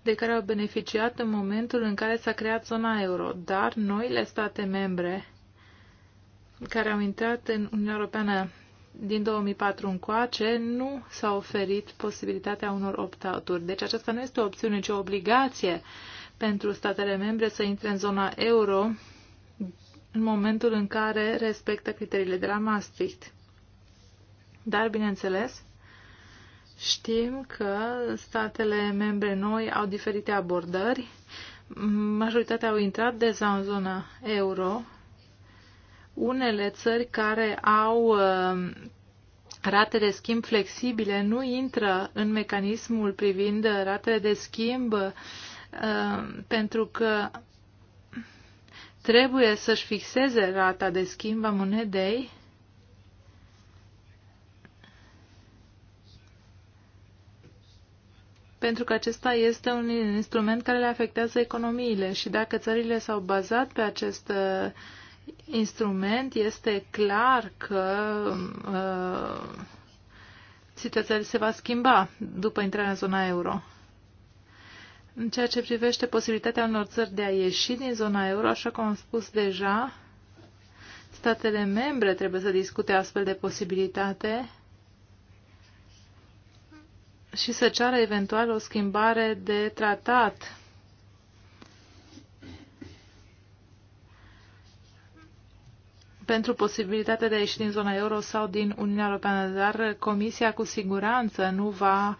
de care au beneficiat în momentul în care s-a creat zona euro, dar noile state membre care au intrat în Uniunea Europeană din 2004 încoace nu s-a oferit posibilitatea unor opt-out-uri. Deci aceasta nu este o opțiune, ci o obligație pentru statele membre să intre în zona euro în momentul în care respectă criteriile de la Maastricht. Dar, bineînțeles, știm că statele membre noi au diferite abordări. Majoritatea au intrat deja în zona euro. Unele țări care au uh, rate de schimb flexibile nu intră în mecanismul privind ratele de schimb Ehm, pentru că trebuie să-și fixeze rata de schimb a monedei pentru că acesta este un instrument care le afectează economiile și dacă țările s-au bazat pe acest uh, instrument, este clar că uh, situația se va schimba după intrarea în zona euro. În ceea ce privește posibilitatea unor țări de a ieși din zona euro, așa cum am spus deja, statele membre trebuie să discute astfel de posibilitate și să ceară eventual o schimbare de tratat. pentru posibilitatea de a ieși din zona euro sau din Uniunea Europeană, dar Comisia cu siguranță nu va uh,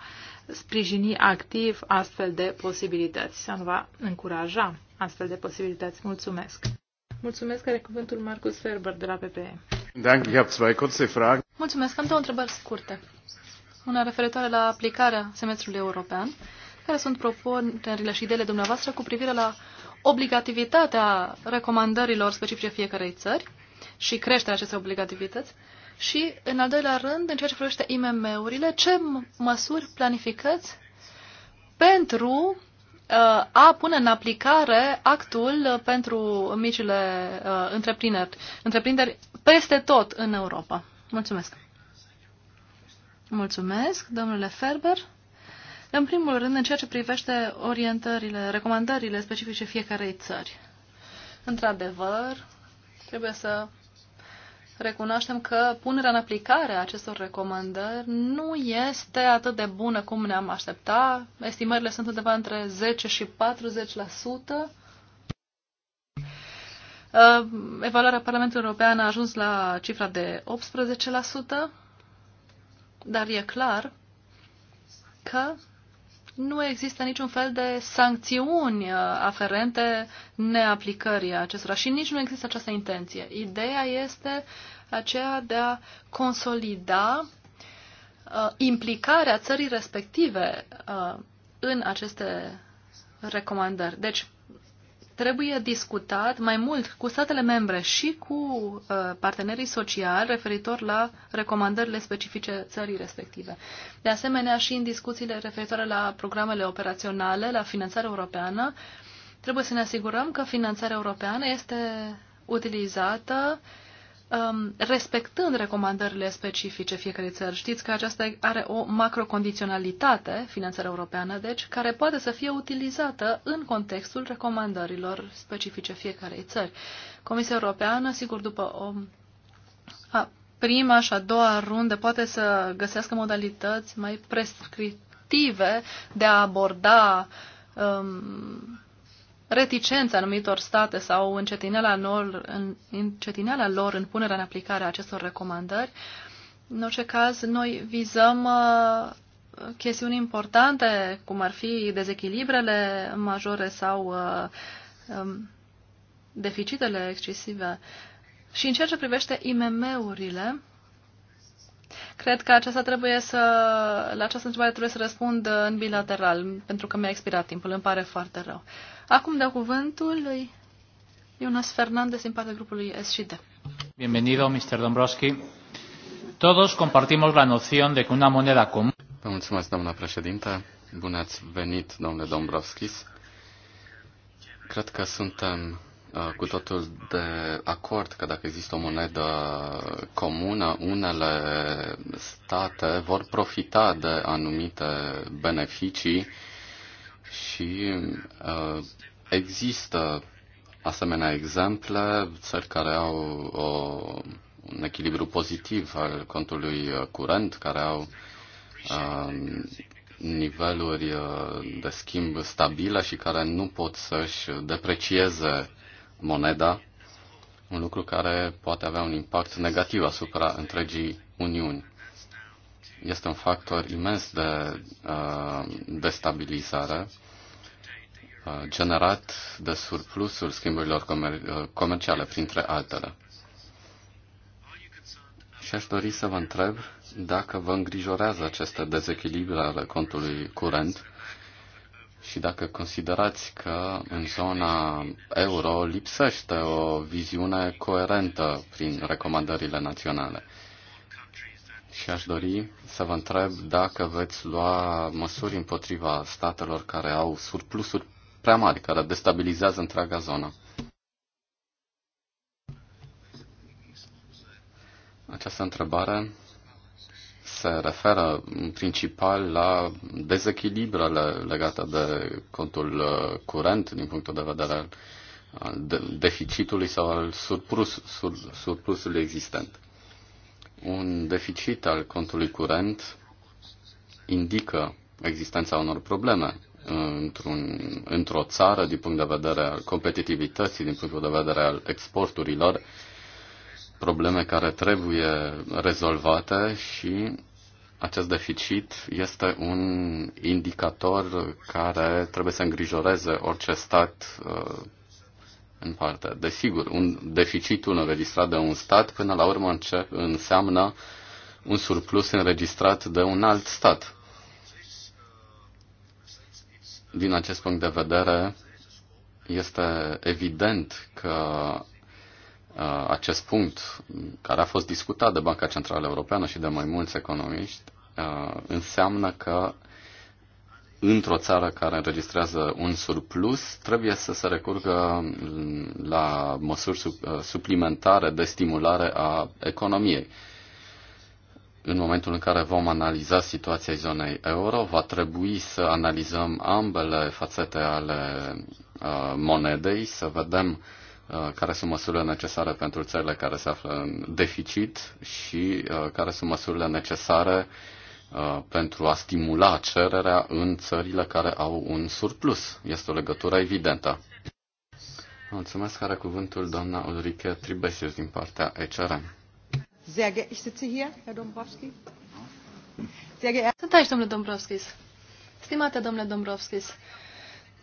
sprijini activ astfel de posibilități să nu va încuraja astfel de posibilități. Mulțumesc! Mulțumesc, are cuvântul Marcus Ferber de la PPE. Mulțumesc, am două întrebări scurte. Una referitoare la aplicarea semestrului european. Care sunt propunerile și ideile dumneavoastră cu privire la obligativitatea recomandărilor specifice fiecarei țări și creșterea acestei obligativități? Și, în al doilea rând, în ceea ce privește IMM-urile, ce măsuri planificați pentru uh, a pune în aplicare actul uh, pentru micile uh, întreprinderi, întreprinderi peste tot în Europa? Mulțumesc! Mulțumesc, domnule Ferber! În primul rând, în ceea ce privește orientările, recomandările specifice fiecarei țări. Într-adevăr, trebuie să recunoaștem că punerea în aplicare a acestor recomandări nu este atât de bună cum ne-am aștepta. Estimările sunt undeva între 10 și 40%. Uh, evaluarea Parlamentului European a ajuns la cifra de 18%, dar e clar că nu există niciun fel de sancțiuni uh, aferente neaplicării acestora și nici nu există această intenție. Ideea este aceea de a consolida uh, implicarea țării respective uh, în aceste recomandări. Deci, trebuie discutat mai mult cu statele membre și cu uh, partenerii sociali referitor la recomandările specifice țării respective. De asemenea, și în discuțiile referitoare la programele operaționale, la finanțarea europeană, trebuie să ne asigurăm că finanțarea europeană este utilizată uh, um, respectând recomandările specifice fiecărei țări. Știți că aceasta are o macrocondiționalitate, finanțarea europeană, deci, care poate să fie utilizată în contextul recomandărilor specifice fiecarei țări. Comisia Europeană, sigur, după o a, prima și a doua rundă, poate să găsească modalități mai prescriptive de a aborda um, reticența anumitor state sau încetinela lor, în, lor în punerea în aplicare a acestor recomandări. În orice caz, noi vizăm uh, chestiuni importante, cum ar fi dezechilibrele majore sau uh, um, deficitele excesive. Și în ceea ce privește IMM-urile, Cred că aceasta trebuie să, la această întrebare trebuie să răspund uh, în bilateral, pentru că mi-a expirat timpul, îmi pare foarte rău. Uh, Acum dau cuvântul lui Jonas Fernandez din partea grupului SGD. Bienvenido, Mr. Dombrovski. Todos compartimos la noción de que una moneda común... Vă mulțumesc, doamna președinte. Bun ați venit, domnule Dombrovskis. Cred că suntem uh, cu totul de acord că dacă există o monedă comună, unele state vor profita de anumite beneficii și uh, există asemenea exemple, țări care au o, un echilibru pozitiv al contului uh, curent, care au uh, niveluri uh, de schimb stabile și care nu pot să-și deprecieze moneda, un lucru care poate avea un impact negativ asupra întregii Uniuni. Este un factor imens de uh, destabilizare generat de surplusul schimburilor comer- comerciale, printre altele. Și aș dori să vă întreb dacă vă îngrijorează aceste dezechilibre ale contului curent și dacă considerați că în zona euro lipsește o viziune coerentă prin recomandările naționale. Și aș dori să vă întreb dacă veți lua măsuri împotriva statelor care au surplusuri prea mari care destabilizează întreaga zonă. Această întrebare se referă în principal la dezechilibrele legate de contul uh, curent din punctul de vedere al deficitului sau al surplus, sur, surplusului existent. Un deficit al contului curent indică existența unor probleme într-un, într-o țară din punct de vedere al competitivității, din punct de vedere al exporturilor, probleme care trebuie rezolvate și acest deficit este un indicator care trebuie să îngrijoreze orice stat uh, în parte. Desigur, un deficitul înregistrat de un stat până la urmă înseamnă un surplus înregistrat de un alt stat. Din acest punct de vedere, este evident că acest punct care a fost discutat de Banca Centrală Europeană și de mai mulți economiști înseamnă că într-o țară care înregistrează un surplus, trebuie să se recurgă la măsuri suplimentare de stimulare a economiei în momentul în care vom analiza situația zonei euro, va trebui să analizăm ambele fațete ale uh, monedei, să vedem uh, care sunt măsurile necesare pentru țările care se află în deficit și uh, care sunt măsurile necesare uh, pentru a stimula cererea în țările care au un surplus. Este o legătură evidentă. Mulțumesc, are cuvântul doamna Ulrike Tribesius din partea ECRM ich sitze hier, Herr Dombrovski. Sehr geehrter. Sunt aici, domnule Dombrovskis. Stimate domnule Dombrovskis,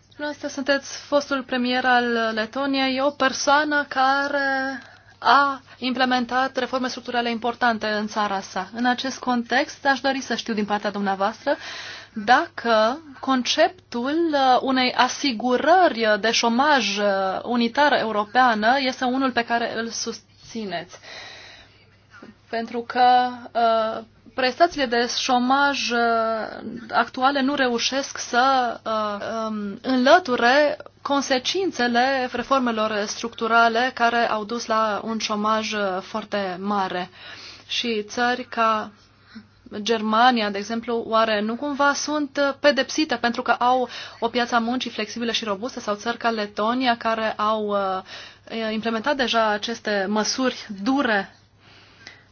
dumneavoastră sunteți fostul premier al Letoniei, o persoană care a implementat reforme structurale importante în țara sa. În acest context, aș dori să știu din partea dumneavoastră dacă conceptul unei asigurări de șomaj unitară europeană este unul pe care îl susțineți pentru că uh, prestațiile de șomaj uh, actuale nu reușesc să uh, um, înlăture consecințele reformelor structurale care au dus la un șomaj uh, foarte mare. Și țări ca Germania, de exemplu, oare nu cumva sunt uh, pedepsite pentru că au o piață a muncii flexibilă și robustă sau țări ca Letonia care au uh, implementat deja aceste măsuri dure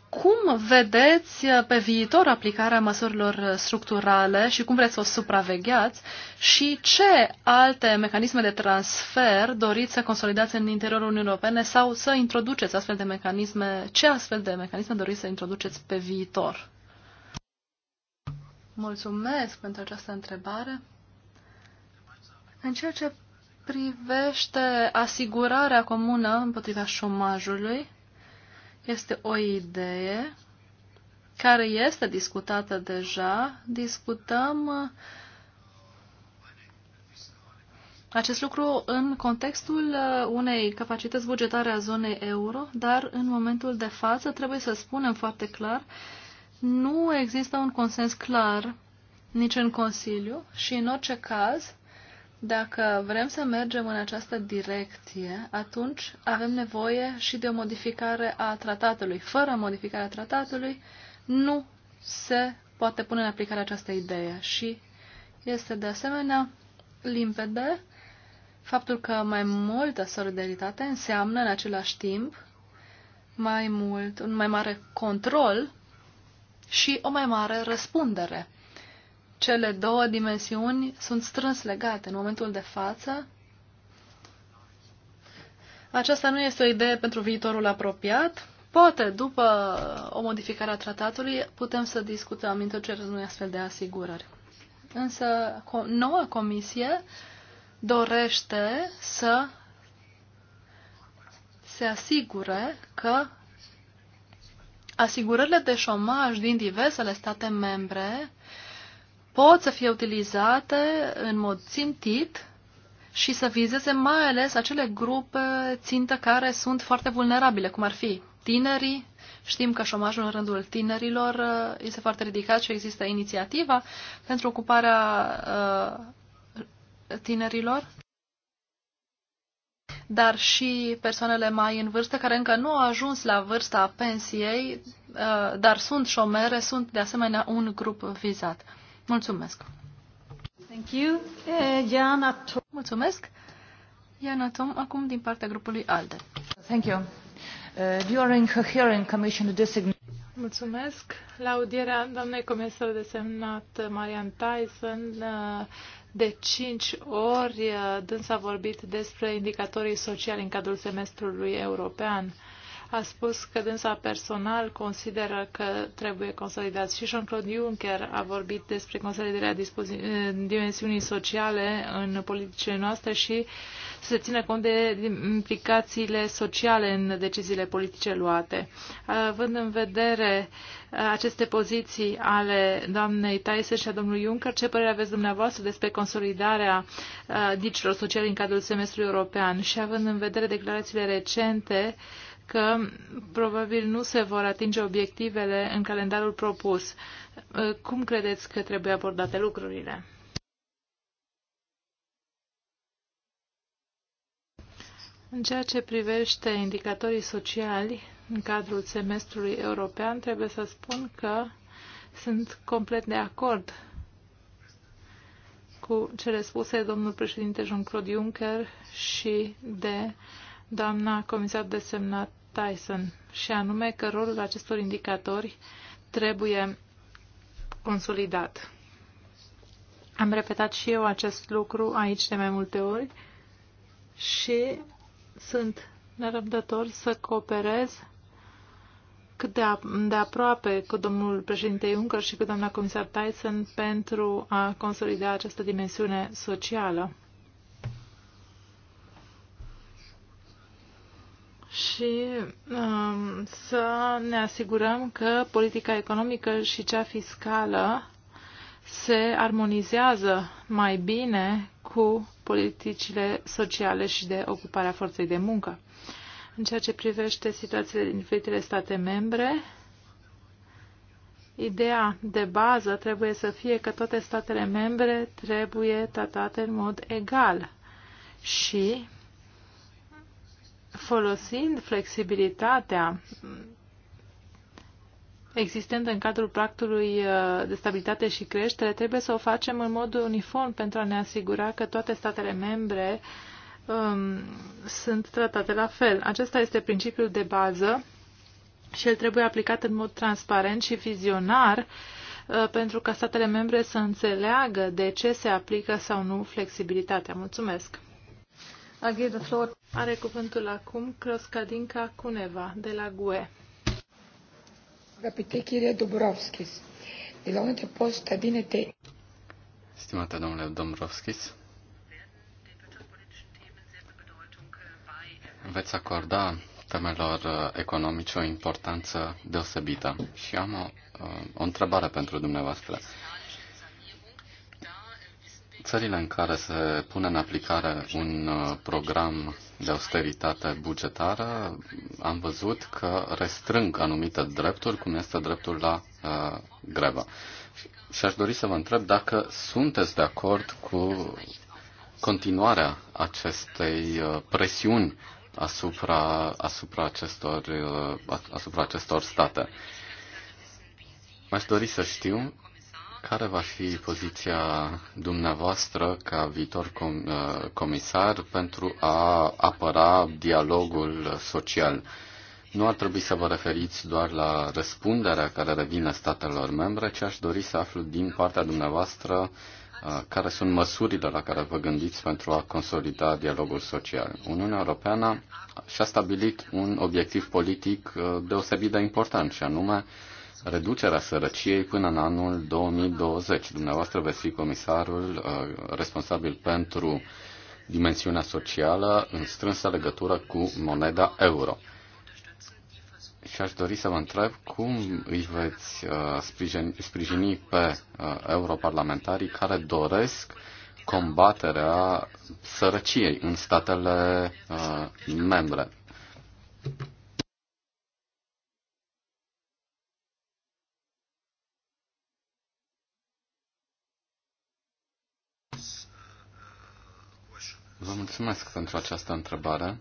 cum vedeți uh, pe viitor aplicarea măsurilor uh, structurale și cum vreți să o supravegheați și ce alte mecanisme de transfer doriți să consolidați în interiorul Uniunii Europene sau să introduceți astfel de mecanisme? Ce astfel de mecanisme doriți să introduceți pe viitor? Mulțumesc pentru această întrebare. În ceea ce privește asigurarea comună împotriva șomajului, este o idee care este discutată deja. Discutăm uh, acest lucru în contextul uh, unei capacități bugetare a zonei euro, dar în momentul de față trebuie să spunem foarte clar, nu există un consens clar nici în Consiliu și în orice caz dacă vrem să mergem în această direcție, atunci avem nevoie și de o modificare a tratatului. Fără modificarea tratatului, nu se poate pune în aplicare această idee și este de asemenea limpede faptul că mai multă solidaritate înseamnă în același timp mai mult, un mai mare control și o mai mare răspundere cele două dimensiuni sunt strâns legate în momentul de față. Aceasta nu este o idee pentru viitorul apropiat. Poate, după o modificare a tratatului, putem să discutăm introducerea unui astfel de asigurări. Însă, noua comisie dorește să se asigure că asigurările de șomaj din diversele state membre uh, pot să fie utilizate în mod țintit și să vizeze mai ales acele grupe țintă care sunt foarte vulnerabile, cum ar fi tinerii. Știm că șomajul în rândul tinerilor uh, este foarte ridicat și există inițiativa pentru ocuparea uh, tinerilor, dar și persoanele mai în vârstă care încă nu au ajuns la vârsta pensiei, uh, dar sunt șomere, sunt de asemenea un grup vizat. Mulțumesc! Thank you. Iana Tom. Mulțumesc! Iana Tom, acum din partea grupului ALDE. Thank you. Uh, during her hearing, commission designated Mulțumesc. La audierea doamnei comisar desemnat Marian Tyson, de cinci ori dânsa a vorbit despre indicatorii sociali în cadrul semestrului european a spus că dânsa personal consideră că trebuie consolidat Și Jean-Claude Juncker a vorbit despre consolidarea dimensiunii sociale în politicile noastre și să se țină cont de implicațiile sociale în deciziile politice luate. Având în vedere aceste poziții ale doamnei Taise și a domnului Juncker, ce părere aveți dumneavoastră despre consolidarea uh, dicilor sociale în cadrul semestrului european și având în vedere declarațiile recente uh, că probabil nu se vor atinge obiectivele în calendarul propus. Cum credeți că trebuie abordate lucrurile? În ceea ce privește indicatorii sociali în cadrul semestrului european, trebuie să spun că sunt complet de acord cu cele spuse de domnul președinte Jean-Claude Juncker și de doamna comisar desemnat Tyson, și anume că rolul acestor indicatori trebuie consolidat. Am repetat și eu acest lucru aici de mai multe ori și sunt nerăbdător să cooperez cât de, de aproape cu domnul președinte Juncker și cu doamna comisar Tyson pentru a consolida această dimensiune socială. și um, să ne asigurăm că politica economică și cea fiscală se armonizează mai bine cu politicile sociale și de ocuparea forței de muncă. În ceea ce privește situațiile din diferitele state membre, ideea de bază trebuie să fie că toate statele membre trebuie tratate în mod egal și folosind flexibilitatea existent în cadrul pactului uh, de stabilitate și creștere, trebuie să o facem în mod uniform pentru a ne asigura că toate statele membre um, sunt tratate la fel. Acesta este principiul de bază și el trebuie aplicat în mod transparent și vizionar uh, pentru ca statele membre să înțeleagă de ce se aplică sau nu flexibilitatea. Mulțumesc! I give the floor. Are cuvântul acum Croscadinca Cuneva de la GUE. Rapite, Chirie Dubrovskis. De la unde poți să bine te... Stimată domnule Dubrovskis, veți acorda temelor uh, economice o importanță deosebită și am o, uh, o întrebare pentru dumneavoastră. Țările în care se pune în aplicare un uh, program de austeritate bugetară, am văzut că restrâng anumite drepturi, cum este dreptul la uh, grevă. Și aș dori să vă întreb dacă sunteți de acord cu continuarea acestei uh, presiuni asupra, asupra, acestor, uh, asupra acestor state. Aș dori să știu care va fi poziția dumneavoastră ca viitor com, uh, comisar pentru a apăra dialogul social? Nu ar trebui să vă referiți doar la răspunderea care revine statelor membre, ci aș dori să aflu din partea dumneavoastră uh, care sunt măsurile la care vă gândiți pentru a consolida dialogul social. Uniunea Europeană și-a stabilit un obiectiv politic uh, deosebit de important, și anume reducerea sărăciei până în anul 2020. Dumneavoastră veți fi comisarul uh, responsabil pentru dimensiunea socială în strânsă legătură cu moneda euro. Și aș dori să vă întreb cum îi veți uh, sprijini, sprijini pe uh, europarlamentarii care doresc combaterea sărăciei în statele membre. Vă mulțumesc pentru această întrebare.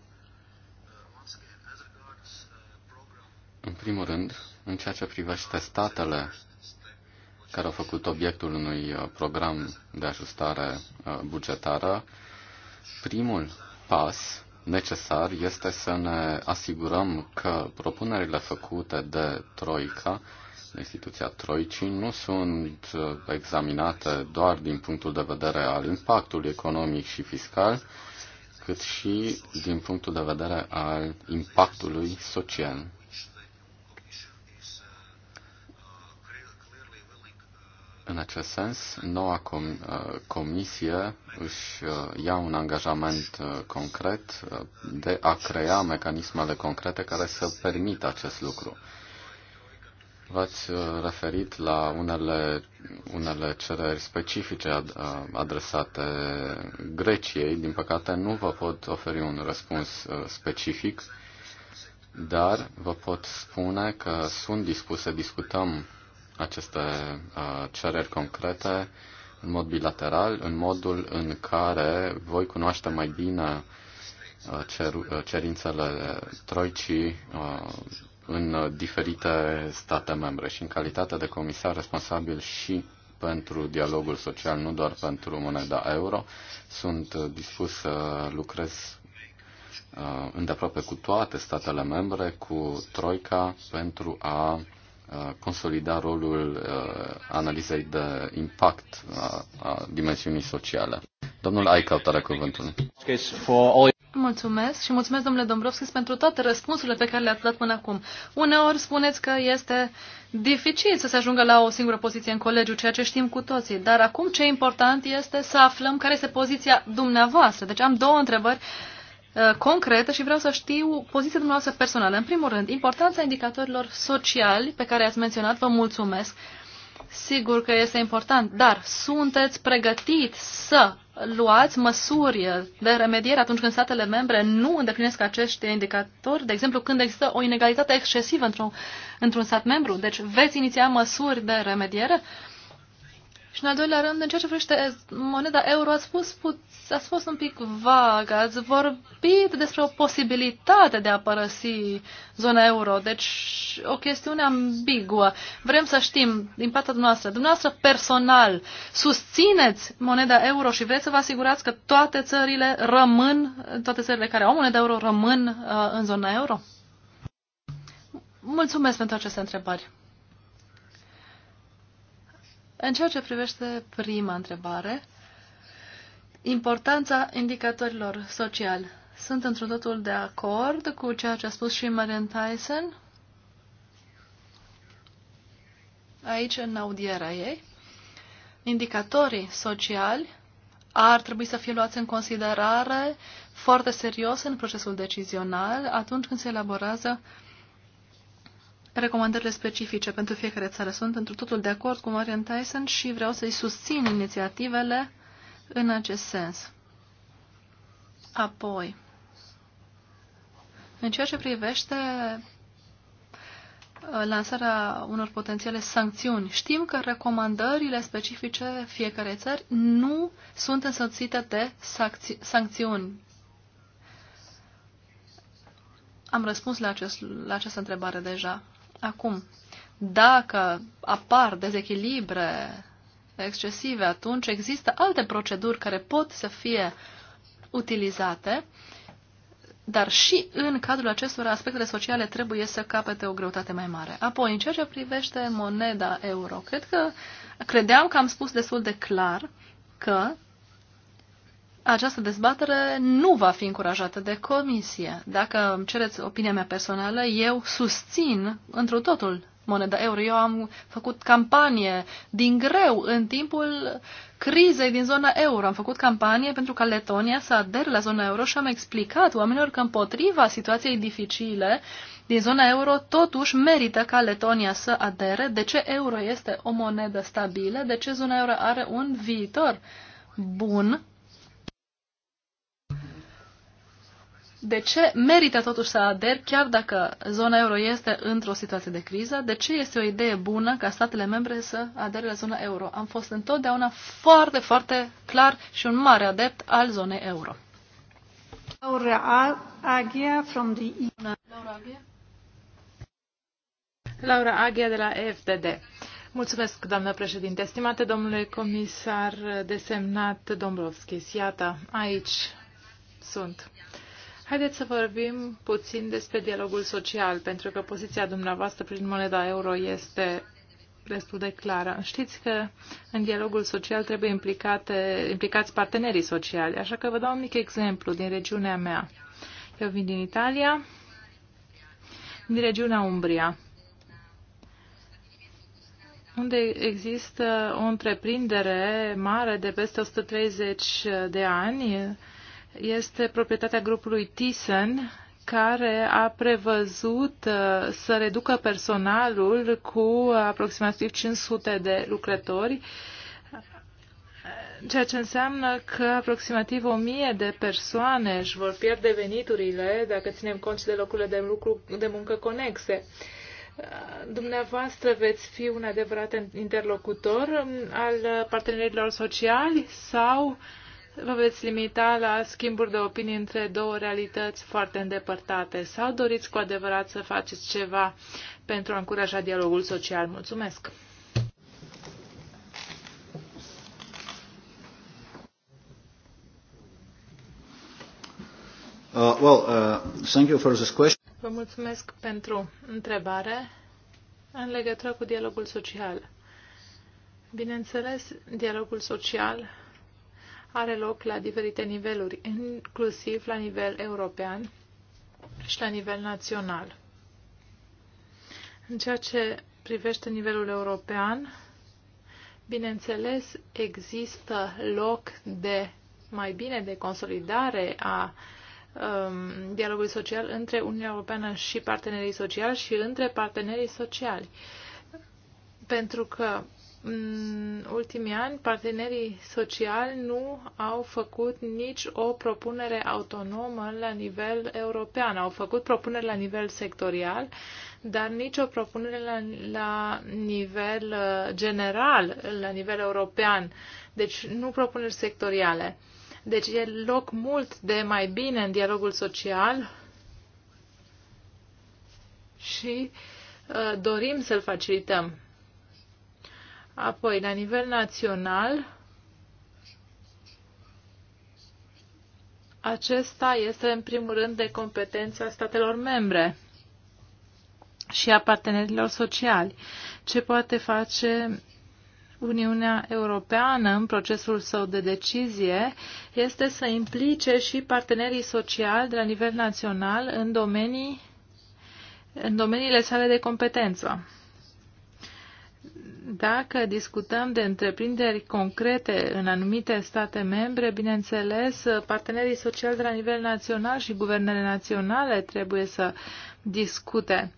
În primul rând, în ceea ce privește statele care au făcut obiectul unui uh, program de ajustare uh, bugetară, primul pas necesar este să ne asigurăm că propunerile făcute de Troica instituția Troicii nu sunt uh, examinate doar din punctul de vedere al impactului economic și fiscal, cât și din punctul de vedere al impactului social. În acest sens, noua com- uh, comisie își uh, ia un angajament concret de a crea mecanismele concrete care să permită acest lucru. V-ați uh, referit la unele, unele cereri specifice uh, adresate Greciei. Din păcate, nu vă pot oferi un răspuns uh, specific, dar vă pot spune că sunt dispus să discutăm aceste cereri concrete în mod bilateral, în modul în care voi cunoaște mai bine cerințele troicii în diferite state membre și în calitate de comisar responsabil și pentru dialogul social, nu doar pentru moneda euro. Sunt dispus să lucrez uh, îndeaproape cu toate statele membre, cu Troica, pentru a uh, consolida rolul uh, analizei de impact a, dimensiunii sociale. Domnul Aicaut are cuvântul. Mulțumesc și mulțumesc, domnule Dombrovski, pentru toate răspunsurile pe care le-ați dat până acum. Uneori spuneți că este dificil să se ajungă la o singură poziție în colegiu, ceea ce știm cu toții, dar acum ce important este să aflăm care este poziția dumneavoastră. Deci am două întrebări concretă uh, concrete și vreau să știu poziția dumneavoastră personală. În primul rând, importanța indicatorilor sociali pe care ați menționat, vă mulțumesc. Sigur că este important, dar sunteți pregătit să luați măsuri de remediere atunci când statele membre nu îndeplinesc acești indicatori, de exemplu când există o inegalitate excesivă într-un într, -un, stat membru. Deci veți iniția măsuri de remediere? Uh, și în al doilea rând, în ceea ce privește moneda euro, ați spus, ați spus un pic vag, ați vorbit despre o posibilitate de a părăsi zona euro, deci o chestiune ambiguă. Vrem să știm, din partea dumneavoastră, dumneavoastră personal, susțineți moneda euro și vreți să vă asigurați că toate țările rămân, toate țările care au moneda euro rămân uh, în zona euro? Mulțumesc pentru aceste întrebări. În ceea ce privește prima întrebare, importanța indicatorilor sociali. Sunt într totul de acord cu ceea ce a spus și Marian Tyson aici în audierea ei. Indicatorii sociali ar trebui să fie luați în considerare foarte serios în procesul decizional atunci când se elaborează uh, recomandările specifice pentru fiecare țară. Sunt într totul de acord cu Marian Tyson și vreau să-i susțin inițiativele în acest sens. Apoi, în ceea ce privește uh, lansarea unor potențiale sancțiuni. Știm că recomandările specifice fiecare țări nu sunt însoțite de sancțiuni. Am răspuns la, acest, la această întrebare deja. Acum, dacă apar dezechilibre excesive, atunci există alte proceduri care pot să fie utilizate, dar și în cadrul acestor aspecte sociale trebuie să capete o greutate mai mare. Apoi, în ceea ce privește moneda euro, cred că credeam că am spus destul de clar că această dezbatere nu va fi încurajată de comisie. Dacă îmi cereți opinia mea personală, eu susțin întru totul moneda euro. Eu am făcut campanie din greu în timpul crizei din zona euro. Am făcut campanie pentru ca Letonia să adere la zona euro și am explicat oamenilor că împotriva situației dificile din zona euro, totuși merită ca Letonia să adere. De ce euro este o monedă stabilă? De ce zona euro are un viitor bun de ce merită totuși să aderi, chiar dacă zona euro este într-o situație de criză, de ce este o idee bună ca statele membre să adere la zona euro. Am fost întotdeauna foarte, foarte clar și un mare adept al zonei euro. Laura Aghia from the... Laura Agia Laura de la FDD. Mulțumesc, doamnă președinte. Stimate domnule comisar desemnat Dombrovskis, iată, aici sunt. Haideți să vorbim puțin despre dialogul social, pentru că poziția dumneavoastră prin moneda euro este destul de clară. Știți că în dialogul social trebuie implicate, implicați partenerii sociali, așa că vă dau un mic exemplu din regiunea mea. Eu vin din Italia, din regiunea Umbria, unde există o întreprindere mare de peste 130 de ani este proprietatea grupului Thyssen, care a prevăzut uh, să reducă personalul cu aproximativ 500 de lucrători, uh, ceea ce înseamnă că aproximativ 1000 de persoane își vor pierde veniturile dacă ținem cont și de locurile de, lucru, de muncă conexe. Uh, dumneavoastră veți fi un adevărat interlocutor um, al partenerilor sociali sau uh, vă veți limita la schimburi de opinii între două realități foarte îndepărtate sau doriți cu adevărat să faceți ceva pentru a încuraja dialogul social? Mulțumesc! Uh, well, uh, thank you for this question. Vă mulțumesc pentru întrebare în legătură cu dialogul social. Bineînțeles, dialogul social are loc la diferite niveluri, inclusiv la nivel european și la nivel național. În ceea ce privește nivelul european, bineînțeles, există loc de mai bine de consolidare a um, dialogului social între Uniunea Europeană și partenerii sociali și între partenerii sociali. Pentru că în ultimii ani, partenerii sociali nu au făcut nici o propunere autonomă la nivel european. Au făcut propuneri la nivel sectorial, dar nici o propunere la, la nivel uh, general, la nivel european. Deci nu propuneri sectoriale. Deci e loc mult de mai bine în dialogul social și uh, dorim să-l facilităm. Apoi, la nivel național, acesta este în primul rând de competența statelor membre și a partenerilor sociali. Ce poate face Uniunea Europeană în procesul său de decizie este să implice și partenerii sociali de la nivel național în, domenii, în domeniile sale de competență. Dacă discutăm de întreprinderi concrete în anumite state membre, bineînțeles, partenerii sociali de la nivel național și guvernele naționale trebuie să discute.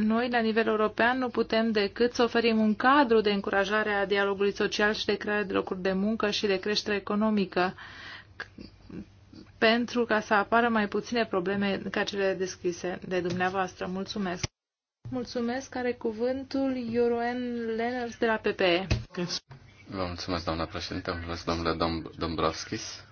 Noi, la nivel european, nu putem decât să oferim un cadru de încurajare a dialogului social și de creare de locuri de muncă și de creștere economică pentru ca să apară mai puține probleme ca cele descrise de dumneavoastră. Mulțumesc! Mulțumesc. Care cuvântul Ioroen Lenners de la PPE. Vă mulțumesc, doamna președinte. Vă mulțumesc, domnule Dombrovskis.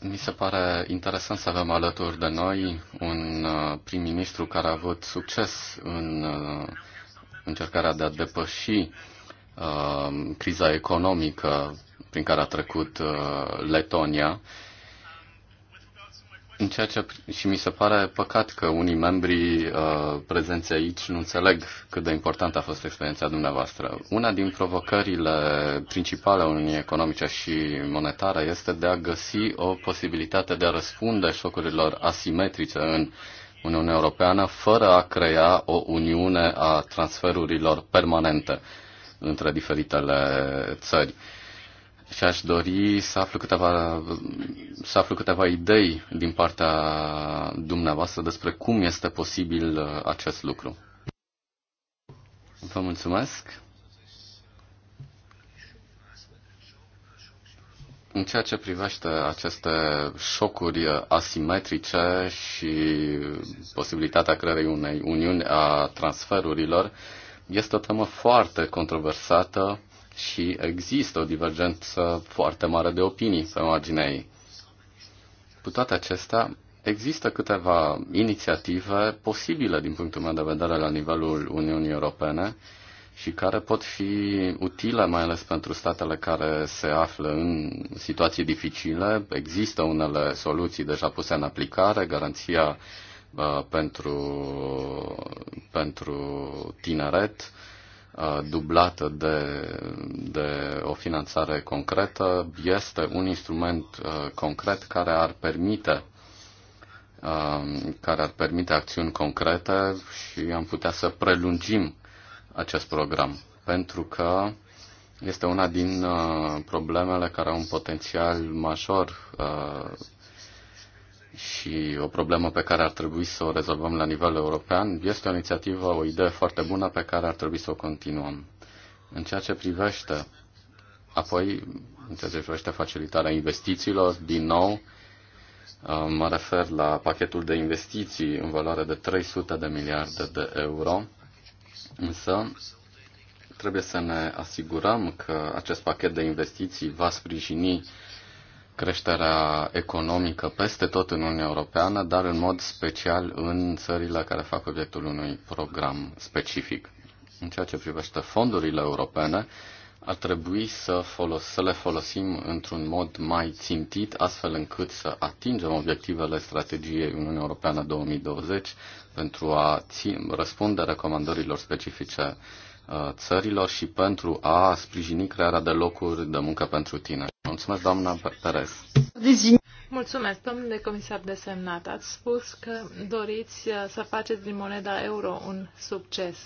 Mi se pare interesant să avem alături de noi un uh, prim-ministru care a avut succes în uh, încercarea de a depăși uh, criza economică prin care a trecut Letonia în ceea ce, și mi se pare păcat că unii membri uh, prezenți aici nu înțeleg cât de importantă a fost experiența dumneavoastră. Una din provocările principale a Uniunii Economice și Monetare este de a găsi o posibilitate de a răspunde șocurilor asimetrice în Uniunea Europeană fără a crea o uniune a transferurilor permanente între diferitele țări. Uh, și aș dori să aflu câteva, să aflu câteva idei din partea dumneavoastră despre cum este posibil uh, acest lucru. Vă mulțumesc. În ceea ce privește aceste șocuri uh, asimetrice și posibilitatea creării unei uniuni a transferurilor, este o temă foarte controversată și există o divergență foarte mare de opinii pe marginea ei. Cu toate acestea, există câteva inițiative posibile din punctul meu de vedere la nivelul Uniunii Europene și care pot fi utile mai ales pentru statele care se află în situații dificile. Există unele soluții deja puse în aplicare, garanția uh, pentru, pentru tineret, uh, Uh, dublată de, de o finanțare concretă, este un instrument uh, concret care ar permite uh, care ar permite acțiuni concrete și am putea să prelungim acest program, pentru că este una din problemele care au un potențial major și o problemă pe care ar trebui să o rezolvăm la nivel european, este o inițiativă, o idee foarte bună pe care ar trebui să o continuăm. În ceea ce privește, apoi, în ceea ce privește facilitarea investițiilor, din nou, uh, mă refer la pachetul de investiții în valoare de 300 de miliarde de euro, însă trebuie să ne asigurăm că acest pachet de investiții va sprijini creșterea economică peste tot în Uniunea Europeană, dar în mod special în țările care fac obiectul unui program specific. În ceea ce privește fondurile europene, ar trebui să, folos, să le folosim într-un mod mai țintit, astfel încât să atingem obiectivele strategiei Uniunii Europeană 2020 pentru a răspunde recomandărilor specifice Uh, țărilor și pentru a sprijini crearea de locuri de muncă pentru tine. Mulțumesc, doamna Perez. Mulțumesc, domnule comisar desemnat. Ați spus că doriți uh, să faceți din moneda euro un succes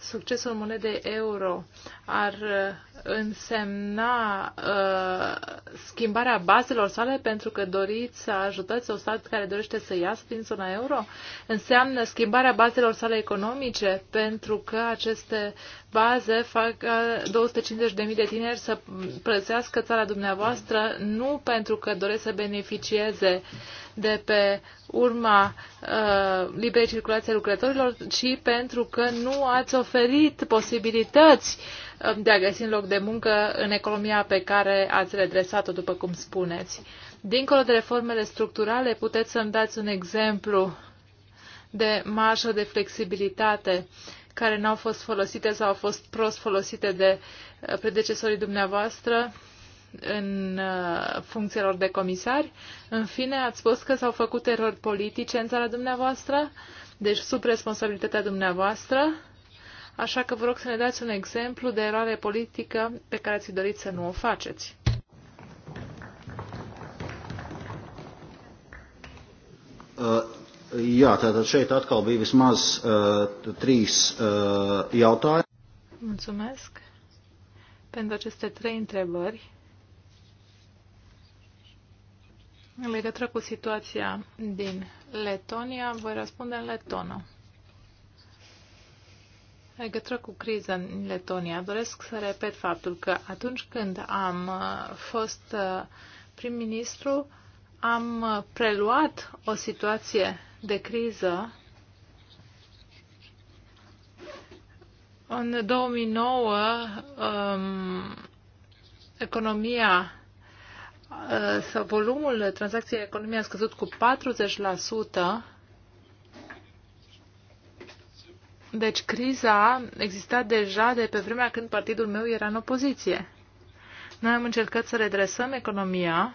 succesul monedei euro ar uh, însemna uh, schimbarea bazelor sale pentru că doriți să ajutați o stat care dorește să iasă din zona euro? Înseamnă schimbarea bazelor sale economice pentru că aceste baze fac uh, 250.000 de tineri să părăsească țara dumneavoastră nu pentru că doresc să beneficieze uh, de pe urma uh, liberei circulației lucrătorilor, ci pentru că nu ați oferit posibilități uh, de a găsi un loc de muncă în economia pe care ați redresat-o, după cum spuneți. Dincolo de reformele structurale, puteți să-mi dați un exemplu de marjă de flexibilitate care n-au fost folosite sau au fost prost folosite de uh, predecesorii dumneavoastră în uh, funcțiilor de comisari. În fine, ați spus că s-au făcut erori politice în țara dumneavoastră, deci sub responsabilitatea dumneavoastră. Așa că vă rog să ne dați un exemplu de eroare politică pe care ați dorit să nu o faceți. Uh, jā, tātad šeit atkal bija vismaz uh, trīs uh, jautājumi. Mulțumesc pentru aceste trei întrebări. În legătură cu situația din Letonia, voi răspunde în letonă. În legătură cu criza în Letonia, doresc să repet faptul că atunci când am uh, fost uh, prim-ministru, am uh, preluat o situație de criză în 2009 um, economia Uh, sau volumul tranzacției economiei a scăzut cu 40%. Deci criza exista deja de pe vremea când partidul meu era în opoziție. Noi am încercat să redresăm economia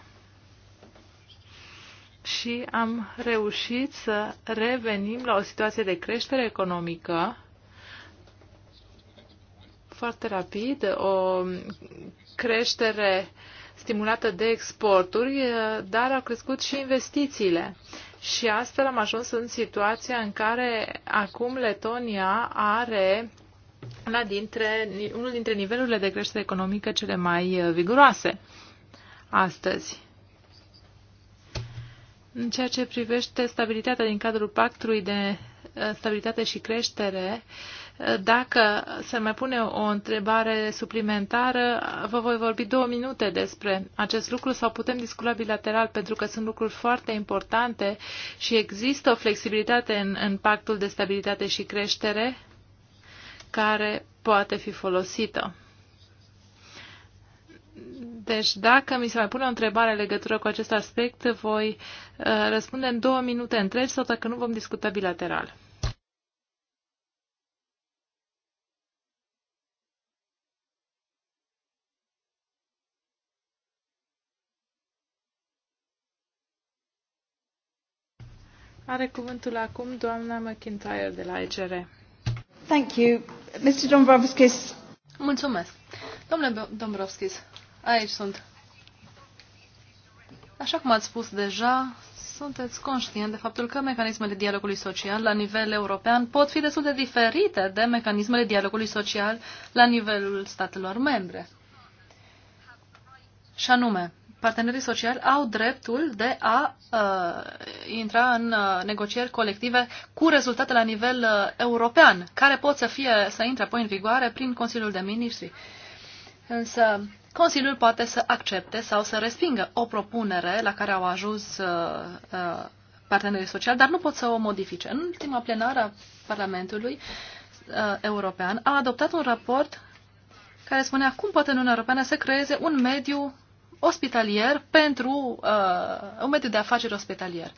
și am reușit să revenim la o situație de creștere economică foarte rapid, o creștere uh, stimulată de exporturi, dar au crescut și investițiile. Și astfel am ajuns în situația în care acum Letonia are una dintre, unul dintre nivelurile de creștere economică cele mai viguroase astăzi. În ceea ce privește stabilitatea din cadrul pactului de stabilitate și creștere, uh, dacă se mai pune o întrebare suplimentară, vă voi vorbi două minute despre acest lucru sau putem discuta bilateral, pentru că sunt lucruri foarte importante și există o flexibilitate în, în pactul de stabilitate și creștere care poate fi folosită. Deci, dacă mi se mai pune o întrebare în legătură cu acest aspect, voi uh, răspunde în două minute întregi sau dacă nu, vom discuta bilateral. Are cuvântul acum doamna McIntyre de la ECR. Thank you. Mr. Dombrovskis. Mulțumesc. Domnule Dombrovskis, aici sunt. Așa cum ați spus deja, sunteți conștient de faptul că mecanismele dialogului social la nivel european pot fi destul de diferite de mecanismele dialogului social la nivelul statelor membre. Și anume, partenerii sociali au dreptul de a uh, intra în uh, negocieri colective cu rezultate la nivel uh, european, care pot să fie să intre apoi în vigoare prin Consiliul de Ministri. Însă Consiliul poate să accepte sau să respingă o propunere la care au ajuns uh, uh, partenerii sociali, dar nu pot să o modifice. În ultima plenară a Parlamentului uh, European a adoptat un raport care spunea cum poate în Uniunea Europeană să creeze un mediu ospitalier pentru uh, un mediu de afaceri ospitalier.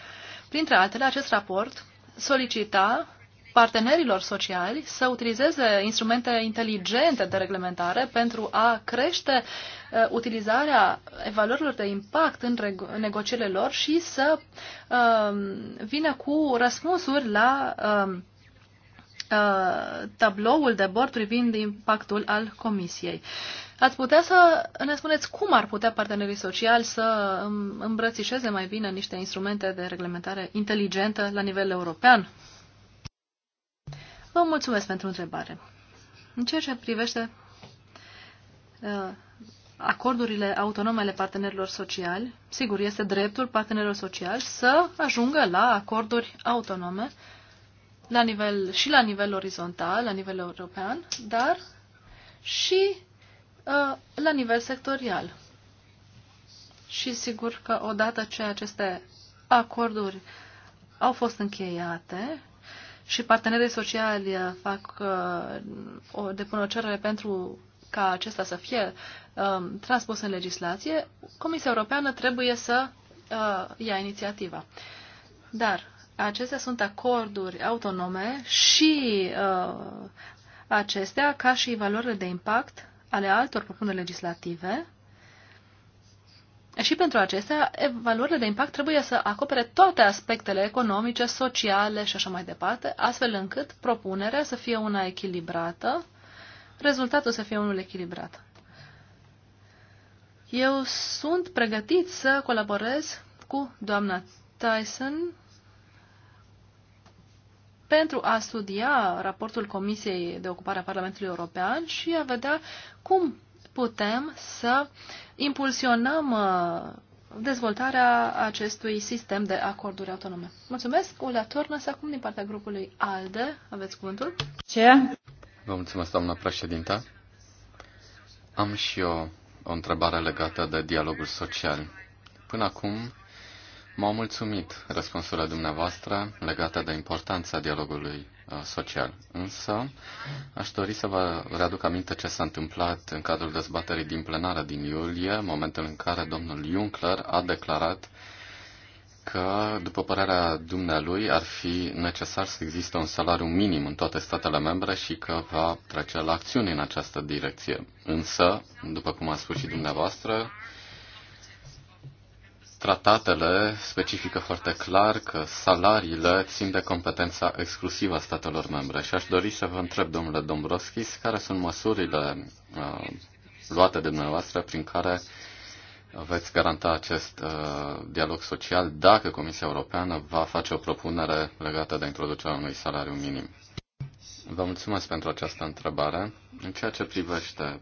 Printre altele, acest raport solicita partenerilor sociali să utilizeze instrumente inteligente de reglementare pentru a crește uh, utilizarea evaluărilor de impact în negocierile lor și să uh, vină cu răspunsuri la um, uh, tabloul de bord privind impactul al Comisiei. Ați putea să ne spuneți cum ar putea partenerii sociali să îmbrățișeze mai bine niște instrumente de reglementare inteligentă la nivel european? Vă mulțumesc pentru întrebare. În ceea ce privește uh, acordurile autonome ale partenerilor sociali, sigur, este dreptul partenerilor sociali să ajungă la acorduri autonome la nivel, și la nivel orizontal, la nivel european, dar și Uh, la nivel sectorial. Și sigur că odată ce aceste acorduri au fost încheiate și partenerii sociali fac uh, o, depun o cerere pentru ca acesta să fie um, transpus în legislație, Comisia Europeană trebuie să uh, ia inițiativa. Dar acestea sunt acorduri autonome și acestea, ca și valorile de impact, ale altor propuneri legislative și pentru acestea, evaluările de impact trebuie să acopere toate aspectele economice, sociale și așa mai departe, astfel încât propunerea să fie una echilibrată, rezultatul să fie unul echilibrat. Eu sunt pregătit să colaborez cu doamna Tyson pentru a studia raportul Comisiei de Ocupare a Parlamentului European și a vedea cum putem să impulsionăm uh, dezvoltarea acestui sistem de acorduri autonome. Mulțumesc, Ulla Tornas, acum din partea grupului ALDE. Aveți cuvântul? Ce? Vă mulțumesc, doamna președintă. Am și eu o întrebare legată de dialogul social. Până acum, M-au mulțumit răspunsurile dumneavoastră legate de importanța dialogului uh, social. Însă, aș dori să vă readuc aminte ce s-a întâmplat în cadrul dezbaterii din plenară din iulie, momentul în care domnul Juncker a declarat că, după părerea dumnealui, ar fi necesar să existe un salariu minim în toate statele membre și că va trece la acțiuni în această direcție. Însă, după cum a spus și dumneavoastră, Tratatele specifică foarte clar că salariile țin de competența exclusivă a statelor membre și aș dori să vă întreb, domnule Dombrovskis, care sunt măsurile uh, luate de dumneavoastră prin care veți garanta acest uh, dialog social dacă Comisia Europeană va face o propunere legată de introducerea unui salariu minim. Vă mulțumesc pentru această întrebare. În ceea ce privește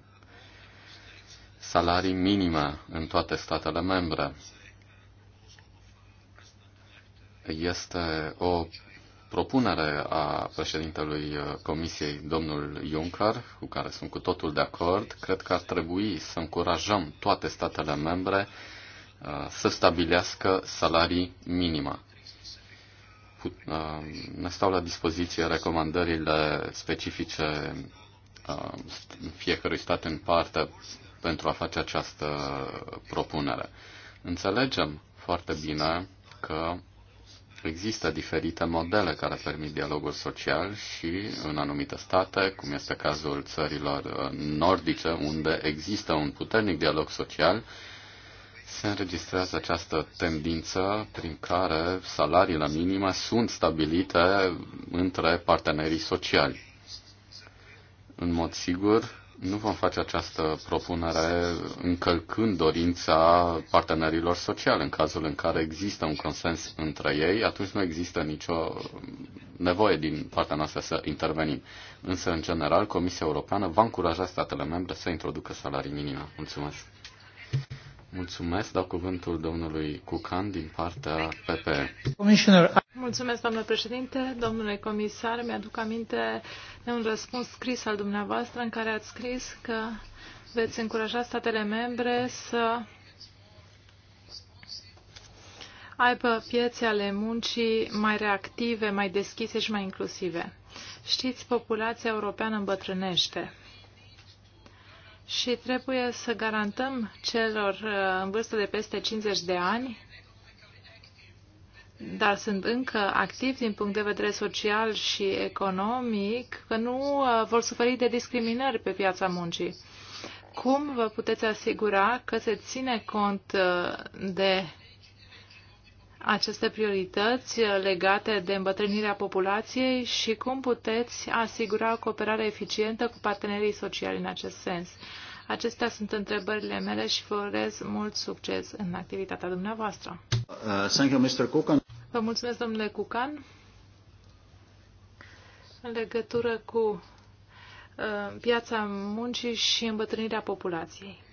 salarii minime în toate statele membre, este o propunere a președintelui uh, Comisiei, domnul Juncker, cu care sunt cu totul de acord. Cred că ar trebui să încurajăm toate statele membre uh, să stabilească salarii minima. Uh, ne stau la dispoziție recomandările specifice fiecărui stat în parte pentru a face această propunere. Înțelegem foarte bine că Există diferite modele care permit dialogul social și în anumite state, cum este cazul țărilor uh, nordice, unde există un puternic dialog social, se înregistrează această tendință prin care salariile minime sunt stabilite între partenerii sociali. În mod sigur, nu vom face această propunere încălcând dorința partenerilor sociale. În cazul în care există un consens între ei, atunci nu există nicio nevoie din partea noastră să intervenim. Însă, în general, Comisia Europeană va încuraja statele membre să introducă salarii minime. Mulțumesc! Mulțumesc, dau cuvântul domnului Cucan din partea PPE. Mulțumesc, doamnă președinte, domnule comisar. Mi-aduc aminte de un răspuns scris al dumneavoastră în care ați scris că veți încuraja statele membre să aibă piețe ale muncii mai reactive, mai deschise și mai inclusive. Știți, populația europeană îmbătrânește și trebuie să garantăm celor uh, în vârstă de peste 50 de ani, dar sunt încă activi din punct de vedere social și economic, că nu uh, vor suferi de discriminări pe piața muncii. Cum vă puteți asigura că se ține cont uh, de aceste priorități legate de îmbătrânirea populației și cum puteți asigura o cooperare eficientă cu partenerii sociali în acest sens. Acestea sunt întrebările mele și vă urez mult succes în activitatea dumneavoastră. Cucan. Uh, vă mulțumesc, domnule Cucan. În legătură cu uh, piața muncii și îmbătrânirea populației.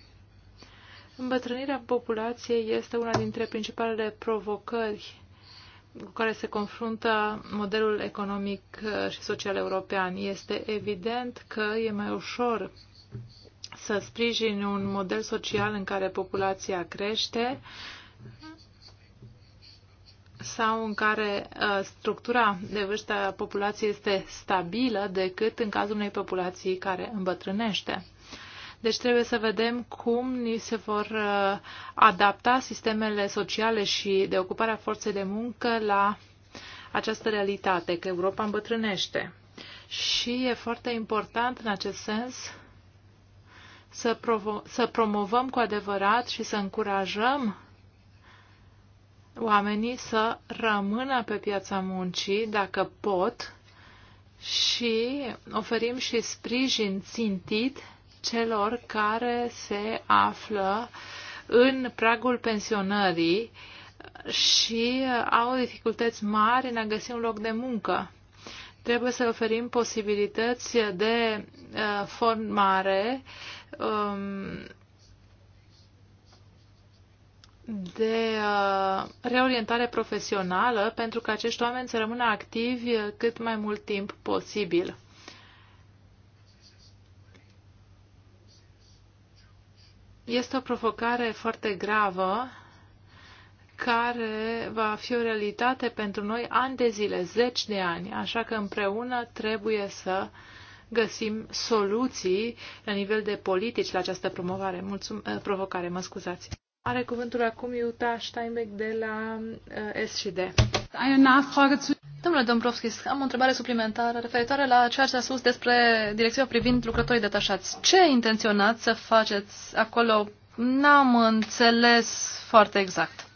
Îmbătrânirea populației este una dintre principalele provocări cu care se confruntă modelul economic uh, și social european. Este evident că e mai ușor să sprijini un model social în care populația crește sau în care uh, structura de vârstă a populației este stabilă decât în cazul unei populații care îmbătrânește. Deci trebuie să vedem cum ni se vor uh, adapta sistemele sociale și de ocupare a forței de muncă la această realitate, că Europa îmbătrânește. Și e foarte important în acest sens să, să promovăm cu adevărat și să încurajăm oamenii să rămână pe piața muncii dacă pot și oferim și sprijin țintit celor care se află în pragul pensionării și au dificultăți mari în a găsi un loc de muncă. Trebuie să oferim posibilități de uh, formare um, de uh, reorientare profesională pentru că acești oameni să rămână activi cât mai mult timp posibil. Este o provocare foarte gravă care va fi o realitate pentru noi ani de zile, zeci de ani, așa că împreună trebuie să găsim soluții la nivel de politici la această promovare. Mulțum, eh, provocare, mă scuzați. Are cuvântul acum Iuta Steinbeck de la eh, SCD. S&D. Domnule Dombrovskis, am o întrebare suplimentară referitoare la ceea ce a spus despre direcția privind lucrătorii detașați. Ce intenționați să faceți acolo? N-am înțeles foarte exact.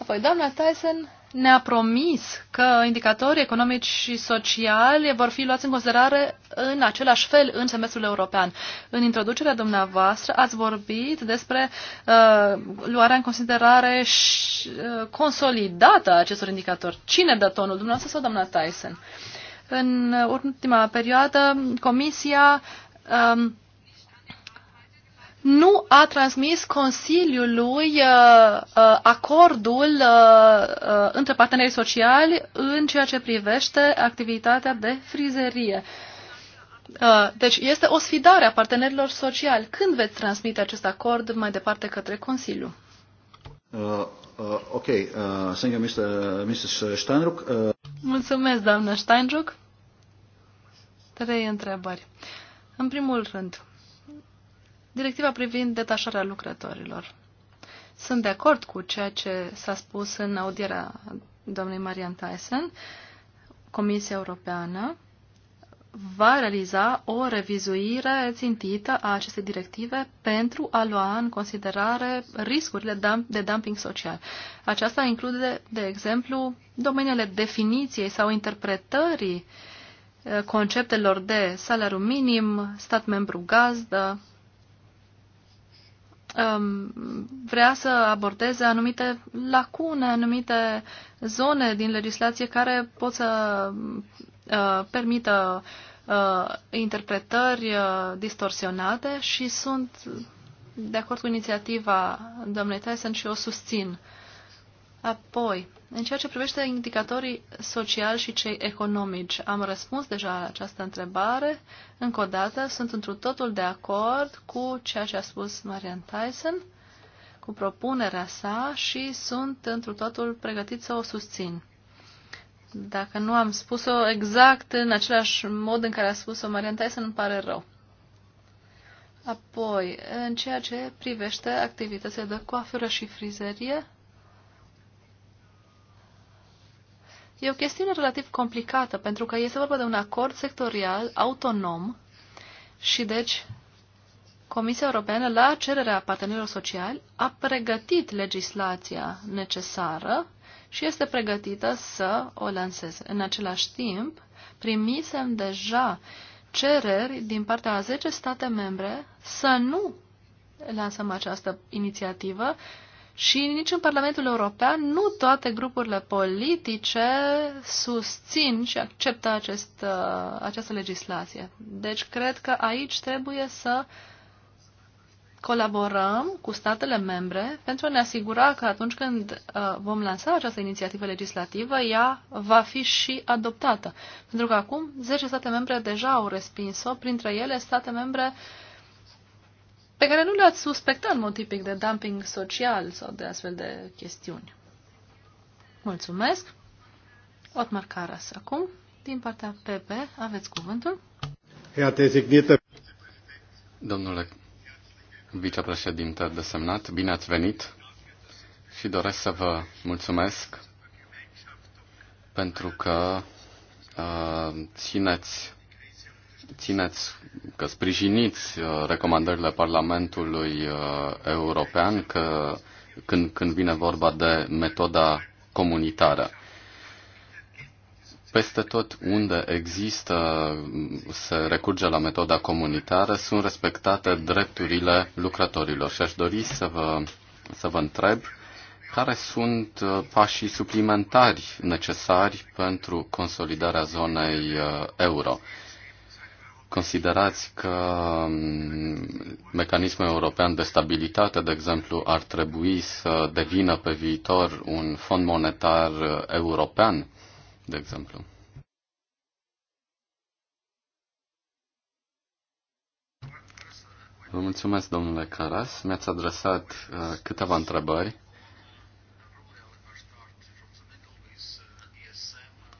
Apoi, doamna Tyson ne-a promis că indicatorii economici și sociali vor fi luați în considerare în același fel în semestrul european. În introducerea dumneavoastră ați vorbit despre uh, luarea în considerare și, uh, consolidată a acestor indicatori. Cine dă tonul, dumneavoastră sau doamna Tyson? În ultima perioadă, Comisia uh, nu a transmis Consiliului uh, uh, acordul uh, între partenerii sociali în ceea ce privește activitatea de frizerie. Deci este o sfidare a partenerilor sociali. Când veți transmite acest acord mai departe către Consiliu? Uh, uh, ok, uh, thank you, Mr. Mrs. Steinruck. Uh... Mulțumesc, doamnă Steinruck. Trei întrebări. În primul rând, directiva privind detașarea lucrătorilor. Sunt de acord cu ceea ce s-a spus în audierea domnului Marian Tyson. Comisia Europeană va realiza o revizuire țintită a acestei directive pentru a lua în considerare riscurile de dumping social. Aceasta include, de exemplu, domeniile definiției sau interpretării eh, conceptelor de salariu minim, stat membru gazdă, Um, vrea să abordeze anumite lacune, anumite zone din legislație care pot să uh, permită uh, interpretări uh, distorsionate și sunt de acord cu inițiativa domnului Tyson și o susțin. Apoi, în ceea ce privește indicatorii sociali și cei economici, am răspuns deja la această întrebare. Încă o dată, sunt într totul de acord cu ceea ce a spus Marian Tyson, cu propunerea sa și sunt într totul pregătit să o susțin. Dacă nu am spus-o exact în același mod în care a spus-o Marian Tyson, îmi pare rău. Apoi, în ceea ce privește activitățile de coafură și frizerie, E o chestiune relativ complicată, pentru că este vorba de un acord sectorial autonom și deci Comisia Europeană, la cererea partenerilor sociali, a pregătit legislația necesară și este pregătită să o lanseze. În același timp, primisem deja cereri din partea a 10 state membre să nu lansăm această inițiativă, și nici în Parlamentul European nu toate grupurile politice susțin și acceptă acest, uh, această legislație. Deci cred că aici trebuie să colaborăm cu statele membre pentru a ne asigura că atunci când uh, vom lansa această inițiativă legislativă, ea va fi și adoptată. Pentru că acum 10 state membre deja au respins-o, printre ele state membre uh, pe care nu le-ați suspectat în mod tipic de dumping social sau de astfel de chestiuni. Mulțumesc! Otmar Caras acum, din partea PP, aveți cuvântul. Iată, zignită! Domnule vicepreședinte desemnat, bine ați venit și doresc să vă mulțumesc pentru că uh, țineți țineți, că sprijiniți uh, recomandările Parlamentului uh, European că când, când vine vorba de metoda comunitară. Peste tot unde există, se recurge la metoda comunitară, sunt respectate drepturile lucrătorilor. Și aș dori să vă, să vă întreb care sunt uh, pașii suplimentari necesari pentru consolidarea zonei euro. Considerați că mm, mecanismul european de stabilitate, de exemplu, ar trebui să devină pe viitor un fond monetar european, de exemplu? Vă mulțumesc, domnule Caras. Mi-ați adresat uh, câteva întrebări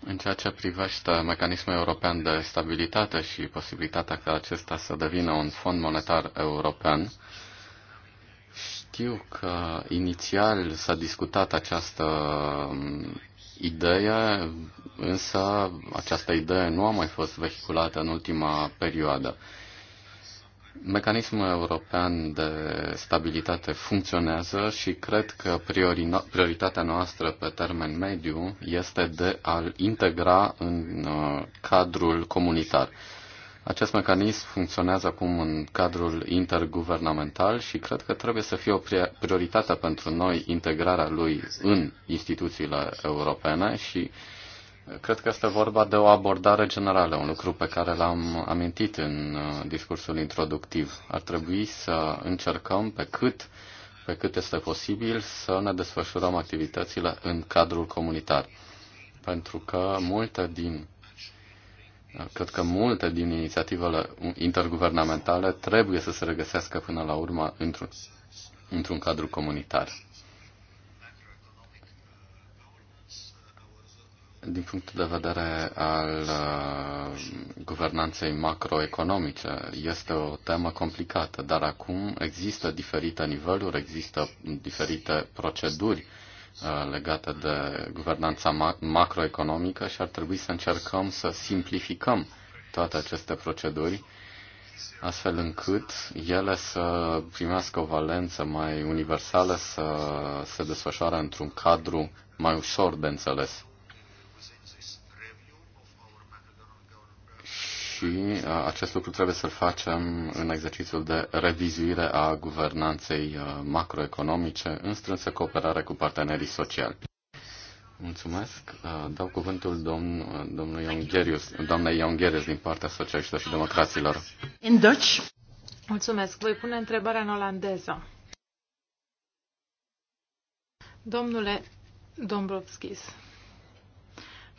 În ceea ce privește mecanismul european de stabilitate și posibilitatea ca acesta să devină un fond monetar european, știu că inițial s-a discutat această um, idee, însă această idee nu a mai fost vehiculată în ultima perioadă. Mecanismul european de stabilitate funcționează și cred că prioritatea noastră pe termen mediu este de a-l integra în uh, cadrul comunitar. Acest mecanism funcționează acum în cadrul interguvernamental și cred că trebuie să fie o prioritate pentru noi integrarea lui în instituțiile europene și uh, Cred că este vorba de o abordare generală, un lucru pe care l-am amintit în uh, discursul introductiv. Ar trebui să încercăm pe cât, pe cât este posibil să ne desfășurăm activitățile în cadrul comunitar. Pentru că multe din uh, Cred că multe din inițiativele interguvernamentale trebuie să se regăsească până la urmă într-un, într-un cadru comunitar. din punct de vedere al uh, guvernanței macroeconomice, este o temă complicată, dar acum există diferite niveluri, există diferite proceduri uh, legate de guvernanța macroeconomică și ar trebui să încercăm să simplificăm toate aceste proceduri, astfel încât ele să primească o valență mai universală, să se desfășoare într-un cadru mai ușor de înțeles. și uh, acest lucru trebuie să-l facem în exercițiul de revizuire a guvernanței uh, macroeconomice în strânsă cooperare cu partenerii sociali. Mulțumesc. Uh, dau cuvântul domn, domnului Iongherius, doamnei Iongherius din partea socialiștilor și democraților. In Dutch. Mulțumesc. Voi pune întrebarea în olandeză. Domnule Dombrovskis,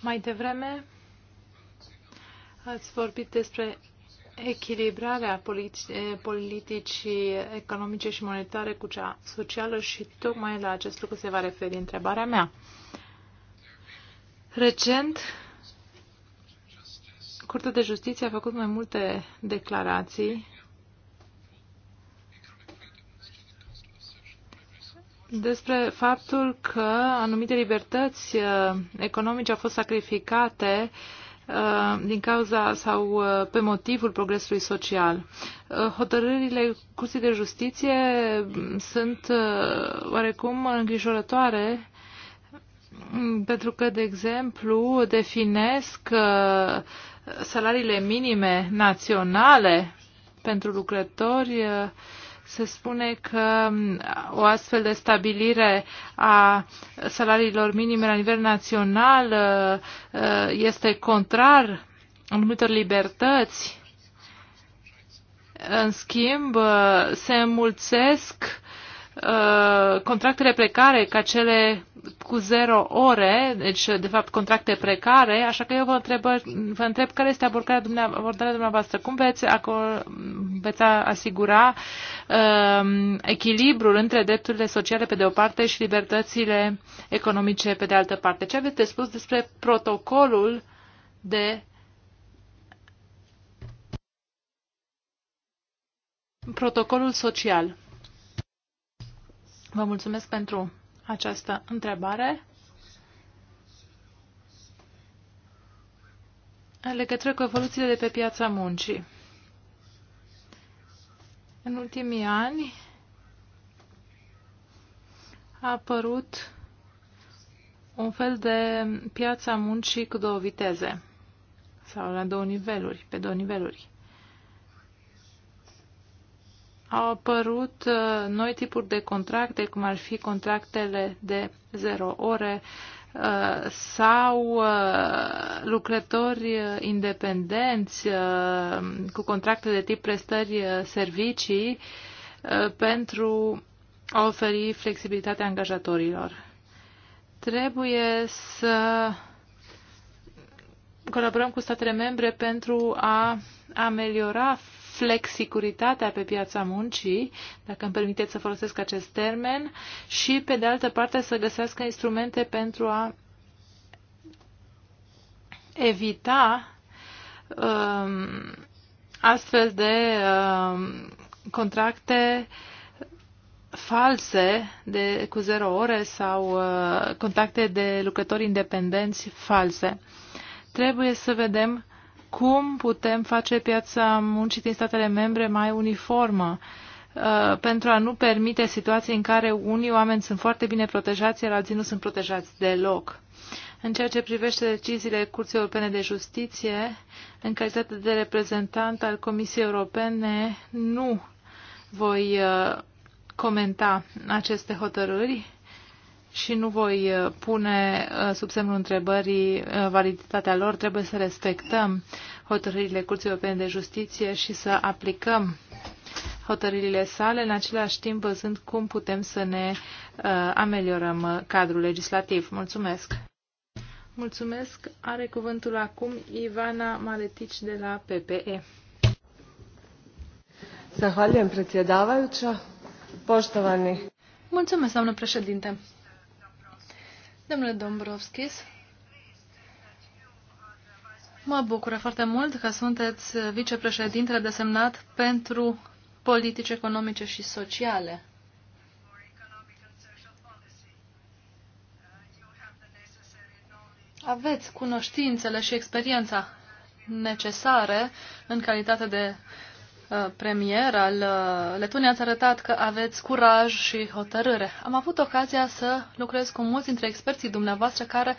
mai devreme Ați vorbit despre echilibrarea eh, politicii economice și monetare cu cea socială și tocmai la acest lucru se va referi întrebarea mea. Recent, Curtea de Justiție a făcut mai multe declarații despre faptul că anumite libertăți eh, economice au fost sacrificate uh, Uh, din cauza sau uh, pe motivul progresului social. Uh, hotărârile Curții de Justiție mm, sunt oarecum îngrijorătoare mm, pentru că, de exemplu, definesc salariile minime naționale pentru lucrători se spune că um, o astfel de stabilire a salariilor minime la nivel național uh, uh, este contrar anumitor libertăți. În schimb, uh, se înmulțesc Uh, contractele precare ca cele cu zero ore, deci de fapt contracte precare, așa că eu vă întreb, vă întreb care este abordarea, dumneavoastră, dumneavoastră, cum veți, acolo, veți asigura um, echilibrul între drepturile sociale pe de o parte și libertățile economice pe de altă parte. Ce aveți de spus despre protocolul de protocolul social? Vă mulțumesc pentru această întrebare. În legătură cu evoluțiile de pe piața muncii. În ultimii ani a apărut un fel de piața muncii cu două viteze sau la două niveluri, pe două niveluri au apărut uh, noi tipuri de contracte, cum ar fi contractele de zero ore uh, sau uh, lucrători independenți cu contracte de tip prestări servicii pentru a oferi flexibilitatea angajatorilor. Trebuie să colaborăm cu statele membre pentru a ameliora flexicuritatea pe piața muncii, dacă îmi permiteți să folosesc acest termen, și pe de altă parte să găsească instrumente pentru a evita um, astfel de um, contracte false de, cu zero ore sau uh, contacte de lucrători independenți false. Trebuie să vedem cum putem face piața muncii din statele membre mai uniformă uh, pentru a nu permite situații în care unii oameni sunt foarte bine protejați, iar alții nu sunt protejați deloc. În ceea ce privește deciziile Curții Europene de Justiție, în calitate de reprezentant al Comisiei Europene, nu voi uh, comenta aceste hotărâri și nu voi uh, pune uh, sub semnul întrebării uh, validitatea lor. Trebuie să respectăm hotărârile Curții Europene de Justiție și să aplicăm hotărârile sale, în același timp văzând cum putem să ne uh, ameliorăm cadrul legislativ. Mulțumesc! Mulțumesc! Are cuvântul acum Ivana Maletici de la PPE. Zahvaljujem predsjedavajuća, poštovani. Mulțumesc, doamnă președinte. Domnule Dombrovskis, mă bucură foarte mult că sunteți vicepreședintele desemnat pentru politici economice și sociale. Aveți cunoștințele și experiența necesare în calitate de Uh, premier al uh, Letoniei, ați arătat că aveți curaj și hotărâre. Am avut ocazia să lucrez cu mulți dintre experții dumneavoastră care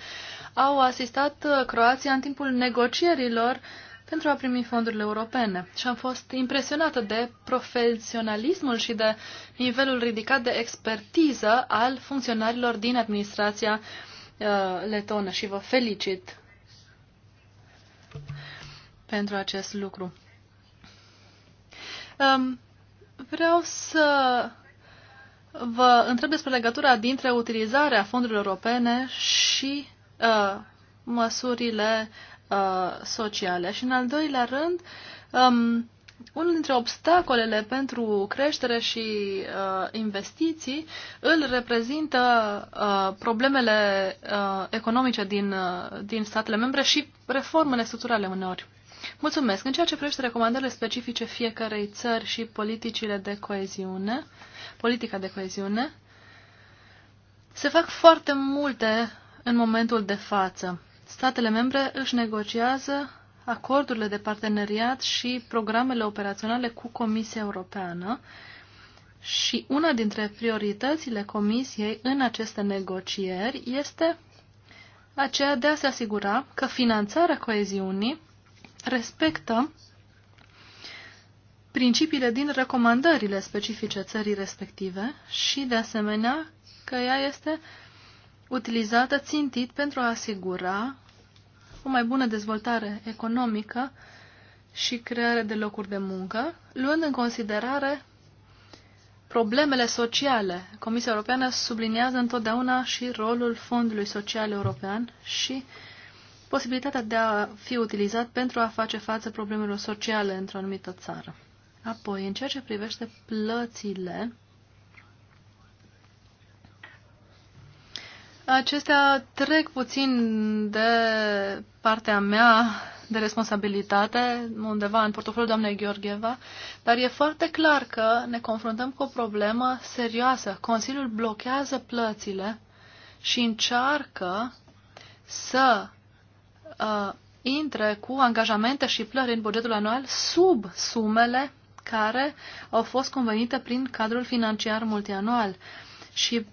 au asistat uh, Croația în timpul negocierilor pentru a primi fondurile europene și am fost impresionată de profesionalismul și de nivelul ridicat de expertiză al funcționarilor din administrația letonă și vă felicit pentru acest lucru. Vreau să vă întreb despre legătura dintre utilizarea fondurilor europene și uh, măsurile uh, sociale. Și în al doilea rând, um, unul dintre obstacolele pentru creștere și uh, investiții îl reprezintă uh, problemele uh, economice din, uh, din statele membre și reformele structurale uneori. Mulțumesc. În ceea ce privește recomandările specifice fiecarei țări și politicile de coeziune, politica de coeziune, se fac foarte multe în momentul de față. Statele membre își negociază acordurile de parteneriat și programele operaționale cu Comisia Europeană și una dintre prioritățile Comisiei în aceste negocieri este aceea de a se asigura că finanțarea coeziunii respectă principiile din recomandările specifice țării respective și, de asemenea, că ea este utilizată țintit pentru a asigura o mai bună dezvoltare economică și creare de locuri de muncă, luând în considerare problemele sociale. Comisia Europeană subliniază întotdeauna și rolul Fondului Social European și uh, posibilitatea de a fi utilizat pentru a face față problemelor sociale într-o anumită țară. Apoi, în ceea ce privește plățile, acestea trec puțin de partea mea de responsabilitate, undeva în portofoliul doamnei Gheorgheva, dar e foarte clar că ne confruntăm cu o problemă serioasă. Consiliul blochează plățile și încearcă să uh, intre cu angajamente și plări în bugetul anual sub sumele care au fost convenite prin cadrul financiar multianual. Și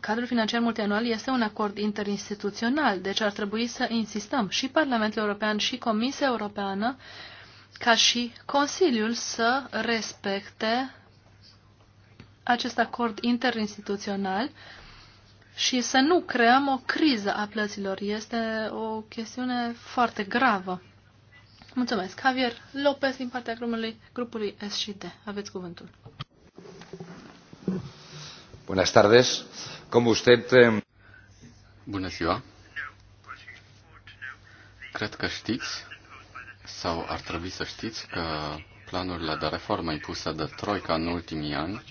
cadrul financiar multianual este un acord interinstituțional, deci ar trebui să insistăm și Parlamentul European și Comisia Europeană ca și Consiliul să respecte acest acord interinstituțional și să nu creăm o criză a plăților. Este o chestiune foarte gravă. Mulțumesc. Javier Lopez din partea grupului, grupului S&D. Aveți cuvântul. Bună tardes. cum usted... Eh, Bună ziua. Cred că știți sau ar trebui să știți că planurile de reformă impusă de Troica în ultimii ani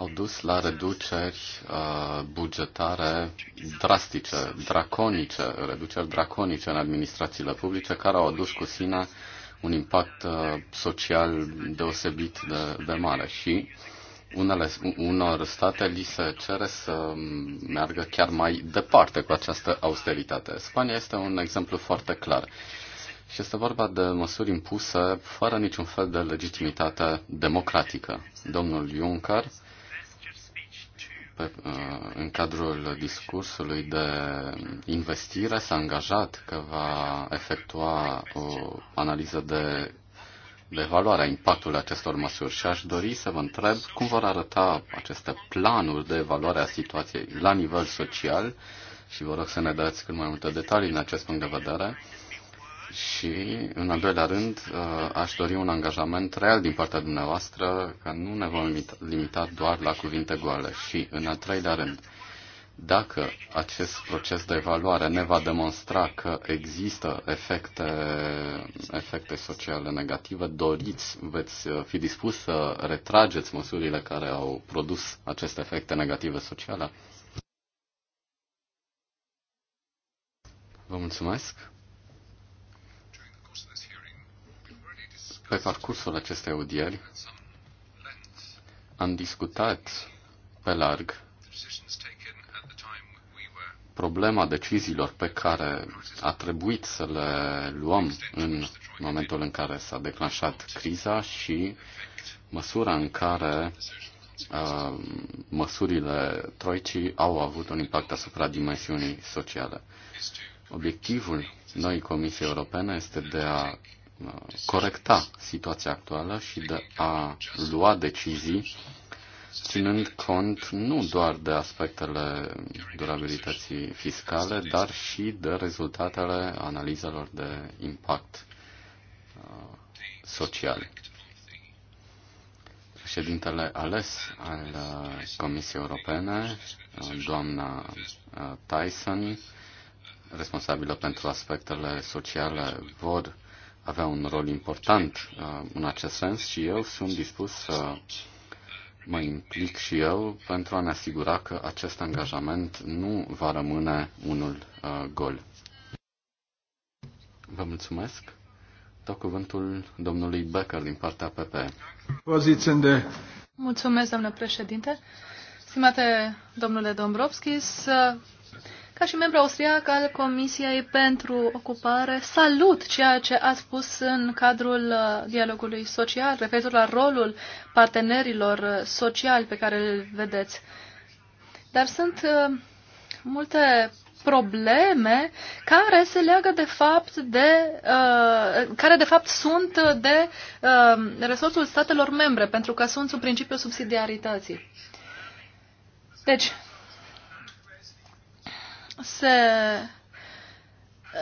au dus la reduceri uh, bugetare drastice, draconice, reduceri draconice în administrațiile publice, care au adus cu sine un impact uh, social deosebit de, de mare și unele, unor state li se cere să meargă chiar mai departe cu această austeritate. Spania este un exemplu foarte clar. Și este vorba de măsuri impuse fără niciun fel de legitimitate democratică. Domnul Juncker pe, uh, în cadrul discursului de investire s-a angajat că va efectua o analiză de, de valoare a impactului acestor măsuri și aș dori să vă întreb cum vor arăta aceste planuri de evaluare a situației la nivel social și vă rog să ne dați cât mai multe detalii în acest punct de vedere și, în al doilea rând, uh, aș dori un angajament real din partea dumneavoastră că nu ne vom limita, doar la cuvinte goale. Și, în al treilea rând, dacă acest proces de evaluare ne va demonstra că există efecte, efecte sociale negative, doriți, veți uh, fi dispus să retrageți măsurile care au produs aceste efecte negative sociale? Vă mulțumesc! Pe parcursul acestei audieri am discutat pe larg problema deciziilor pe care a trebuit să le luăm în momentul în care s-a declanșat criza și măsura în care uh, măsurile troicii au avut un impact asupra dimensiunii sociale. Obiectivul noi Comisiei Europene este de a corecta situația actuală și de a lua decizii ținând cont nu doar de aspectele durabilității fiscale, dar și de rezultatele analizelor de impact uh, social. Președintele ales al uh, Comisiei Europene, uh, doamna Tyson, responsabilă pentru aspectele sociale, vor avea un rol important uh, în acest sens și eu sunt dispus să mă implic și eu pentru a ne asigura că acest angajament nu va rămâne unul uh, gol. Vă mulțumesc. Dau cuvântul domnului Becker din partea PP. Poziționde. Mulțumesc, domnule președinte. Stimate domnule Dombrovskis, ca și membru austriac al Comisiei pentru Ocupare, salut ceea ce a spus în cadrul uh, dialogului social, referitor la rolul partenerilor uh, sociali pe care îl vedeți. Dar sunt uh, multe probleme care se leagă de fapt de uh, care de fapt sunt de uh, resursul statelor membre pentru că sunt sub principiul subsidiarității. Deci, se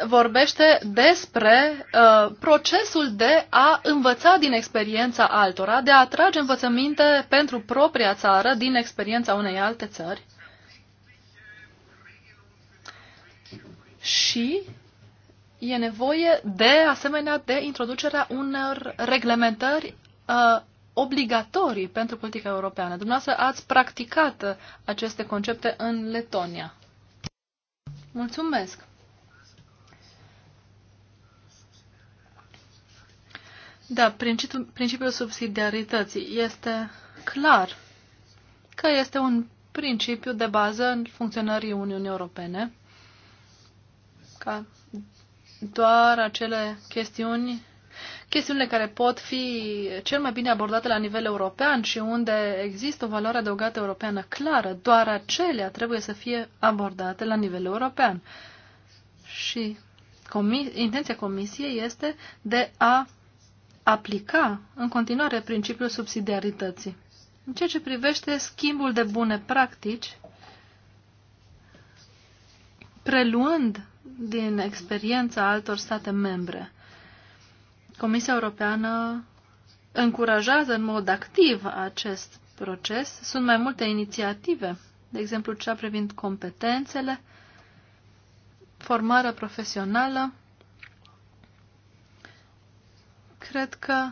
vorbește despre uh, procesul de a învăța din experiența altora, de a atrage învățăminte pentru propria țară din experiența unei alte țări. Și e nevoie de asemenea de introducerea unor reglementări uh, obligatorii pentru politica europeană. Dumneavoastră ați practicat aceste concepte în Letonia. Mulțumesc! Da, principiul, subsidiarității este clar că este un principiu de bază în funcționării Uniunii Europene, ca doar acele chestiuni chestiunile care pot fi cel mai bine abordate la nivel european și unde există o valoare adăugată europeană clară, doar acelea trebuie să fie abordate la nivel european. Și comis intenția Comisiei este de a aplica în continuare principiul subsidiarității. În ceea ce privește schimbul de bune practici, preluând din experiența altor state membre. Comisia Europeană încurajează în mod activ acest proces. Sunt mai multe inițiative, de exemplu cea privind competențele, formarea profesională. Cred că,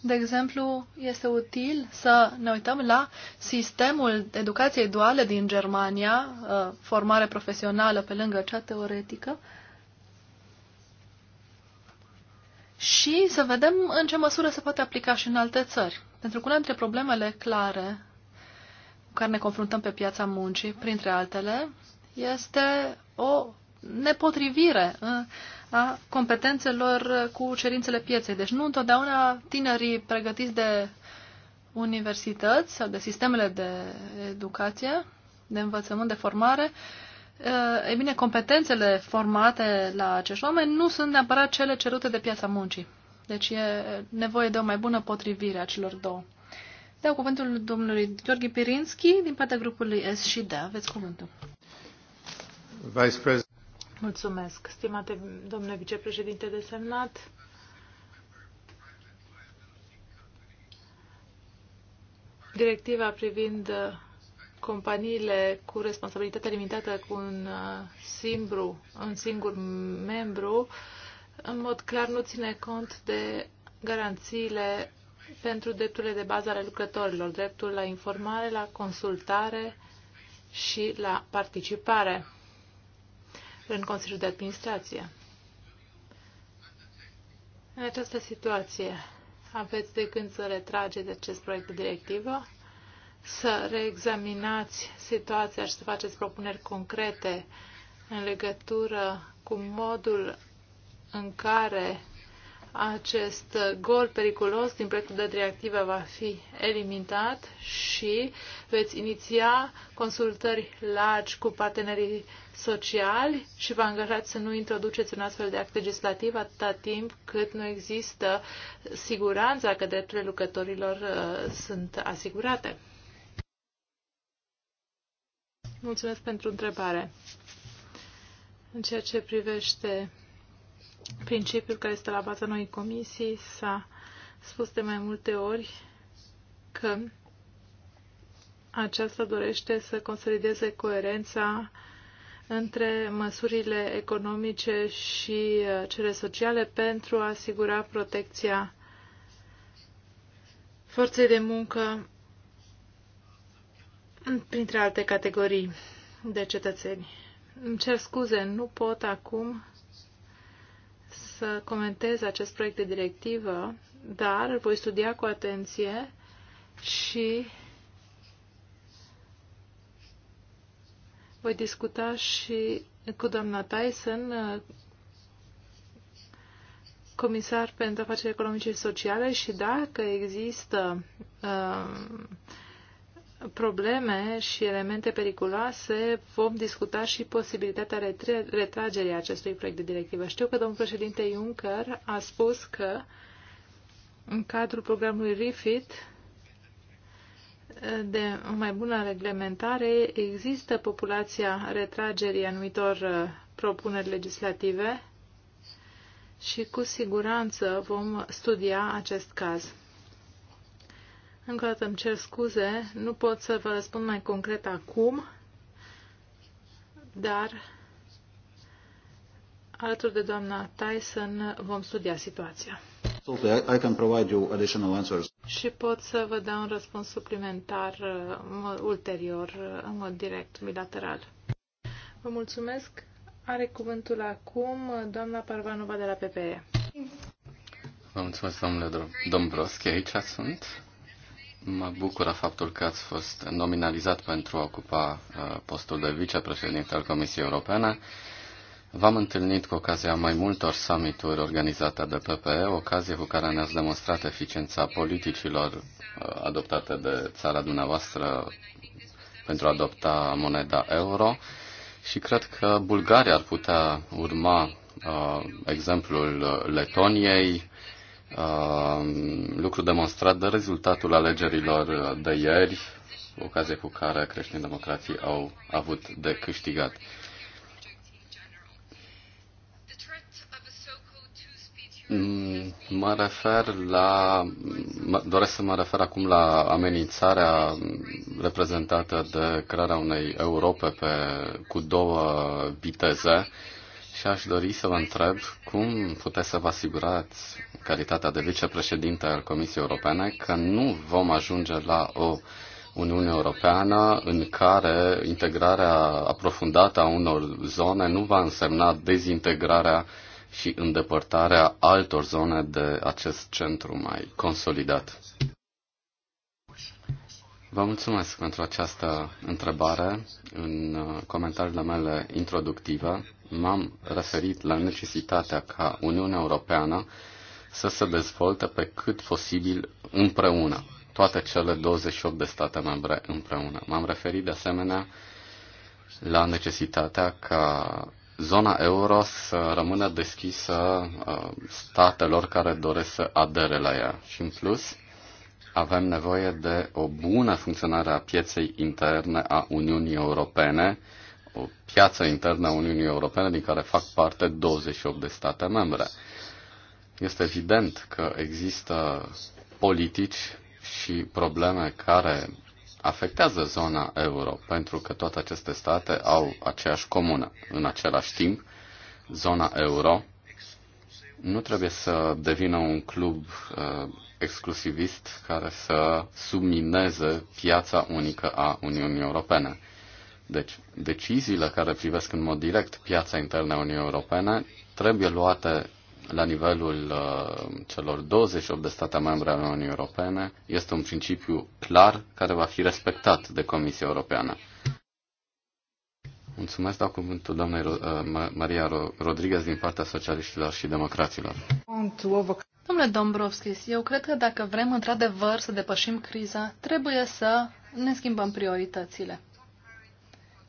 de exemplu, este util să ne uităm la sistemul educației duale din Germania, uh, formare profesională pe lângă cea teoretică, și să vedem în ce măsură se poate aplica și în alte țări. Pentru că una dintre problemele clare cu care ne confruntăm pe piața muncii, printre altele, este o nepotrivire ă, a competențelor cu cerințele pieței. Deci nu întotdeauna tinerii pregătiți de universități sau de sistemele de educație, de învățământ, de formare, uh, Eh, e bine, competențele formate la acești oameni nu sunt neapărat cele cerute de piața muncii. Deci e nevoie de o mai bună potrivire a celor două. Dau cuvântul domnului Gheorghe Pirinski din partea grupului S și D. Aveți cuvântul. Vice President. Mulțumesc, stimate domnule vicepreședinte desemnat. Directiva privind companiile cu responsabilitate limitată cu un uh, singur, un singur membru, în mod clar nu ține cont de garanțiile pentru drepturile de bază ale lucrătorilor, dreptul la informare, la consultare și la participare în Consiliul de Administrație. În această situație aveți de când să retrageți acest proiect de directivă? să reexaminați situația și să faceți propuneri concrete în legătură cu modul în care acest gol periculos din proiectul de directivă va fi eliminat și veți iniția consultări largi cu partenerii sociali și vă angajați să nu introduceți un astfel de act legislativ atâta timp cât nu există siguranța că drepturile lucrătorilor uh, sunt asigurate. Mulțumesc pentru întrebare. În ceea ce privește principiul care este la baza noii comisii, s-a spus de mai multe ori că aceasta dorește să consolideze coerența între măsurile economice și uh, cele sociale pentru a asigura protecția forței de muncă printre alte categorii de cetățeni. Îmi cer scuze, nu pot acum să comentez acest proiect de directivă, dar îl voi studia cu atenție și voi discuta și cu doamna Tyson, comisar pentru afaceri economice și sociale, și dacă există uh, probleme și elemente periculoase, vom discuta și posibilitatea retragerii acestui proiect de directivă. Știu că domnul președinte Juncker a spus că în cadrul programului REFIT de o mai bună reglementare există populația retragerii anumitor uh, propuneri legislative și cu siguranță vom studia acest caz. Încă o dată îmi cer scuze, nu pot să vă răspund mai concret acum, dar alături de doamna Tyson vom studia situația. I can provide you additional answers. Și pot să vă dau un răspuns suplimentar uh, ulterior, uh, în mod direct, bilateral. Vă mulțumesc. Are cuvântul acum uh, doamna Parvanova de la PPE. Vă mulțumesc, domnule Dombrovski. Aici sunt. Mă bucură faptul că ați fost nominalizat pentru a ocupa uh, postul de vicepreședinte al Comisiei Europene. V-am întâlnit cu ocazia mai multor summituri organizate de PPE, ocazie cu care ne-ați demonstrat eficiența politicilor uh, adoptate de țara dumneavoastră pentru a adopta moneda euro și cred că Bulgaria ar putea urma uh, exemplul Letoniei, Um, lucru demonstrat de rezultatul alegerilor de ieri, ocazie cu care creștinii democrații au avut de câștigat. Mă refer la. Doresc să mă refer acum la amenințarea reprezentată de crearea unei Europe pe, cu două viteze. Uh, și aș dori să vă întreb cum puteți să vă asigurați, în calitatea de vicepreședinte al Comisiei Europene, că nu vom ajunge la o Uniune Europeană în care integrarea aprofundată a unor zone nu va însemna dezintegrarea și îndepărtarea altor zone de acest centru mai consolidat. Vă mulțumesc pentru această întrebare. În uh, comentariile mele introductive m-am referit la necesitatea ca Uniunea Europeană să se dezvolte pe cât posibil împreună, toate cele 28 de state membre împreună. M-am referit de asemenea la necesitatea ca zona euro să rămână deschisă uh, statelor care doresc să adere la ea. Și în plus, avem nevoie de o bună funcționare a pieței interne a Uniunii Europene, o piață internă a Uniunii Europene din care fac parte 28 de state membre. Este evident că există politici și probleme care afectează zona euro, pentru că toate aceste state au aceeași comună. În același timp, zona euro nu trebuie să devină un club uh, exclusivist care să submineze piața unică a Uniunii Europene. Deci, deciziile care privesc în mod direct piața internă a Uniunii Europene trebuie luate la nivelul uh, celor 28 de state membre ale Uniunii Europene. Este un principiu clar care va fi respectat de Comisia Europeană. Mulțumesc, dau cuvântul doamnei Ro- uh, Maria Rodriguez din partea socialiștilor și democraților. Domnule Dombrovskis, eu cred că dacă vrem într-adevăr să depășim criza, trebuie să ne schimbăm prioritățile.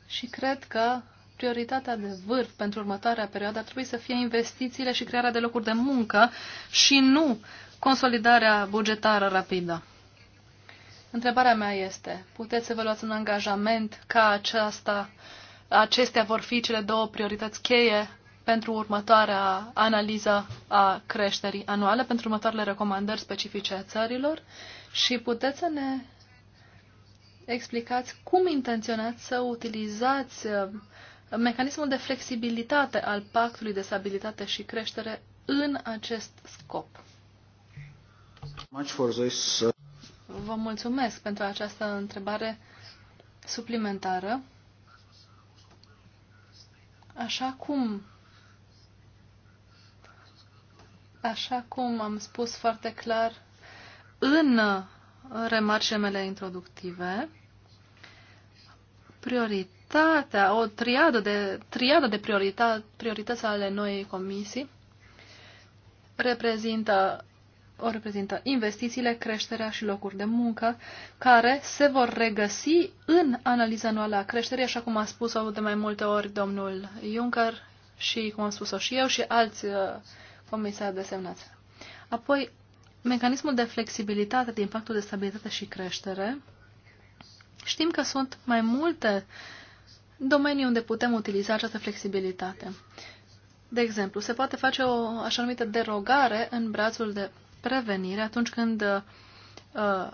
Și cred că prioritatea de vârf pentru următoarea perioadă ar trebui să fie investițiile și crearea de locuri de muncă și nu consolidarea bugetară rapidă. Întrebarea mea este, puteți să vă luați un angajament ca aceasta Acestea vor fi cele două priorități cheie pentru următoarea analiză a creșterii anuale, pentru următoarele recomandări specifice a țărilor și puteți să ne explicați cum intenționați să utilizați uh, mecanismul de flexibilitate al Pactului de Stabilitate și Creștere în acest scop. Uh, Vă mulțumesc pentru această întrebare suplimentară. Așa cum Așa cum am spus foarte clar în remarcile mele introductive, prioritatea, o triadă de, triadă de priorita, priorități ale noii comisii reprezintă o reprezintă investițiile, creșterea și locuri de muncă, care se vor regăsi în analiza anuală a creșterii, așa cum a spus-o de mai multe ori domnul Juncker și cum am spus-o și eu și alți uh, comisari desemnați. Apoi, mecanismul de flexibilitate din pactul de stabilitate și creștere. Știm că sunt mai multe domenii unde putem utiliza această flexibilitate. De exemplu, se poate face o așa numită derogare în brațul de prevenire atunci când uh,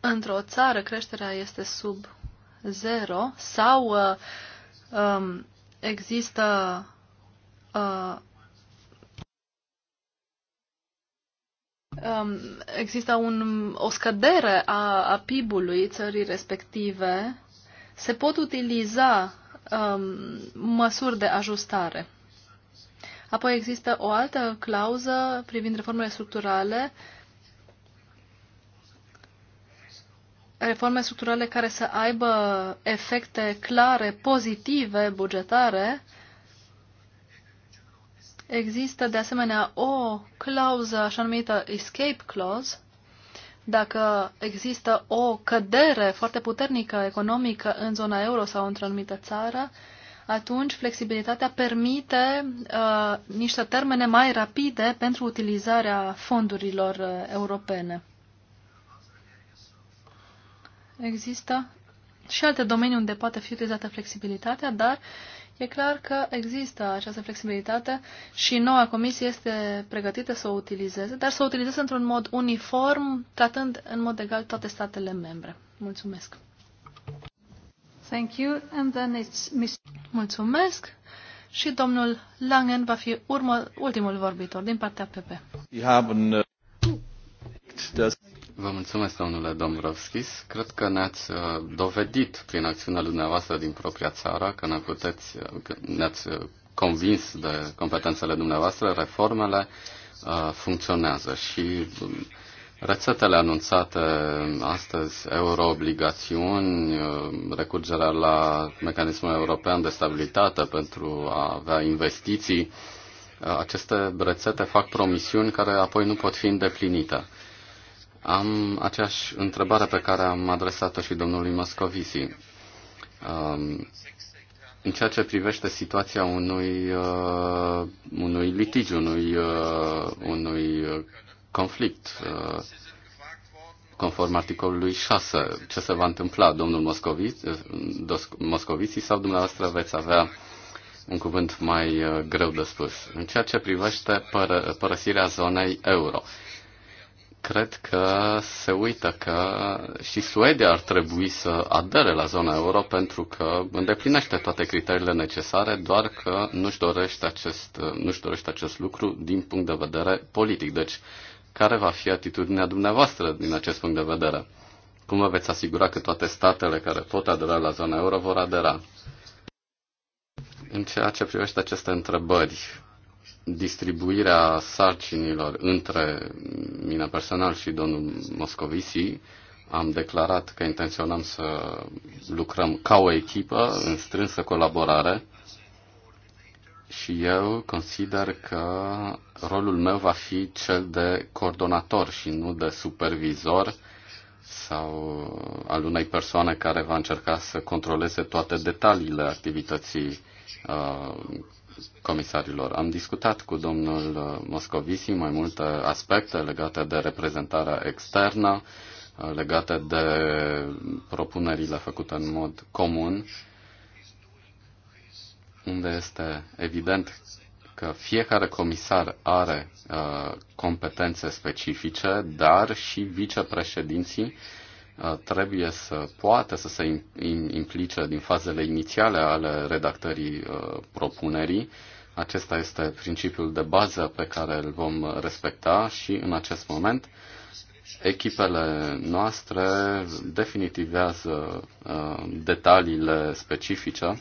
într-o țară creșterea este sub zero sau uh, um, există uh, um, există un, o scădere a, a PIB-ului țării respective, se pot utiliza um, măsuri de ajustare. Apoi există o altă clauză privind reformele structurale, reforme structurale care să aibă efecte clare, pozitive, bugetare. Există de asemenea o clauză așa numită escape clause, dacă există o cădere foarte puternică economică în zona euro sau într-o anumită țară, atunci flexibilitatea permite uh, niște termene mai rapide pentru utilizarea fondurilor uh, europene. Există și alte domenii unde poate fi utilizată flexibilitatea, dar e clar că există această flexibilitate și noua comisie este pregătită să o utilizeze, dar să o utilizeze într-un mod uniform, tratând în mod egal toate statele membre. Mulțumesc! Mulțumesc. Și domnul Langen va fi urmă, ultimul vorbitor din partea PP. Uh, Vă mulțumesc, domnule Dombrovskis. Cred că ne-ați uh, dovedit prin acțiunea dumneavoastră din propria țară că ne puteți, uh, ne-ați convins de competențele dumneavoastră, reformele funcționează și um, Rețetele anunțate astăzi, euroobligațiuni, eh, recurgerea la mecanismul european de stabilitate pentru a avea investiții, eh, aceste rețete fac promisiuni care apoi nu pot fi îndeplinite. Am aceeași întrebare pe care am adresat-o și domnului Moscovici. Ehm, în ceea ce privește situația unui, eh, unui litigiu, unui, unui conflict uh, conform articolului 6. Ce se va întâmpla, domnul Moscovici, uh, Moscovici sau dumneavoastră veți avea un cuvânt mai uh, greu de spus. În ceea ce privește pără, părăsirea zonei euro, cred că se uită că și Suedia ar trebui să adere la zona euro pentru că îndeplinește toate criteriile necesare, doar că nu-și dorește acest, nu-și dorește acest lucru din punct de vedere politic. Deci, care va fi atitudinea dumneavoastră din acest punct de vedere? Cum vă veți asigura că toate statele care pot adera la zona euro vor adera? În ceea ce privește aceste întrebări, distribuirea sarcinilor între mine personal și domnul Moscovici, am declarat că intenționăm să lucrăm ca o echipă în strânsă colaborare și eu consider că rolul meu va fi cel de coordonator și nu de supervizor sau al unei persoane care va încerca să controleze toate detaliile activității uh, comisarilor. Am discutat cu domnul uh, Moscovici mai multe aspecte legate de reprezentarea externă, uh, legate de propunerile făcute în mod comun unde este evident că fiecare comisar are uh, competențe specifice, dar și vicepreședinții uh, trebuie să poată să se implice din fazele inițiale ale redactării uh, propunerii. Acesta este principiul de bază pe care îl vom respecta și în acest moment echipele noastre definitivează uh, detaliile specifice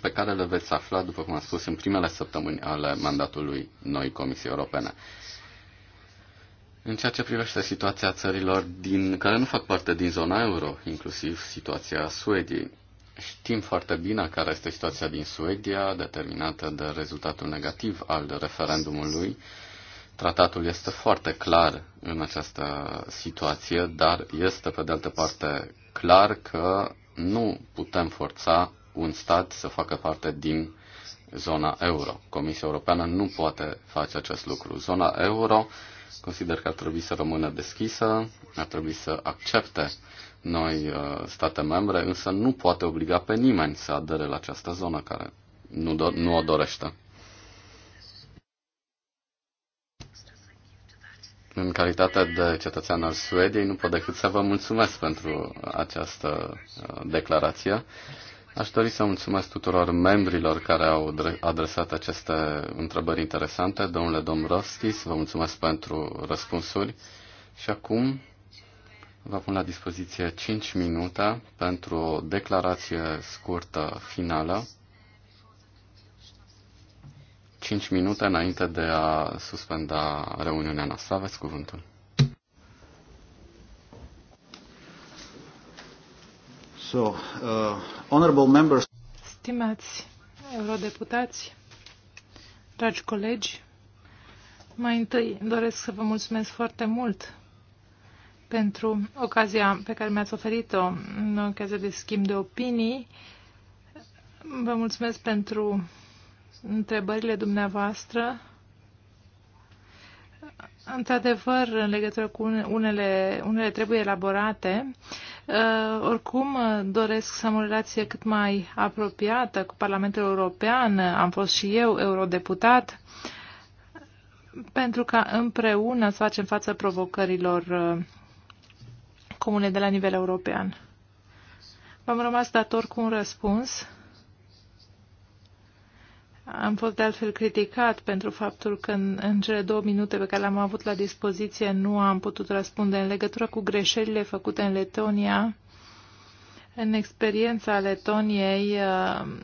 pe care le veți afla, după cum am spus, în primele săptămâni ale mandatului noi Comisii Europene. În ceea ce privește situația țărilor din, care nu fac parte din zona euro, inclusiv situația Suediei, știm foarte bine care este situația din Suedia, determinată de rezultatul negativ al referendumului. Tratatul este foarte clar în această situație, dar este, pe de altă parte, clar că nu putem forța un stat să facă parte din zona euro. Comisia Europeană nu poate face acest lucru. Zona euro consider că ar trebui să rămână deschisă, ar trebui să accepte noi uh, state membre, însă nu poate obliga pe nimeni să adere la această zonă care nu, do- nu o dorește. În calitate de cetățean al Suediei, nu pot decât să vă mulțumesc pentru această uh, declarație. Aș dori să mulțumesc tuturor membrilor care au adresat aceste întrebări interesante. Domnule Rostis, vă mulțumesc pentru răspunsuri. Și acum vă pun la dispoziție 5 minute pentru o declarație scurtă finală. 5 minute înainte de a suspenda reuniunea noastră. Aveți cuvântul. So, uh, honorable members. Stimați eurodeputați, dragi colegi, mai întâi doresc să vă mulțumesc foarte mult pentru ocazia pe care mi-ați oferit-o în ocazia de schimb de opinii. Vă mulțumesc pentru întrebările dumneavoastră Într-adevăr, în legătură cu unele, unele trebuie elaborate, uh, oricum uh, doresc să am o relație cât mai apropiată cu Parlamentul European. Am fost și eu eurodeputat pentru ca împreună să facem față provocărilor uh, comune de la nivel european. V-am rămas dator cu un răspuns am fost de altfel criticat pentru faptul că în, în cele două minute pe care le-am avut la dispoziție nu am putut răspunde în legătură cu greșelile făcute în Letonia. În experiența Letoniei uh,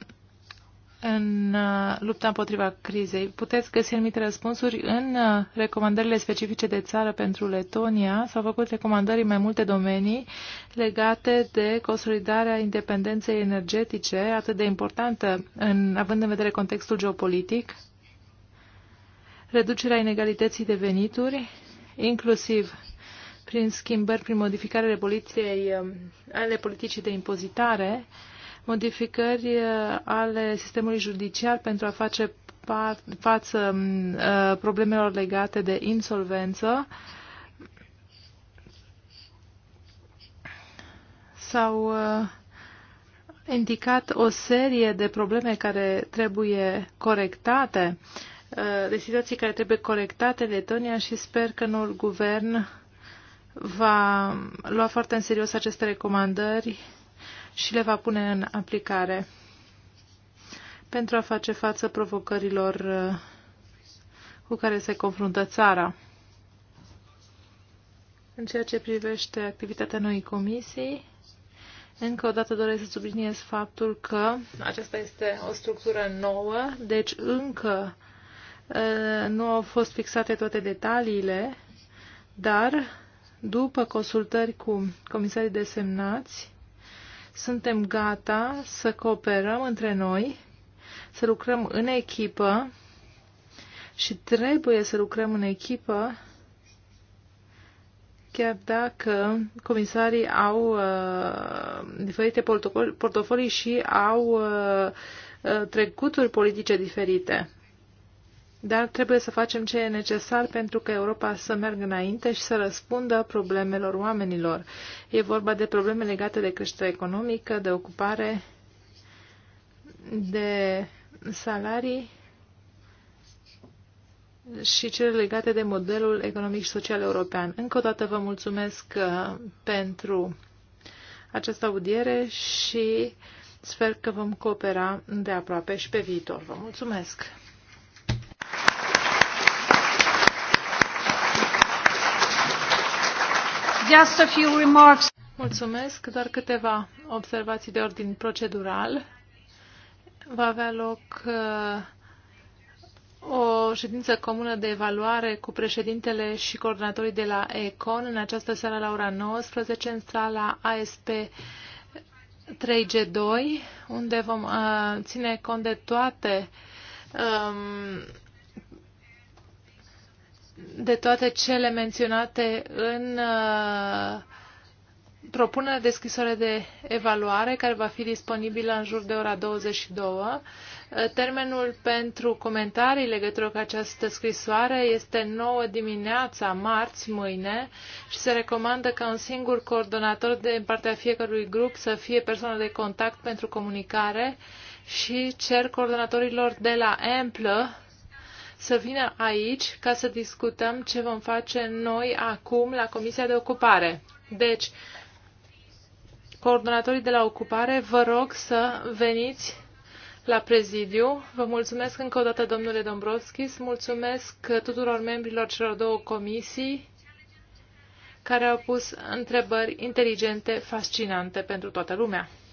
în uh, lupta împotriva crizei. Puteți găsi anumite răspunsuri în uh, recomandările specifice de țară pentru Letonia. S-au făcut recomandări în mai multe domenii legate de consolidarea independenței energetice, atât de importantă în, având în vedere contextul geopolitic, reducerea inegalității de venituri, inclusiv prin schimbări, prin modificarea um, ale politicii de impozitare, modificări uh, ale sistemului judiciar pentru a face față mm, uh, problemelor legate de insolvență sau uh, indicat o serie de probleme care trebuie corectate, de situații care trebuie corectate Letonia și sper că noul guvern va lua foarte în serios aceste recomandări și le va pune în aplicare pentru a face față provocărilor uh, cu care se confruntă țara. În ceea ce privește activitatea noii comisii, încă o dată doresc să subliniez faptul că aceasta este o structură nouă, deci încă uh, nu au fost fixate toate detaliile, dar după consultări cu comisarii desemnați, suntem gata să cooperăm între noi, să lucrăm în echipă și trebuie să lucrăm în echipă chiar dacă comisarii au uh, diferite portofolii și au uh, uh trecuturi politice diferite dar trebuie să facem ce e necesar pentru că Europa să meargă înainte și să răspundă problemelor oamenilor. E vorba de probleme legate de creștere economică, de ocupare, de salarii și cele legate de modelul economic și social european. Încă o dată vă mulțumesc uh, pentru această audiere și sper că vom coopera de aproape și pe viitor. Vă mulțumesc! Just a few remarks. Mulțumesc. Doar câteva observații de ordin procedural. Va avea loc uh, o ședință comună de evaluare cu președintele și coordonatorii de la ECON în această seară la ora 19 în sala ASP 3G2, unde vom uh, ține cont de toate um, de toate cele menționate în uh, propunerea de scrisoare de evaluare care va fi disponibilă în jur de ora 22. Uh, termenul pentru comentarii legătură cu această scrisoare este 9 dimineața, marți, mâine și se recomandă ca un singur coordonator de partea fiecărui grup să fie persoană de contact pentru comunicare și cer coordonatorilor de la Amplă să vină aici ca să discutăm ce vom face noi acum la Comisia de Ocupare. Deci, coordonatorii de la Ocupare, vă rog să veniți la prezidiu. Vă mulțumesc încă o dată, domnule Dombrovskis, mulțumesc tuturor membrilor celor două comisii care au pus întrebări inteligente, fascinante pentru toată lumea.